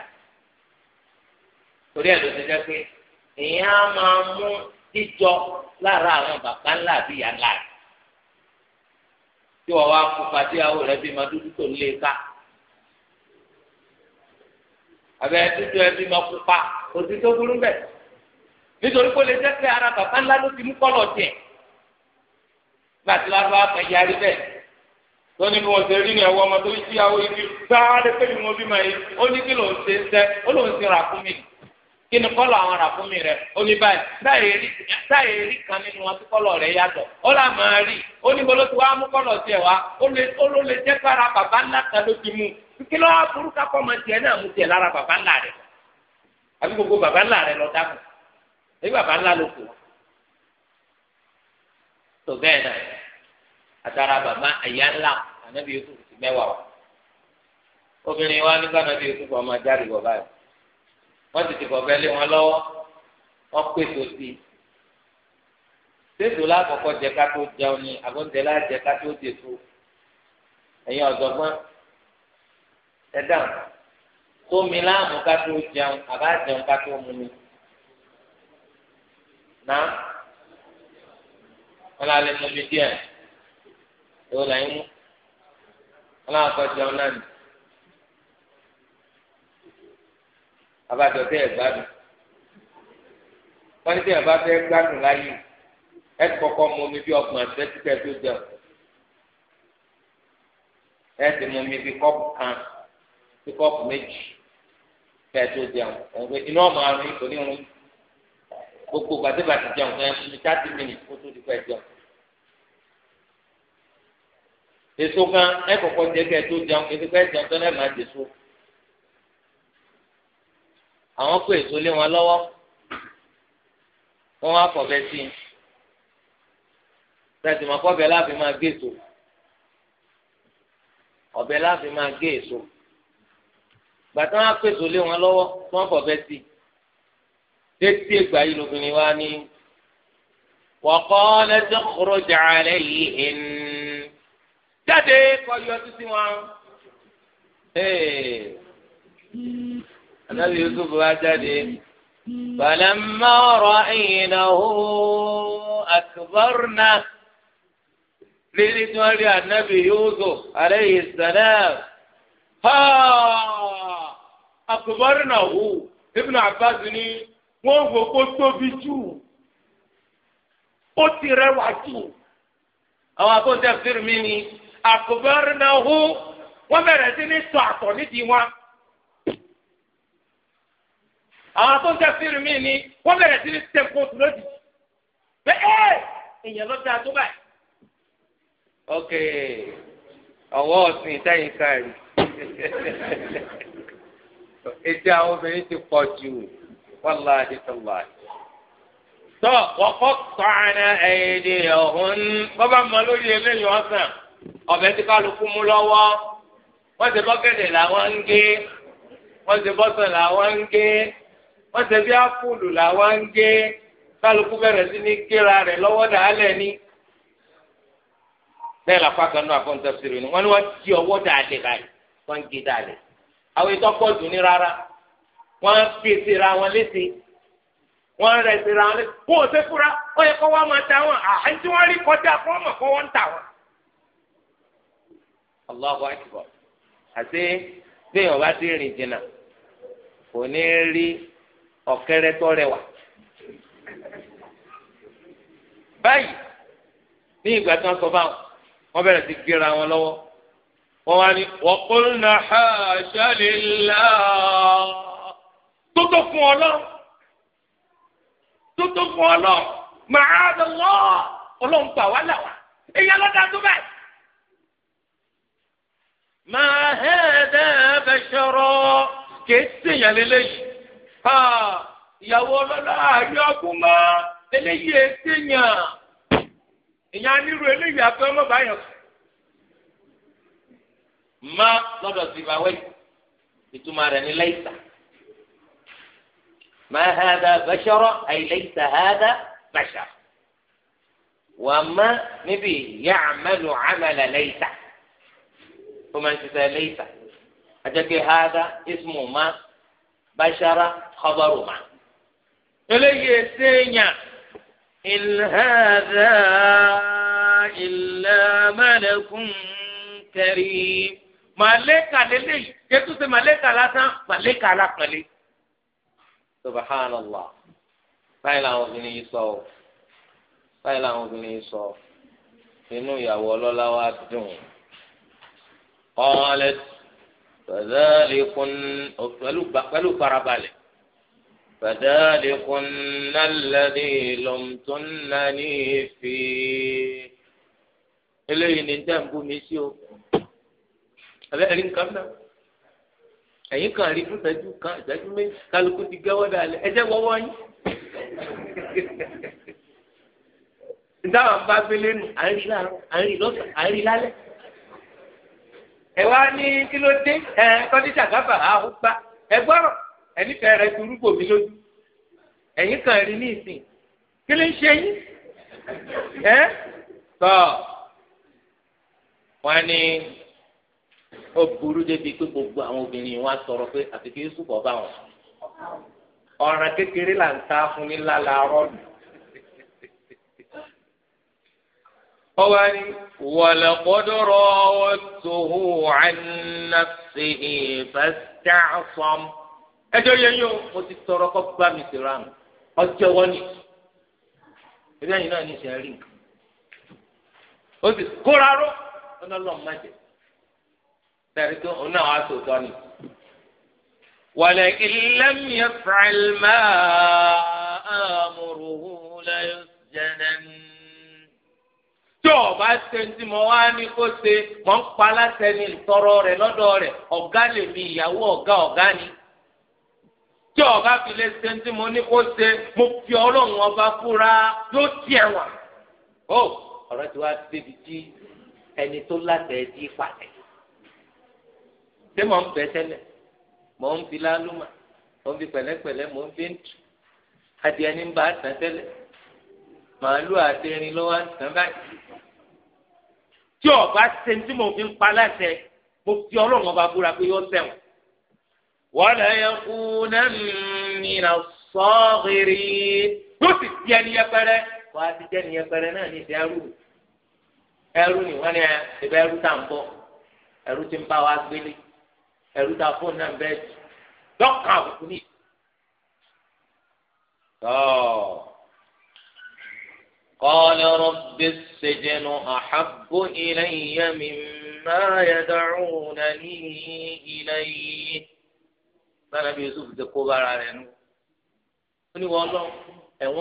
torí ẹ̀ ti jẹ́ pé èèyàn máa mú jíjọ lára àwọn bàbá ńlá àbí ìyá ńlá rẹ̀ tí wọ́n wá kó pàtíyàwó rẹ̀ bí máa dúdú tó lé ká àbẹ dúdú ẹ bí máa kó pa òsì tó burú bẹ̀ nítorí kó lè jẹ́ pé ara bàbá ńlá ló ti mú kọ́lọ̀ tiẹ̀ láti lábá àpẹyàrí bẹ́ẹ̀ lọ́ni bí wọ́n ṣe rí ní ẹ̀wọ́ ọmọ tó ń ṣíyàwó ibi gbáà lé pé ni wọ́n bí máa yí ó ní kí lòun ṣe ń sẹ́ ó lòun ṣe rà fún mi kí ni kọ́lọ̀ àwọn ràkúnmí rẹ̀ ó ní báyìí táyé rí kan nínú wọn tí kọ́lọ̀ rẹ̀ yàtọ̀ ó là máa rí ó ní bolo tí wàá mú kọ́lọ̀ tiẹ̀ wá ó ló lè jẹ́ kára bàbá ńlá kan ló ti mú kí ló wá burú kakọ́ ọmọ tiẹ̀ náà mú tiẹ̀ lára bàbá ńlá rẹ̀ àbí gbogbo bàbá ńlá rẹ̀ lọ dákun èyí bàbá ńlá ló kù tó bẹ́ẹ̀ náà àtàrà bàbá ẹ̀yà ńlá ànábìyẹ́sù ti mẹ́wàá obìnrin wa nígbà náà bí yẹ́sù wọ́n ti ti kọ̀ọ̀bẹ lé wọn lọ́wọ́ wọ́n pèsè sí i sèso lákòókò jẹ ká tó jẹun ni àbọ̀ǹtẹ̀ lájẹ ká tó dèso ẹ̀yin ọ̀dọ́gbọ́n ẹ dáhùn tómi láàmú ká tó jẹun àbá jẹun ká tó mu ni náà wọn lálẹ́ mọ́mi díẹ̀ èwo là wọn làwọn kọ́ jẹun náà nì. abájọ tẹ ẹ gbádùn wọn ní tí ẹ bá fẹ́ gbádùn láyé ẹ kọ́kọ́ mu omi bí ọgbọ̀n àtẹtí kẹ tó jẹ ẹ ti mu omi bí kọ́pù kan bí kọ́pù méjì kẹ tó jẹ òun pé iná ọmọ àrùn ní rún gbogbo gbàdébà ti jẹun ẹ ní thirty minutes kó tó di pẹ èso kan ẹ kọ́kọ́ jẹ kẹ tó jẹun ètò kẹ jẹun tó náà àwọn kó èso lé wọn lọ́wọ́ wọn wá kọ̀bẹ sí i tẹ̀sí mọ́ kọ́bẹ láàfin máa gé èso ọ̀bẹ láàfin máa gé èso gbàtà wọn kó èso lé wọn lọ́wọ́ tí wọ́n kọ̀bẹ sí i tètè ìgbà yìí lóbìnrin wa ní wọ́kọ́ lẹ́sẹ̀ kúrò jàre yìí hìn jáde kọ́ yọ títí wọn anabi yusuf wá jáde balamma ra'aynahu akbarna lílí tí wọ́n rí anabi yusuf aleyhi salam ha akbarnahu ibn abbas ni wọ́n wò kó tóbi jù ó ti rẹwà jù àwọn akóńtẹ̀ fírmi ni akbarnahu wọ́n bẹ̀rẹ̀ sí ní sọ àtọ̀ nídìí wọn àwọn tó ń tẹ fíìrì mí ni wọ́n bẹ̀rẹ̀ sí ní tẹ̀kọ́tù lójijì pé ẹ́ èèyàn ló dáa tó báyìí. ok ọwọ́ ọ̀sìn ìtẹ́yìn káàrí etí àwọn obìnrin ti pọ̀ jù wàllá àdìsọ́lá. tọ́ wọ́kọ́ tọ́ra ẹ̀yẹ́dẹ̀ ọ̀hún bọ́bá mọ lórí eléyìí ọ̀sán ọ̀bẹ tí kálukú mú lọ́wọ́ wọ́n ti bọ́kẹ́dẹ̀ làwọn ń gé wọ́n ti bọ́sẹ̀ làwọn ń gé wọ́n ṣe bí ápùlù làwọn ń gé kálukú bẹ̀rẹ̀ sí ní kéra rẹ̀ lọ́wọ́ dàálẹ̀ ni. bẹ́ẹ̀ làpá kan náà àfọ̀ǹtẹ̀ sèrè ni wọ́n ní wọ́n ti ọwọ́ dàálẹ̀ báyìí wọ́n ń gé dàálẹ̀. àwọn ètò ọkọ̀ dùn ní rárá wọ́n ń fi ìsira wọn léṣe wọ́n ń rẹ̀ wọn léṣe kó o ṣe fúra ó yẹ kó wá máa ta wọn àhán tí rí kọjá kó wọ́n mọ̀ kó wọ́n ta wọn. Allahu akbar àti bẹ́ẹ̀ yọ̀ bá dé rìn jìnnà kò ní rí ọ̀kẹ́rẹ́ tó rẹwà. báyìí ní ìgbà tí wọ́n sọ fáwọn wọ́n bẹ̀rẹ̀ sí gbéra wọn lọ́wọ́ wọ́n wá ní waqulna hasha lillah tótó fún ọ lọ tótó fún ọ lọ màádàlọ́ ọlọ́run wá là wá tó sèyàn ìyàwó ọlọ́lá àárí ọgbọ́n mọ́ eléyìí ètèèyàn ìyá nírú eléyìí àfẹ́ ọmọ báyọ̀ má lọ́dọ̀ sí ìbáwẹ́ ìtumọ̀ rẹ̀ ní lẹ́yìísà má hàdà bàṣọrọ àìlẹ́yìísà hàdà bàṣà wà má níbi ìyá àmàlù àmàlà lẹ́yìísà ó máa ń ṣiṣẹ́ lẹ́yìísà àjẹkẹ́ hàdà ismu má bashara khabaruma eléyìí ẹsẹ̀yàn ìlhàdà ìlàmàlẹ́kùn kẹrì màlẹ́kà lélẹ́yìí jẹ́tù sí màlẹ́kà lásán màlẹ́kà alápẹ̀lẹ́ subhanallah báyìí làwọn obìnrin yìí sọ ọ báyìí làwọn obìnrin yìí sọ inú ìyàwó ọlọ́lá wa dùn qalat. فذلكن pẹ̀lú farabalẹ̀ فذلكن الذي لمتنني فيه eléyìí ni dá ń bú mi sí o abẹ́ ẹ̀rí nǹkan náà ẹ̀yìn kan rí fún ìtẹ́jú kan ìtẹ́jú méjì kálukú ti gẹ́wọ́ dalẹ̀ ẹ̀jẹ̀ wọ́wọ́ yín ìdáhùn bá gbélé nù à ń rí lọ́sàn à ń rí lálẹ́ ẹ wá ní kí ló dé ẹ kọ́díṣà gábà àwọn gbá ẹ gbọ́rọ̀ ẹni fẹ́ rẹ turúgbò mi lójú ẹ̀yin kan rí ní ìsìn kí ló ń ṣe yín ẹ tọ wọn ni ó burú débi pé gbogbo àwọn obìnrin wa sọ̀rọ̀ pé àti kí yusuf ọba wọn ọ̀ràn kékeré là ń ta fún ní lálẹ́ arọ́ọ̀nù. قواني ولقد راودته عن نفسه فاستعصم اجو يو مو تي سورو سيران اجو وني اذا ني ناني شارين او تي كورارو انا لو ما دي انا واسو توني ولكن لم يفعل ما امره ليسجنن ọba tẹ̀sí mọ́ wá ní kó ṣe mọ́ ń pa aláṣẹ ní ìtọrọ rẹ̀ lọ́dọ̀ rẹ̀ ọ̀gá lèmi ìyàwó ọ̀gá ọ̀gá ni. tí ọ̀gá fi lè tẹ̀sí mọ́ ní kó ṣe mo fi ọlọ́run ọba fúra yóò tiẹ̀ wà. ó ọ̀rọ̀ tí wàá débi tí ẹni tó látẹ̀ ẹ́ ti ṣé mò ń bẹ tẹ́lẹ̀ mò ń fi lálùmọ̀ mò ń fi pẹ̀lẹ́pẹ̀lẹ́ mò ń fi ń tù adìẹ ní bá àtàn tẹ́lẹ̀ màálù àti erin ló wá ń tàn báyìí tí ọba ṣe tí mo fi ń pa láṣẹ mo fi ọlọ́run ọba búra pé yóò ṣẹ̀wọ̀n. wala yakunanna mina sagirin yóò sì di ẹni yẹpẹrẹ kó a ti jẹ́ yẹpẹrẹ náà ní ìdí ẹrú ẹrú ni wọ́n ní ẹ ìbẹ́ ẹrú tá à ń bọ̀ ẹrú ti ń bá wa gbélé ẹrú tá a fóònù náà bẹ́ẹ̀ dọ́kà òkú ní. tọ́ọ̀. قال رب السجن أحب إلي مما يدعونني إليه sanabi yusuf ti kó bára rẹ̀ nù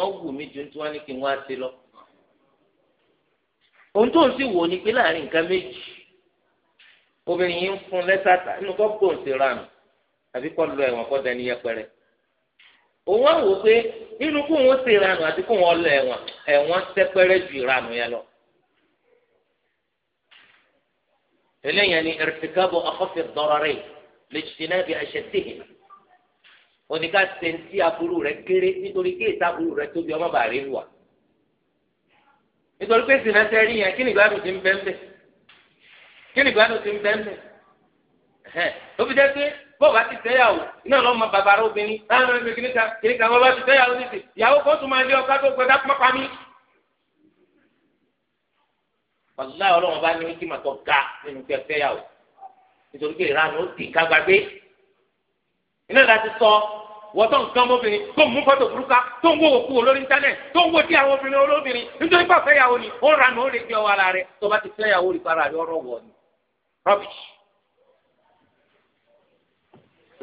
ó wù mí ju tí wọn ní kí n wá sí lọ ohun tó ń sì wò ni pé láàrin nǹkan méjì obìnrin yìí ń fún lẹ́sàtà nínú kọ́ gbòǹsì ranù àbí kọ́ lọ ẹ̀wọ̀n kọ́ dání yẹpẹrẹ òun á wò pé nínú kó wọn ṣe ìranù àti kó wọn lọ ẹ̀wọ̀n ẹ̀wọ̀n sẹpẹrẹ lọ. eléyìí ni irtikabu akhafi ad-dararayn lijtinabi ashaddihima oníkà sẹńtì aburú rẹ̀ kéré nítorí kéèta aburú rẹ̀ tóbi ọmọ bàárẹ wà nítorí pé sinasẹ rí yẹn kí ni ìgbádùn ti ń bọ́ọ̀ bá ti fẹ́yàwó iná lọ́ọ́ ma bàbára obìnrin láàrin ọ̀rẹ́ mi kìnìkan kìnìkan bọ́ọ̀ bá ti fẹ́yàwó nìsí ìyàwó kan tún máa lé ọ̀ká tó gbẹ dákú pápá mi. wàlúwà ọlọ́run bá ní kí màtọ́ ga nínú pé fẹ́yàwó nítorí pé ìranù ó dì kágbàgbé iná láti sọ wọ́tọ̀ nǹkan ọmọbìnrin tó ń mú fọ́tò burúkú tó ń wò òkú olórí íńtánẹ̀tì tó ń wò tí àwọn obìnrin olóbìnrin nítorí pàfẹ́yàwó ni ó ranù ó lè gbé ọwọ́ ara rẹ̀ tó bá ti fẹ́yàwó rí para rẹ̀ ọ̀rọ̀ wọ̀ ni rubbish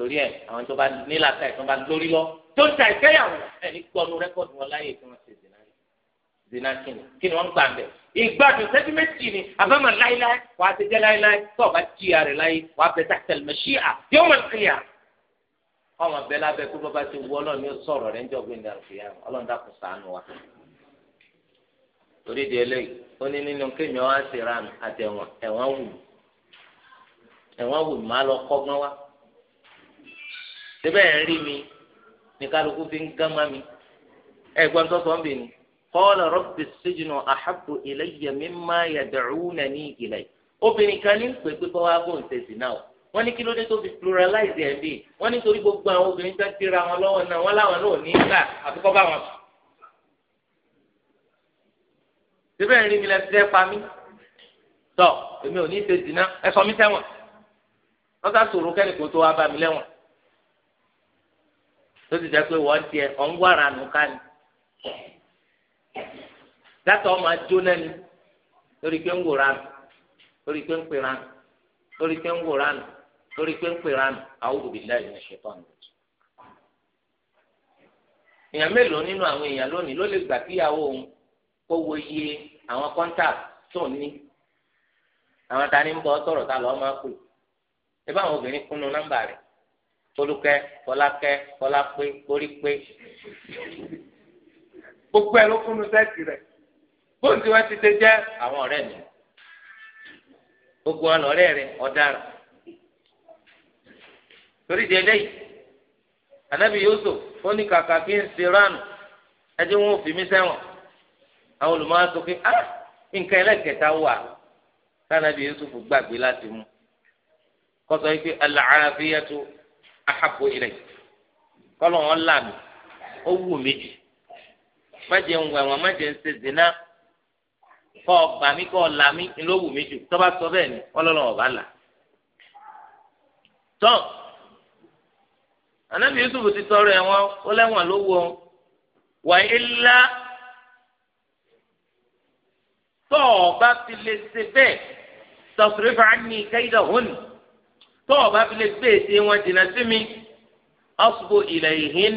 torí ẹ àwọn tó bá nílàkà ẹ tó bá lórí lọ tó ń ta ìfẹyàwó ẹ ní gbọnu rẹkọọdù wọn láyé tí wọn ṣe zina zina kí ni kí ni wọn gbà ń bẹ ìgbàdùn sẹbi méjì ni àbámọ láéláé wà á ti jẹ láéláé tó o bá jí ara láyé wà á bẹ tàkítẹlì mẹṣí à yóò mọ ìkìyà ọmọ bẹẹ lábẹ kó bàbá ti wú Ọlọ́run yóò sọ̀rọ̀ rẹ níjọ gbé ní àlùfíà Ọlọ́run dàkú ṣàánú wa torí di eléyìí ó ní nínú kéèyàn wá sí ra àtẹwọn ẹwọn wù ẹwọn wù má lọ kọgbọn wa síbẹ̀ ń rí mi ní kálukú fi ń gán má mi ẹ̀gbọ́n tó sọ ń bì ní. qala rabbi sijnu ahabbu ilayya mimma yad'unani ilayhi. obìnrin kan ní pè pé kọ́ wá bò ń tẹ̀sí náà wọ́n ní kí ló dé tó fi pluralize ẹ̀ bí wọ́n nítorí gbogbo àwọn obìnrin tó ti ra wọn lọ́wọ́ náà wọ́n láwọn náà ní gbà àfikọ́ bá wọn sùn. síbẹ̀ ń rí mi lẹ́sí pa mí tọ́ èmi ò ní í ṣe ẹ sọ mí sẹ́wọ̀n tó ti jẹ́ pé wọ́n tiẹ̀ ọ̀n wàrà nù ká ni dátọ̀ ọmọ jóná ni lórí pé ń wòrà nù lórí pé ń pèrà nù lórí pé ń wòrà nù lórí pé ń pèrà nù a'udhu billahi minash shaitani èèyàn mélòó nínú àwọn èèyàn lónìí ló lè gbà kíyàwó òun kó wo iye àwọn kọ́ńtàk tó ní àwọn ta ni ń bọ́ sọ̀rọ̀ ta lọ́ọ́ máa pè é bá àwọn obìnrin kúnnú nọ́mbà rẹ̀ Folúkẹ́ Fọlákẹ́ Fọlápé Korípé gbogbo ẹ ló kúnnu sẹ́ẹ̀tì rẹ̀ bóun tí wọ́n ti ṣe jẹ́ àwọn ọ̀rẹ́ mi gbogbo wọn lọ́rẹ́ rẹ̀ ọ̀daràn torí di eléyìí anabi Yusuf ó ní kàkà kí n ṣe ránù ẹjẹ wọn ò fi mí sẹ́wọ̀n àwọn olùmọ̀ọ́ sọ pé ah nǹkan ẹlẹ́kẹta wà kí anabi Yusuf gbàgbé láti mú kọ́sọ́ yìí pé alàáfíà ahabu ilẹ̀ kọ́lọ̀ wọn là mí ó wù mí jù májè ń wẹ̀ wọ́n májè ń ṣe zina kọ́ gbà mí kọ́ là mí ni ló wù mí jù tọ́ba sọ bẹ́ẹ̀ ni ọlọ́run ọ̀bá là. tọ́ anabi yusuf ti tọrọ ẹ̀ wọ́n ó lẹ́wọ̀n ló wọ wà á ilá tọ́ ọba ti lè ṣe bẹ́ẹ̀ tọ́sùrẹ́fà á ní kẹ́hìndà hónì tó o bá fi lè gbé èsì wọn jìnnà sí mi ọ̀sùnkù ilẹ̀ ìhín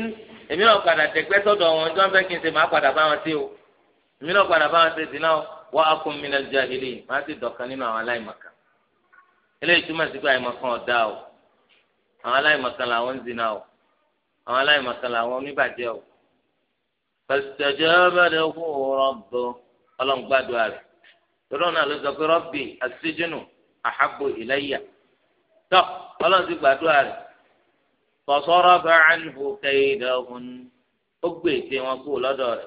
èmi náà padà tẹ̀gbẹ́ sọ́dọ̀ wọn tí wọ́n fẹ́ kí n ṣe máa padà bá wọn sí o èmi náà padà bá wọn ṣe sí náà wà á kún mi lẹ́nu jáhìlì máa ti dọ̀kan nínú àwọn aláìmọ̀kan eléyìí túmọ̀ sí pé àìmọ̀kan ọ̀dà o àwọn aláìmọ̀kan làwọn ń zina o àwọn aláìmọ̀kan làwọn oníbàjẹ́ o fastajaba lahu rabbuh ọlọ́ngbàdúrà rẹ̀ lọ́dọ̀ náà ló sọ pé rabbi as-sijnu ahabbu ilayya tọ Ọlọ́run ti gbàdúrà rẹ̀ fọsọrọ bá ànfò kẹyìdà ọhún ó gbé wọn kú lọ́dọ̀ rẹ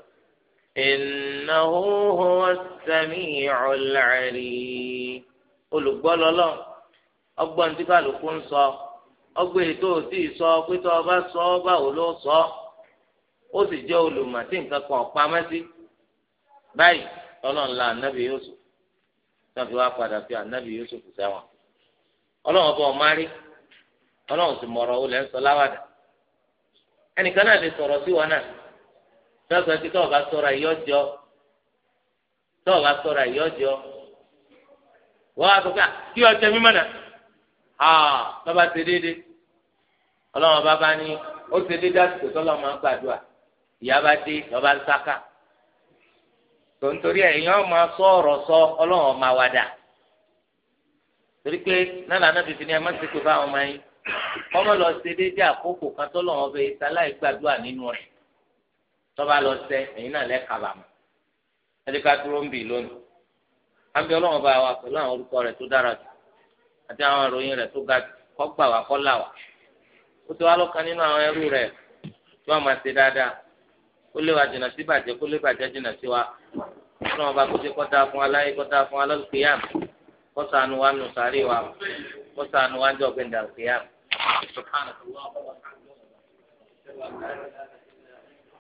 ìnáwó sẹmí olùgbọ́ ọgbọ́n tí kálukú ń sọ ọgbọ́n ètò òsì sọ o si sọ ọ báwo ló sọ ó sì jẹ́ nǹkan Yusuf fi ọlọ́run ọba ọ̀márí ọlọ́run sì mọ̀rọ̀ olè ń sọ láwàdà ẹnìkan náà lè sọ̀rọ̀ sí wọn náà tọ́sọ̀ tí tọ́ọ̀ bá sọ̀rọ̀ ìyọ́jọ́ tọ́ọ̀ bá sọ̀rọ̀ ìyọ́jọ́ wọ́n á sọ pé kí ọjọ́ mímọ́ náà aa bàbá ṣe déédé ọlọ́run bàbá ní ó ṣe déédé àsìkò tọ́lọ́ máa ń gbàdúrà ìyá bá dé lọ́ba ń sáká tòǹtòrí ẹ̀yìn ọmọ sọ̀rọ̀ sọ ọlọ́run ọmọ àwàdà torí pé nálà náà fífi ni ẹ má ṣe pé fáwọn ọmọ yín ọmọ lọ ṣe déédéé àkókò kan tó lọ́wọ́ bẹ ìsáláì gbàdúrà nínú rẹ̀ tọ́ba lọ sẹ ẹ̀yin náà lẹ́ kábàámọ̀ ẹ̀dẹ́ka dúró ń bì lónìí àbí ọlọ́wọ́n bá wa pẹ̀lú àwọn orúkọ rẹ̀ tó dára jù àti àwọn ìròyìn rẹ̀ tó ga jù kọ́ gbà wá kọ́ là wá ó ti wá lọ́kàn nínú àwọn ẹrú rẹ̀ tí wọ́n máa ṣe dáadáa kó lè wá jìnnà sí bàjẹ́ kó lè bàjẹ́ jìnnà sí wa ọlọ́wọ́n bá kó ṣe kọ́ta fún aláyé kọ́ta fún alálùkìyàmù kọsànù wa nù sàárè wa kọsànù wa jọ gbẹndàgbéyà.